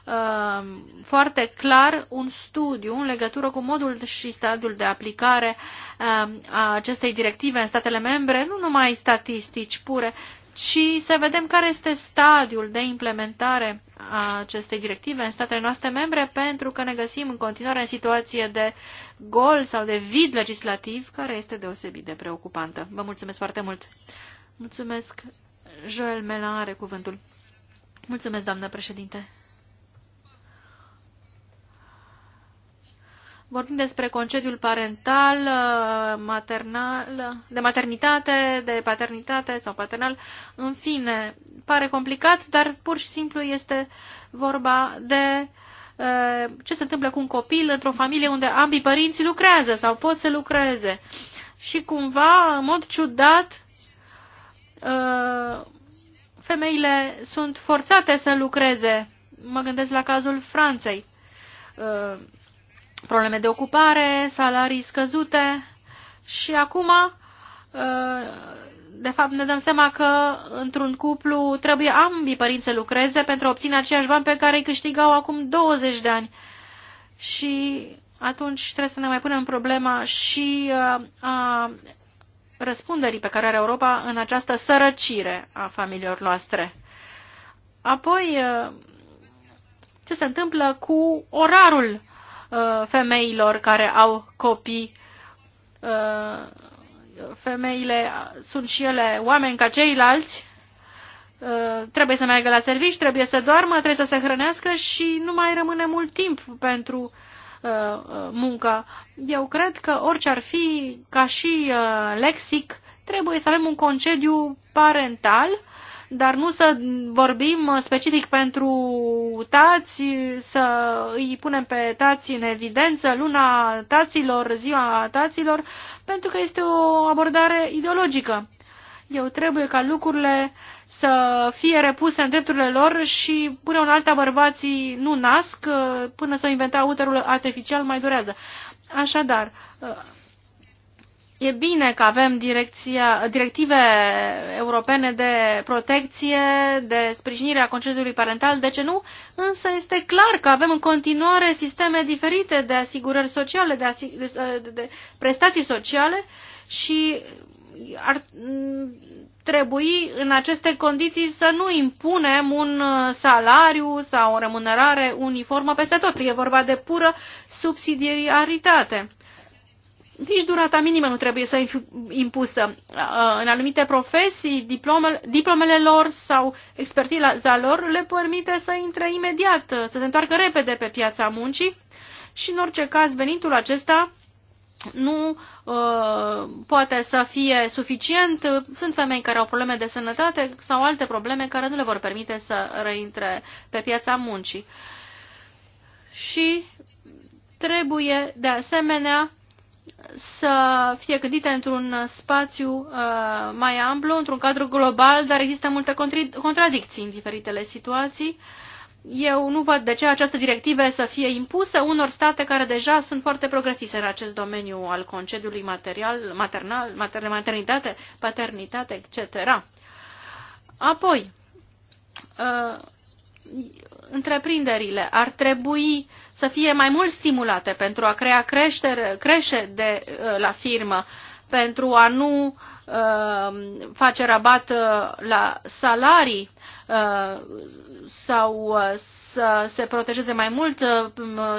uh, foarte clar un studiu în legătură cu modul și stadiul de aplicare uh, a acestei directive în statele membre, nu numai statistici pure, și să vedem care este stadiul de implementare a acestei directive în statele noastre membre, pentru că ne găsim în continuare în situație de gol sau de vid legislativ, care este deosebit de preocupantă. Vă mulțumesc foarte mult! Mulțumesc! Joel Mela are cuvântul. Mulțumesc, doamnă președinte! Vorbim despre concediul parental, uh, maternal, de maternitate, de paternitate sau paternal. În fine, pare complicat, dar pur și simplu este vorba de uh, ce se întâmplă cu un copil într-o familie unde ambii părinți lucrează sau pot să lucreze. Și cumva, în mod ciudat, uh, femeile sunt forțate să lucreze. Mă gândesc la cazul Franței probleme de ocupare, salarii scăzute și acum, ă, de fapt, ne dăm seama că într-un cuplu trebuie ambii părinți să lucreze pentru a obține aceiași bani pe care îi câștigau acum 20 de ani. Și atunci trebuie să ne mai punem problema și ă, a răspunderii pe care are Europa în această sărăcire a familiilor noastre. Apoi, ă, ce se întâmplă cu orarul Uh, femeilor care au copii. Uh, femeile sunt și ele oameni ca ceilalți, uh, trebuie să meargă la servici, trebuie să doarmă, trebuie să se hrănească și nu mai rămâne mult timp pentru muncă. Eu cred că orice ar fi, ca și lexic, trebuie să avem un concediu parental dar nu să vorbim specific pentru tați, să îi punem pe tați în evidență luna taților, ziua taților, pentru că este o abordare ideologică. Eu trebuie ca lucrurile să fie repuse în drepturile lor și până un alta bărbații nu nasc, până să inventa uterul artificial mai durează. Așadar, E bine că avem direcția, directive europene de protecție, de sprijinire a concediului parental, de ce nu? Însă este clar că avem în continuare sisteme diferite de asigurări sociale, de, asig de, de prestații sociale și ar trebui în aceste condiții să nu impunem un salariu sau o remunerare uniformă peste tot. E vorba de pură subsidiaritate nici durata minimă nu trebuie să impusă. Uh, în anumite profesii, diplomele, diplomele lor sau expertiza lor le permite să intre imediat, uh, să se întoarcă repede pe piața muncii și, în orice caz, venitul acesta nu uh, poate să fie suficient. Sunt femei care au probleme de sănătate sau alte probleme care nu le vor permite să reintre pe piața muncii. Și trebuie, de asemenea, să fie gândite într-un spațiu uh, mai amplu, într-un cadru global, dar există multe contradicții în diferitele situații. Eu nu văd de ce această directivă să fie impusă unor state care deja sunt foarte progresiste în acest domeniu al concediului material, maternal, mater, maternitate, paternitate, etc. Apoi, uh, întreprinderile ar trebui să fie mai mult stimulate pentru a crea creștere, creșe de, uh, la firmă, pentru a nu uh, face rabat uh, la salarii uh, sau uh, să se protejeze mai mult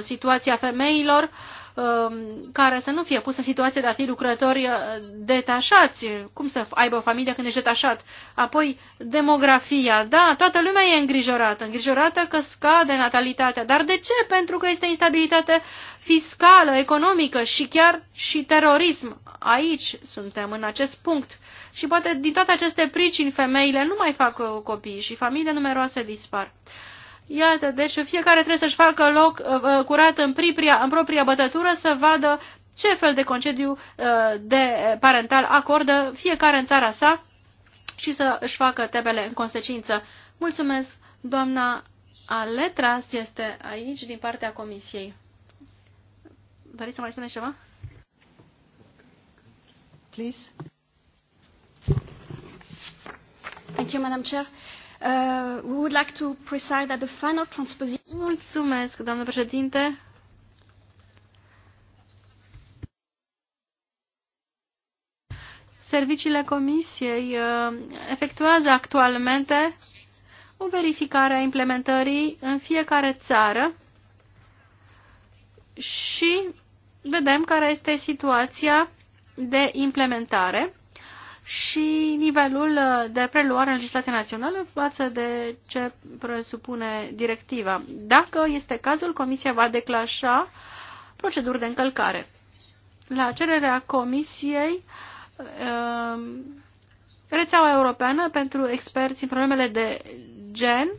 situația femeilor, uh, Um, care să nu fie pusă în situație de a fi lucrători uh, detașați. Cum să aibă o familie când ești detașat? Apoi, demografia. Da, toată lumea e îngrijorată. Îngrijorată că scade natalitatea. Dar de ce? Pentru că este instabilitate fiscală, economică și chiar și terorism. Aici suntem, în acest punct. Și poate din toate aceste pricini femeile nu mai fac uh, copii și familiile numeroase dispar. Iată, deci fiecare trebuie să-și facă loc uh, uh, curat în, pripria, în propria bătătură să vadă ce fel de concediu uh, de parental acordă fiecare în țara sa și să își facă tebele în consecință. Mulțumesc, doamna Aletras este aici din partea comisiei. Doriți să mai spuneți ceva? Please. Thank you, Madam Chair. Uh, we would like to the final transposition. Mulțumesc, doamnă președinte. Serviciile Comisiei uh, efectuează actualmente o verificare a implementării în fiecare țară și vedem care este situația de implementare și nivelul uh, de preluare în legislația națională față de ce presupune directiva. Dacă este cazul, Comisia va declanșa proceduri de încălcare. La cererea Comisiei, uh, rețeaua europeană pentru experți în problemele de gen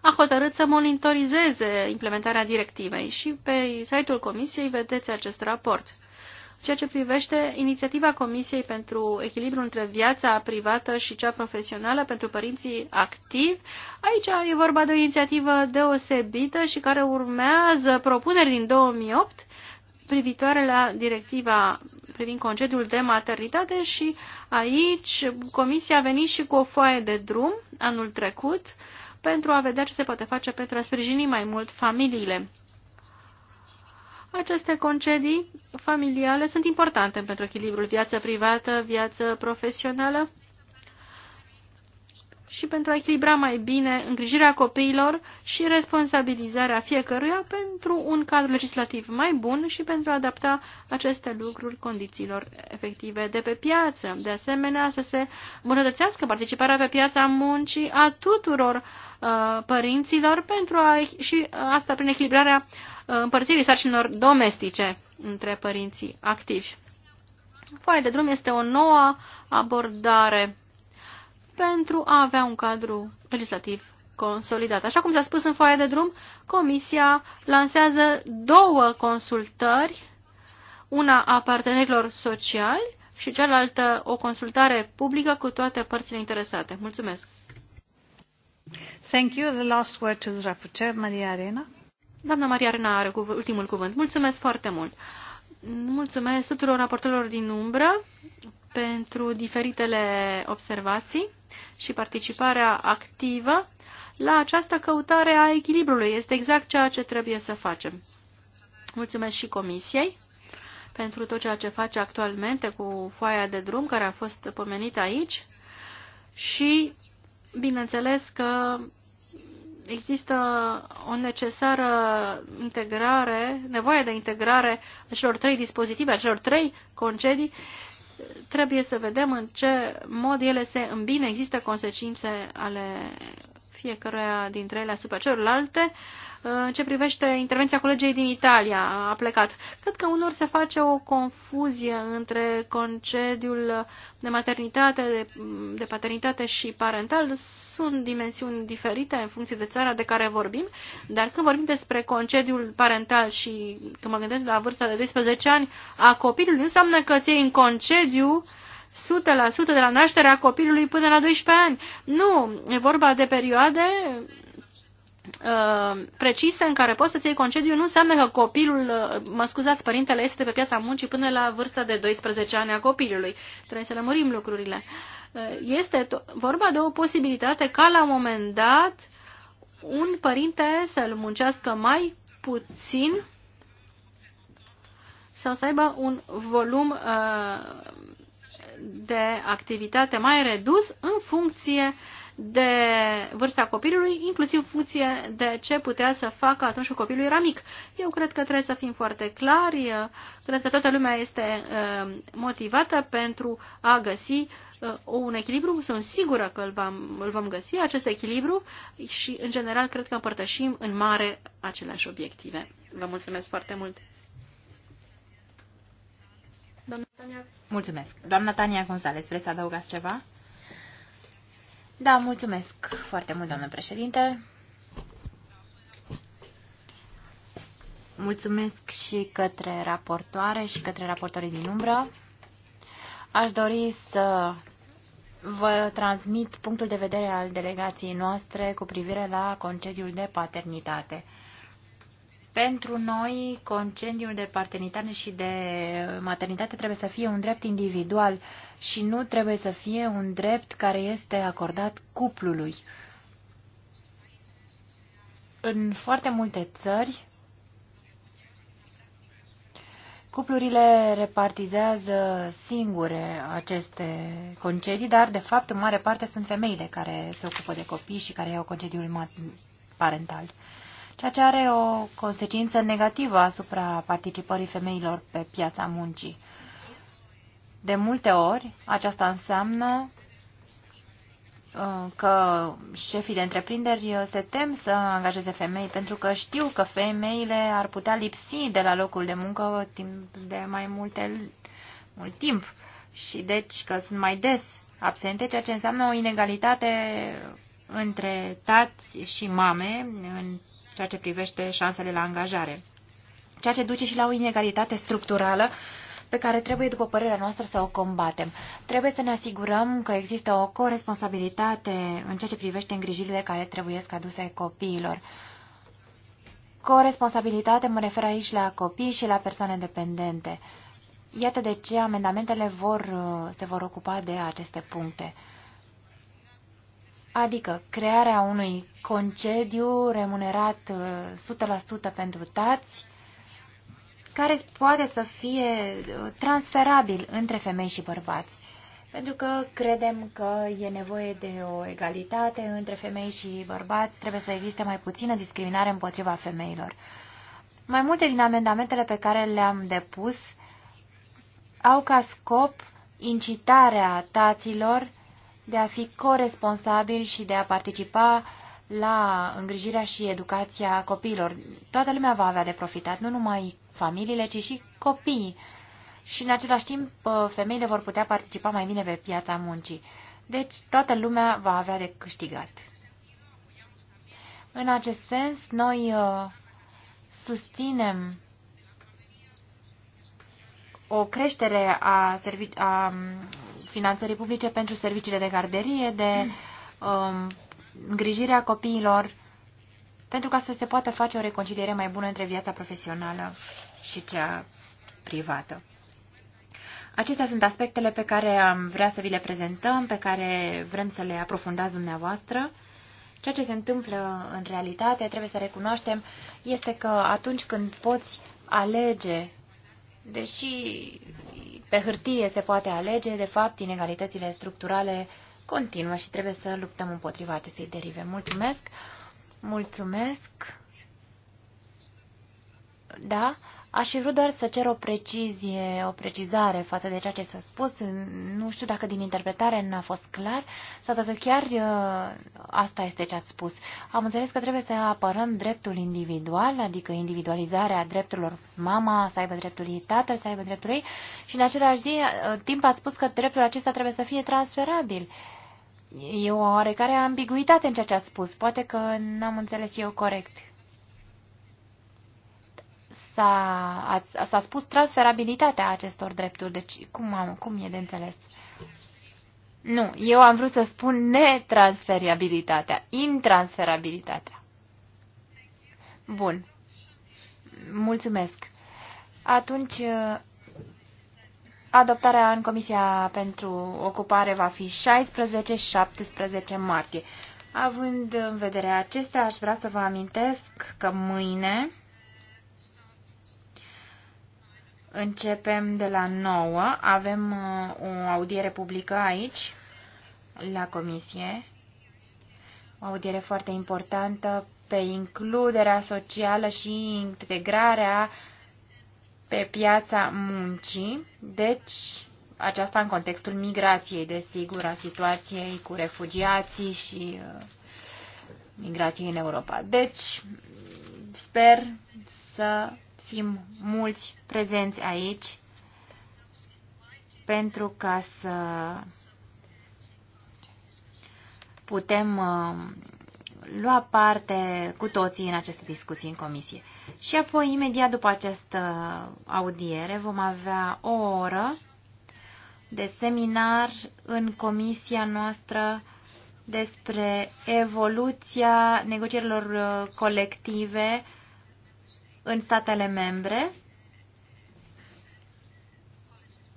a hotărât să monitorizeze implementarea directivei și pe site-ul Comisiei vedeți acest raport ceea ce privește inițiativa Comisiei pentru echilibru între viața privată și cea profesională pentru părinții activi. Aici e vorba de o inițiativă deosebită și care urmează propuneri din 2008 privitoare la directiva privind concediul de maternitate și aici Comisia a venit și cu o foaie de drum anul trecut pentru a vedea ce se poate face pentru a sprijini mai mult familiile. Aceste concedii familiale sunt importante pentru echilibrul viață privată, viață profesională și pentru a echilibra mai bine îngrijirea copiilor și responsabilizarea fiecăruia pentru un cadru legislativ mai bun și pentru a adapta aceste lucruri condițiilor efective de pe piață. De asemenea, să se îmbunătățească participarea pe piața muncii a tuturor uh, părinților pentru a, și asta prin echilibrarea uh, împărțirii sarcinilor domestice între părinții activi. Foaia de drum este o nouă abordare pentru a avea un cadru legislativ consolidat. Așa cum s-a spus în foaia de drum, Comisia lansează două consultări, una a partenerilor sociali și cealaltă o consultare publică cu toate părțile interesate. Mulțumesc! Thank you. The last word to the rapporteur, Maria Arena. Doamna Maria Rena are cuv ultimul cuvânt. Mulțumesc foarte mult! Mulțumesc tuturor raportorilor din umbră pentru diferitele observații și participarea activă la această căutare a echilibrului. Este exact ceea ce trebuie să facem. Mulțumesc și Comisiei pentru tot ceea ce face actualmente cu foaia de drum care a fost pomenită aici și bineînțeles că există o necesară integrare, nevoie de integrare a celor trei dispozitive, a celor trei concedii, trebuie să vedem în ce mod ele se îmbine, există consecințe ale fiecăruia dintre ele asupra celorlalte. Uh, în ce privește intervenția colegei din Italia, a plecat. Cred că unor se face o confuzie între concediul de maternitate, de, de paternitate și parental. Sunt dimensiuni diferite în funcție de țara de care vorbim, dar când vorbim despre concediul parental și când mă gândesc la vârsta de 12 ani a copilului, nu înseamnă că ți în concediu 100% de la nașterea copilului până la 12 ani. Nu, e vorba de perioade Uh, precise în care poți să-ți iei concediu nu înseamnă că copilul, uh, mă scuzați, părintele este pe piața muncii până la vârsta de 12 ani a copilului. Trebuie să lămurim lucrurile. Uh, este vorba de o posibilitate ca la un moment dat un părinte să-l muncească mai puțin sau să aibă un volum uh, de activitate mai redus în funcție de vârsta copilului, inclusiv în funcție de ce putea să facă atunci când copilul era mic. Eu cred că trebuie să fim foarte clari, cred că toată lumea este uh, motivată pentru a găsi uh, un echilibru, sunt sigură că îl vom, îl vom găsi, acest echilibru și, în general, cred că împărtășim în mare aceleași obiective. Vă mulțumesc foarte mult! Doamna Tania... Mulțumesc! Doamna Tania Gonzalez, vreți să adăugați ceva? Da, mulțumesc foarte mult, doamnă președinte. Mulțumesc și către raportoare și către raportorii din umbră. Aș dori să vă transmit punctul de vedere al delegației noastre cu privire la concediul de paternitate. Pentru noi, concediul de paternitate și de maternitate trebuie să fie un drept individual și nu trebuie să fie un drept care este acordat cuplului. În foarte multe țări, Cuplurile repartizează singure aceste concedii, dar, de fapt, în mare parte sunt femeile care se ocupă de copii și care iau concediul parental ceea ce are o consecință negativă asupra participării femeilor pe piața muncii. De multe ori, aceasta înseamnă uh, că șefii de întreprinderi uh, se tem să angajeze femei pentru că știu că femeile ar putea lipsi de la locul de muncă timp de mai multe, mult timp și deci că sunt mai des absente, ceea ce înseamnă o inegalitate între tați și mame în ceea ce privește șansele la angajare. Ceea ce duce și la o inegalitate structurală pe care trebuie, după părerea noastră, să o combatem. Trebuie să ne asigurăm că există o corresponsabilitate în ceea ce privește îngrijirile care trebuie să aduse copiilor. Corresponsabilitate mă refer aici la copii și la persoane dependente. Iată de ce amendamentele vor, se vor ocupa de aceste puncte adică crearea unui concediu remunerat uh, 100% pentru tați, care poate să fie uh, transferabil între femei și bărbați. Pentru că credem că e nevoie de o egalitate între femei și bărbați, trebuie să existe mai puțină discriminare împotriva femeilor. Mai multe din amendamentele pe care le-am depus au ca scop incitarea taților de a fi corresponsabili și de a participa la îngrijirea și educația copiilor. Toată lumea va avea de profitat, nu numai familiile, ci și copiii. Și în același timp, uh, femeile vor putea participa mai bine pe piața muncii. Deci, toată lumea va avea de câștigat. În acest sens, noi uh, susținem o creștere a, servi- a finanțării publice pentru serviciile de garderie, de um, îngrijirea copiilor, pentru ca să se poată face o reconciliere mai bună între viața profesională și cea privată. Acestea sunt aspectele pe care am vrea să vi le prezentăm, pe care vrem să le aprofundați dumneavoastră. Ceea ce se întâmplă în realitate, trebuie să recunoaștem, este că atunci când poți alege Deși pe hârtie se poate alege, de fapt, inegalitățile structurale continuă și trebuie să luptăm împotriva acestei derive. Mulțumesc! Mulțumesc! Da? Aș fi vrut doar să cer o precizie, o precizare față de ceea ce s-a spus. Nu știu dacă din interpretare n a fost clar sau dacă chiar uh, asta este ce ați spus. Am înțeles că trebuie să apărăm dreptul individual, adică individualizarea drepturilor mama, să aibă dreptul ei tatăl, să aibă dreptul ei și în același zi, uh, timp ați spus că dreptul acesta trebuie să fie transferabil. E o oarecare ambiguitate în ceea ce ați spus. Poate că n-am înțeles eu corect s-a, s-a spus transferabilitatea acestor drepturi. Deci, cum, am, cum e de înțeles? Nu, eu am vrut să spun netransferabilitatea, intransferabilitatea. Bun. Mulțumesc. Atunci, adoptarea în Comisia pentru Ocupare va fi 16-17 martie. Având în vedere acestea, aș vrea să vă amintesc că mâine Începem de la 9. Avem uh, o audiere publică aici, la comisie. O audiere foarte importantă pe includerea socială și integrarea pe piața muncii. Deci, aceasta în contextul migrației, desigur, a situației cu refugiații și uh, migrației în Europa. Deci, sper să fim mulți prezenți aici pentru ca să putem uh, lua parte cu toții în aceste discuții în comisie. Și apoi, imediat după această audiere, vom avea o oră de seminar în comisia noastră despre evoluția negocierilor uh, colective în statele membre.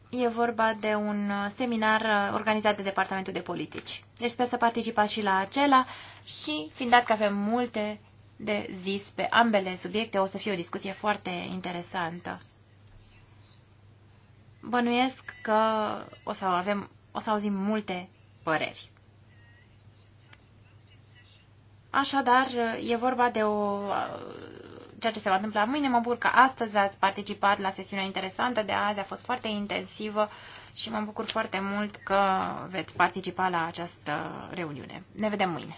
E vorba de un seminar organizat de Departamentul de Politici. Deci sper să participați și la acela și, fiind dat că avem multe de zis pe ambele subiecte, o să fie o discuție foarte interesantă. Bănuiesc că o să, avem, o să auzim multe păreri. Așadar, e vorba de o ceea ce se va întâmpla mâine. Mă bucur că astăzi ați participat la sesiunea interesantă de azi, a fost foarte intensivă și mă bucur foarte mult că veți participa la această reuniune. Ne vedem mâine!